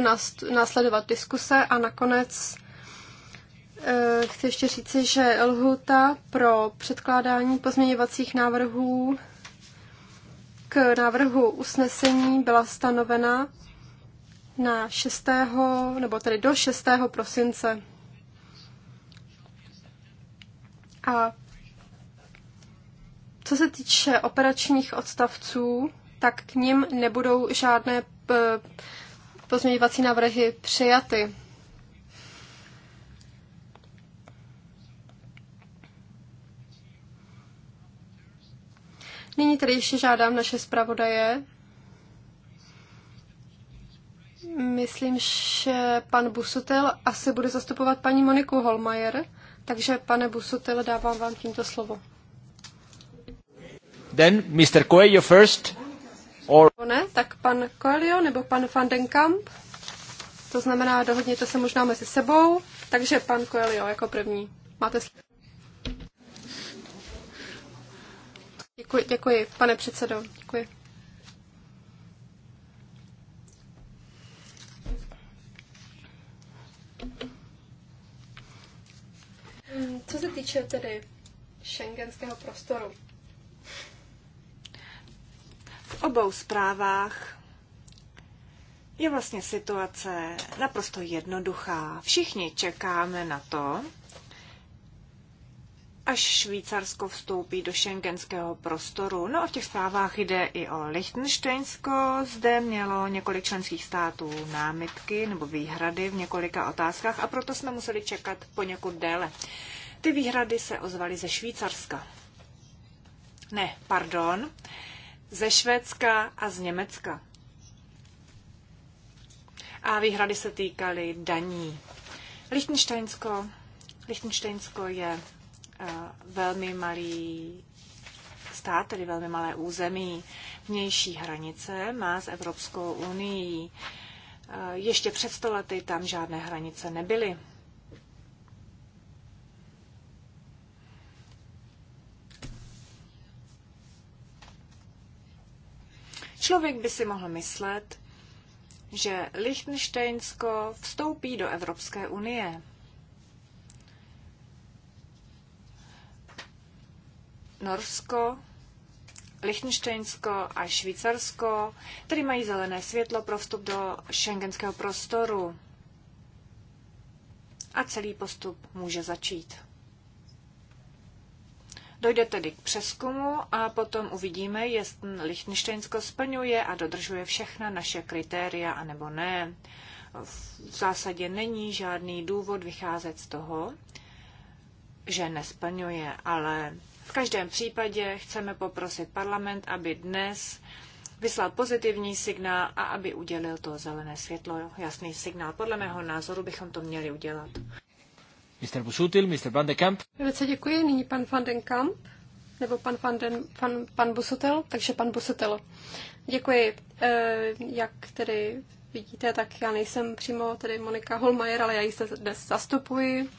následovat diskuse a nakonec eh, chci ještě říci, že lhuta pro předkládání pozměňovacích návrhů k návrhu usnesení byla stanovena na 6. nebo tedy do 6. prosince. A co se týče operačních odstavců, tak k nim nebudou žádné eh, pozměňovací návrhy přijaty. Nyní tedy ještě žádám naše zpravodaje. Myslím, že pan Busutel asi bude zastupovat paní Moniku Holmajer, takže pane Busutel, dávám vám tímto slovo. Then Mr. Coelho first. Or... Ne, tak pan Coelho nebo pan Van den Kamp. To znamená, dohodněte se možná mezi sebou. Takže pan Coelho jako první. Máte slovo. Děkuji, děkuji pane předsedo. Děkuji. Co se týče tedy šengenského prostoru, v obou zprávách je vlastně situace naprosto jednoduchá. Všichni čekáme na to, až Švýcarsko vstoupí do šengenského prostoru. No a v těch zprávách jde i o Lichtensteinsko. Zde mělo několik členských států námitky nebo výhrady v několika otázkách a proto jsme museli čekat poněkud déle. Ty výhrady se ozvaly ze Švýcarska. Ne, pardon, ze Švédska a z Německa. A výhrady se týkaly daní. Lichtensteinsko, Lichtensteinsko je Eh, velmi malý stát, tedy velmi malé území, vnější hranice má s Evropskou unii. Eh, ještě před stolety tam žádné hranice nebyly. Člověk by si mohl myslet, že Liechtensteinsko vstoupí do Evropské unie. Norsko, Lichtenštejnsko a Švýcarsko, které mají zelené světlo pro vstup do šengenského prostoru. A celý postup může začít. Dojde tedy k přeskumu a potom uvidíme, jestli Lichtenštejnsko splňuje a dodržuje všechna naše kritéria, anebo ne. V zásadě není žádný důvod vycházet z toho, že nesplňuje, ale v každém případě chceme poprosit parlament, aby dnes vyslal pozitivní signál a aby udělil to zelené světlo, jasný signál. Podle mého názoru bychom to měli udělat. Mr. Busutil, Mr. Van de Kamp. Velice děkuji. Nyní pan Van den Kamp, nebo pan, Van den, pan, pan Busutil, takže pan Busutil. Děkuji. E, jak tedy vidíte, tak já nejsem přímo tedy Monika Holmajer, ale já ji se dnes zastupuji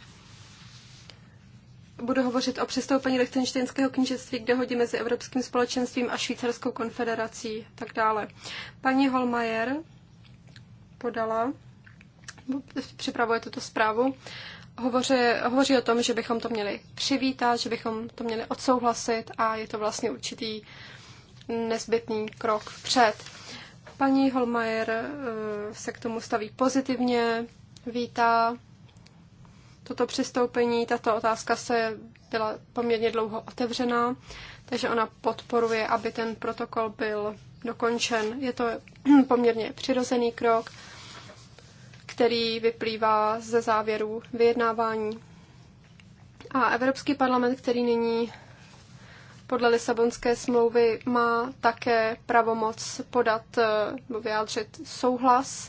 budu hovořit o přistoupení Lichtenštejnského knížectví k dohodě mezi Evropským společenstvím a Švýcarskou konfederací tak dále. Paní Holmajer podala, připravuje tuto zprávu, hovoří, hovoří o tom, že bychom to měli přivítat, že bychom to měli odsouhlasit a je to vlastně určitý nezbytný krok vpřed. Paní Holmajer eh, se k tomu staví pozitivně, vítá toto přistoupení. Tato otázka se byla poměrně dlouho otevřená, takže ona podporuje, aby ten protokol byl dokončen. Je to poměrně přirozený krok, který vyplývá ze závěru vyjednávání. A Evropský parlament, který nyní podle Lisabonské smlouvy má také pravomoc podat, eh, vyjádřit souhlas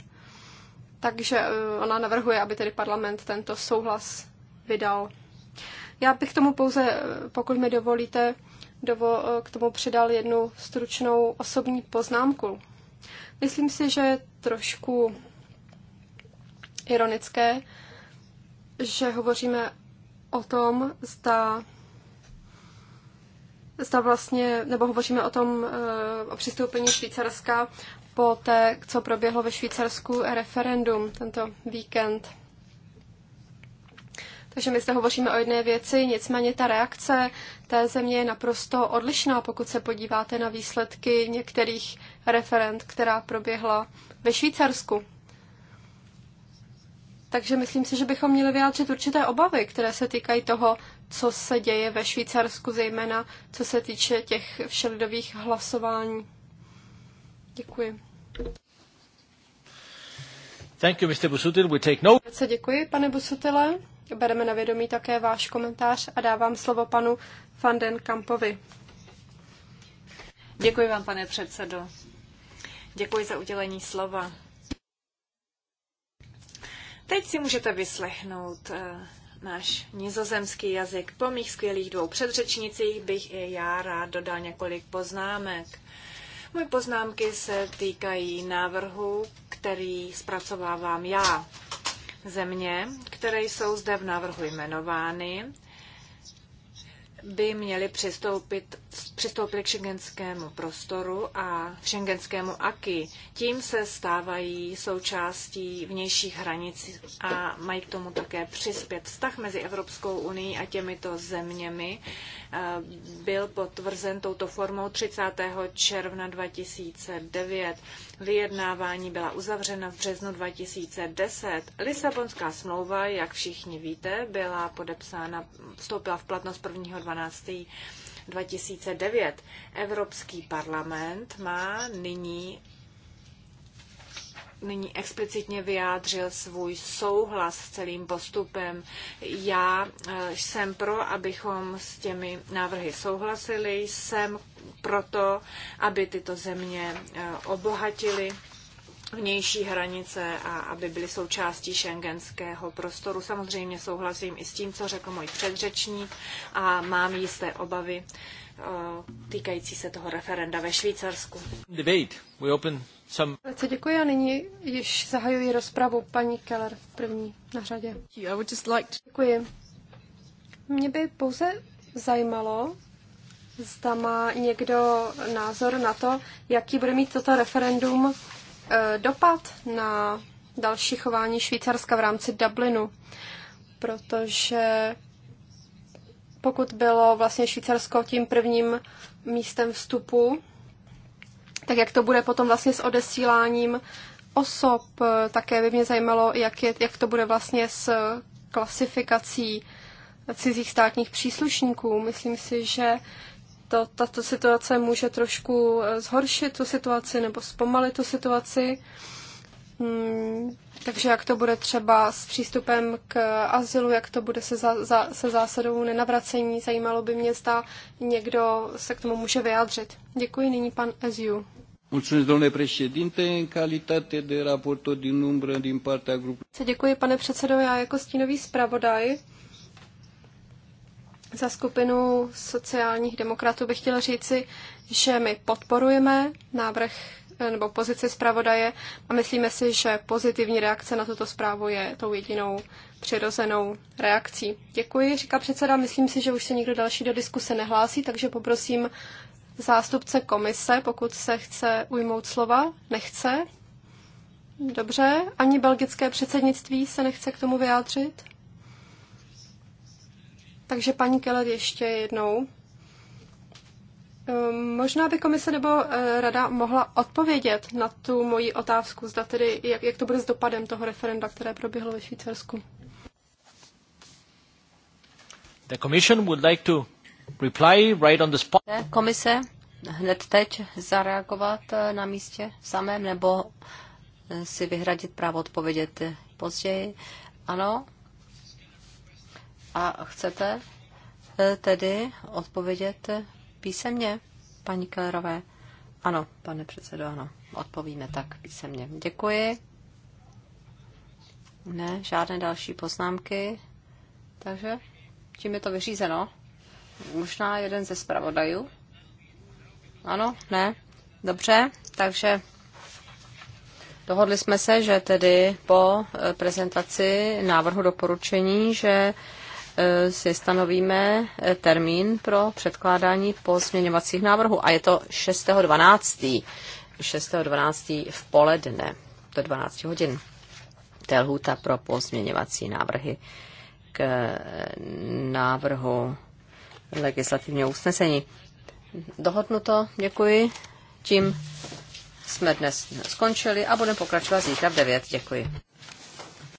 takže eh, ona navrhuje, aby tedy parlament tento souhlas vydal. Já bych tomu pouze, eh, pokud mi dovolíte, dovo, eh, k tomu přidal jednu stručnou osobní poznámku. Myslím si, že je trošku ironické, že hovoříme o tom, zda, zda vlastně, nebo hovoříme o tom, o přistoupení Švýcarska po té, co proběhlo ve Švýcarsku referendum tento víkend. Takže my zde hovoříme o jedné věci, nicméně ta reakce té země je naprosto odlišná, pokud se podíváte na výsledky některých referent, která proběhla ve Švýcarsku. Takže myslím si, že bychom měli vyjádřit určité obavy, které se týkají toho, co se děje ve Švýcarsku, zejména co se týče těch všelidových hlasování. Děkuji. Thank you, Mr. Busutil. We take note. Děkuji, pane Busutile. Bereme na vědomí také váš komentář a dávám slovo panu Van den Kampovi. Děkuji vám, pane předsedo. Děkuji za udělení slova. Teď si můžete vyslechnout eh, náš nizozemský jazyk. Po mých skvělých dvou předřečnicích bych i já rád dodal několik poznámek. Moje poznámky se týkají návrhu, který zpracovávám já. Země, které jsou zde v návrhu jmenovány, by měly přistoupit přistoupili k šengenskému prostoru a šengenskému AKI. Tím se stávají součástí vnějších hranic a mají k tomu také přispět. Vztah mezi Evropskou unii a těmito zeměmi eh, byl potvrzen touto formou 30. června 2009. Vyjednávání byla uzavřena v březnu 2010. Lisabonská smlouva, jak všichni víte, byla podepsána, vstoupila v platnost 1. 12 2009. Evropský parlament má nyní nyní explicitně vyjádřil svůj souhlas s celým postupem. Já eh, jsem pro, abychom s těmi návrhy souhlasili, jsem proto, aby tyto země eh, obohatily vnější hranice a aby byly součástí šengenského prostoru. Samozřejmě souhlasím i s tím, co řekl můj předřečník a mám jisté obavy eh, týkající se toho referenda ve Švýcarsku. Debate. We open some... Velice děkuji a nyní již zahajuji rozpravu paní Keller první na řadě. Děkuji. Mě by pouze zajímalo, zda má někdo názor na to, jaký bude mít toto referendum Eh, dopad na další chování Švýcarska v rámci Dublinu, protože pokud bylo vlastně Švýcarsko tím prvním místem vstupu, tak jak to bude potom vlastně s odesíláním osob, eh, také by mě zajímalo, jak, je, jak to bude vlastně s klasifikací cizích státních příslušníků. Myslím si, že to, tato situace může trošku eh, zhoršit tu situaci nebo zpomalit tu situaci. Hmm, takže jak to bude třeba s přístupem k azylu, jak to bude se, za, za, se zásadou nenavracení, zajímalo by mě, zda někdo se k tomu může vyjádřit. Děkuji, nyní pan Eziu. de Děkuji, pane předsedo, já jako stínový zpravodaj za skupinu sociálních demokratů bych chtěla říci, že my podporujeme návrh eh, nebo pozici zpravodaje a myslíme si, že pozitivní reakce na tuto zprávu je tou jedinou přirozenou reakcí. Děkuji, říká předseda. Myslím si, že už se nikdo další do diskuse nehlásí, takže poprosím zástupce komise, pokud se chce ujmout slova. Nechce. Dobře, ani belgické předsednictví se nechce k tomu vyjádřit. Takže paní Keller ještě jednou. Ehm, možná by komise nebo eh, rada mohla odpovědět na tu moji otázku, zda tedy, jak, jak to bude s dopadem toho referenda, které proběhlo ve Švýcarsku. The commission would like to reply right on the spot. Komise hned teď zareagovat eh, na místě samém nebo eh, si vyhradit právo odpovědět později. Ano, a chcete e, tedy odpovědět písemně, paní Kellerové? Ano, pane předsedo, ano. Odpovíme tak písemně. Děkuji. Ne, žádné další poznámky. Takže tím je to vyřízeno. Možná jeden ze zpravodajů. Ano, ne. Dobře, takže dohodli jsme se, že tedy po e, prezentaci návrhu doporučení, že Eh, si stanovíme eh, termín pro předkládání pozměňovacích návrhů a je to 6.12. 6.12. v poledne do 12 hodin. To je lhůta pro pozměňovací návrhy k eh, návrhu legislativního usnesení. Dohodnuto, děkuji. Tím jsme dnes skončili a budeme pokračovat zítra v 9. Děkuji.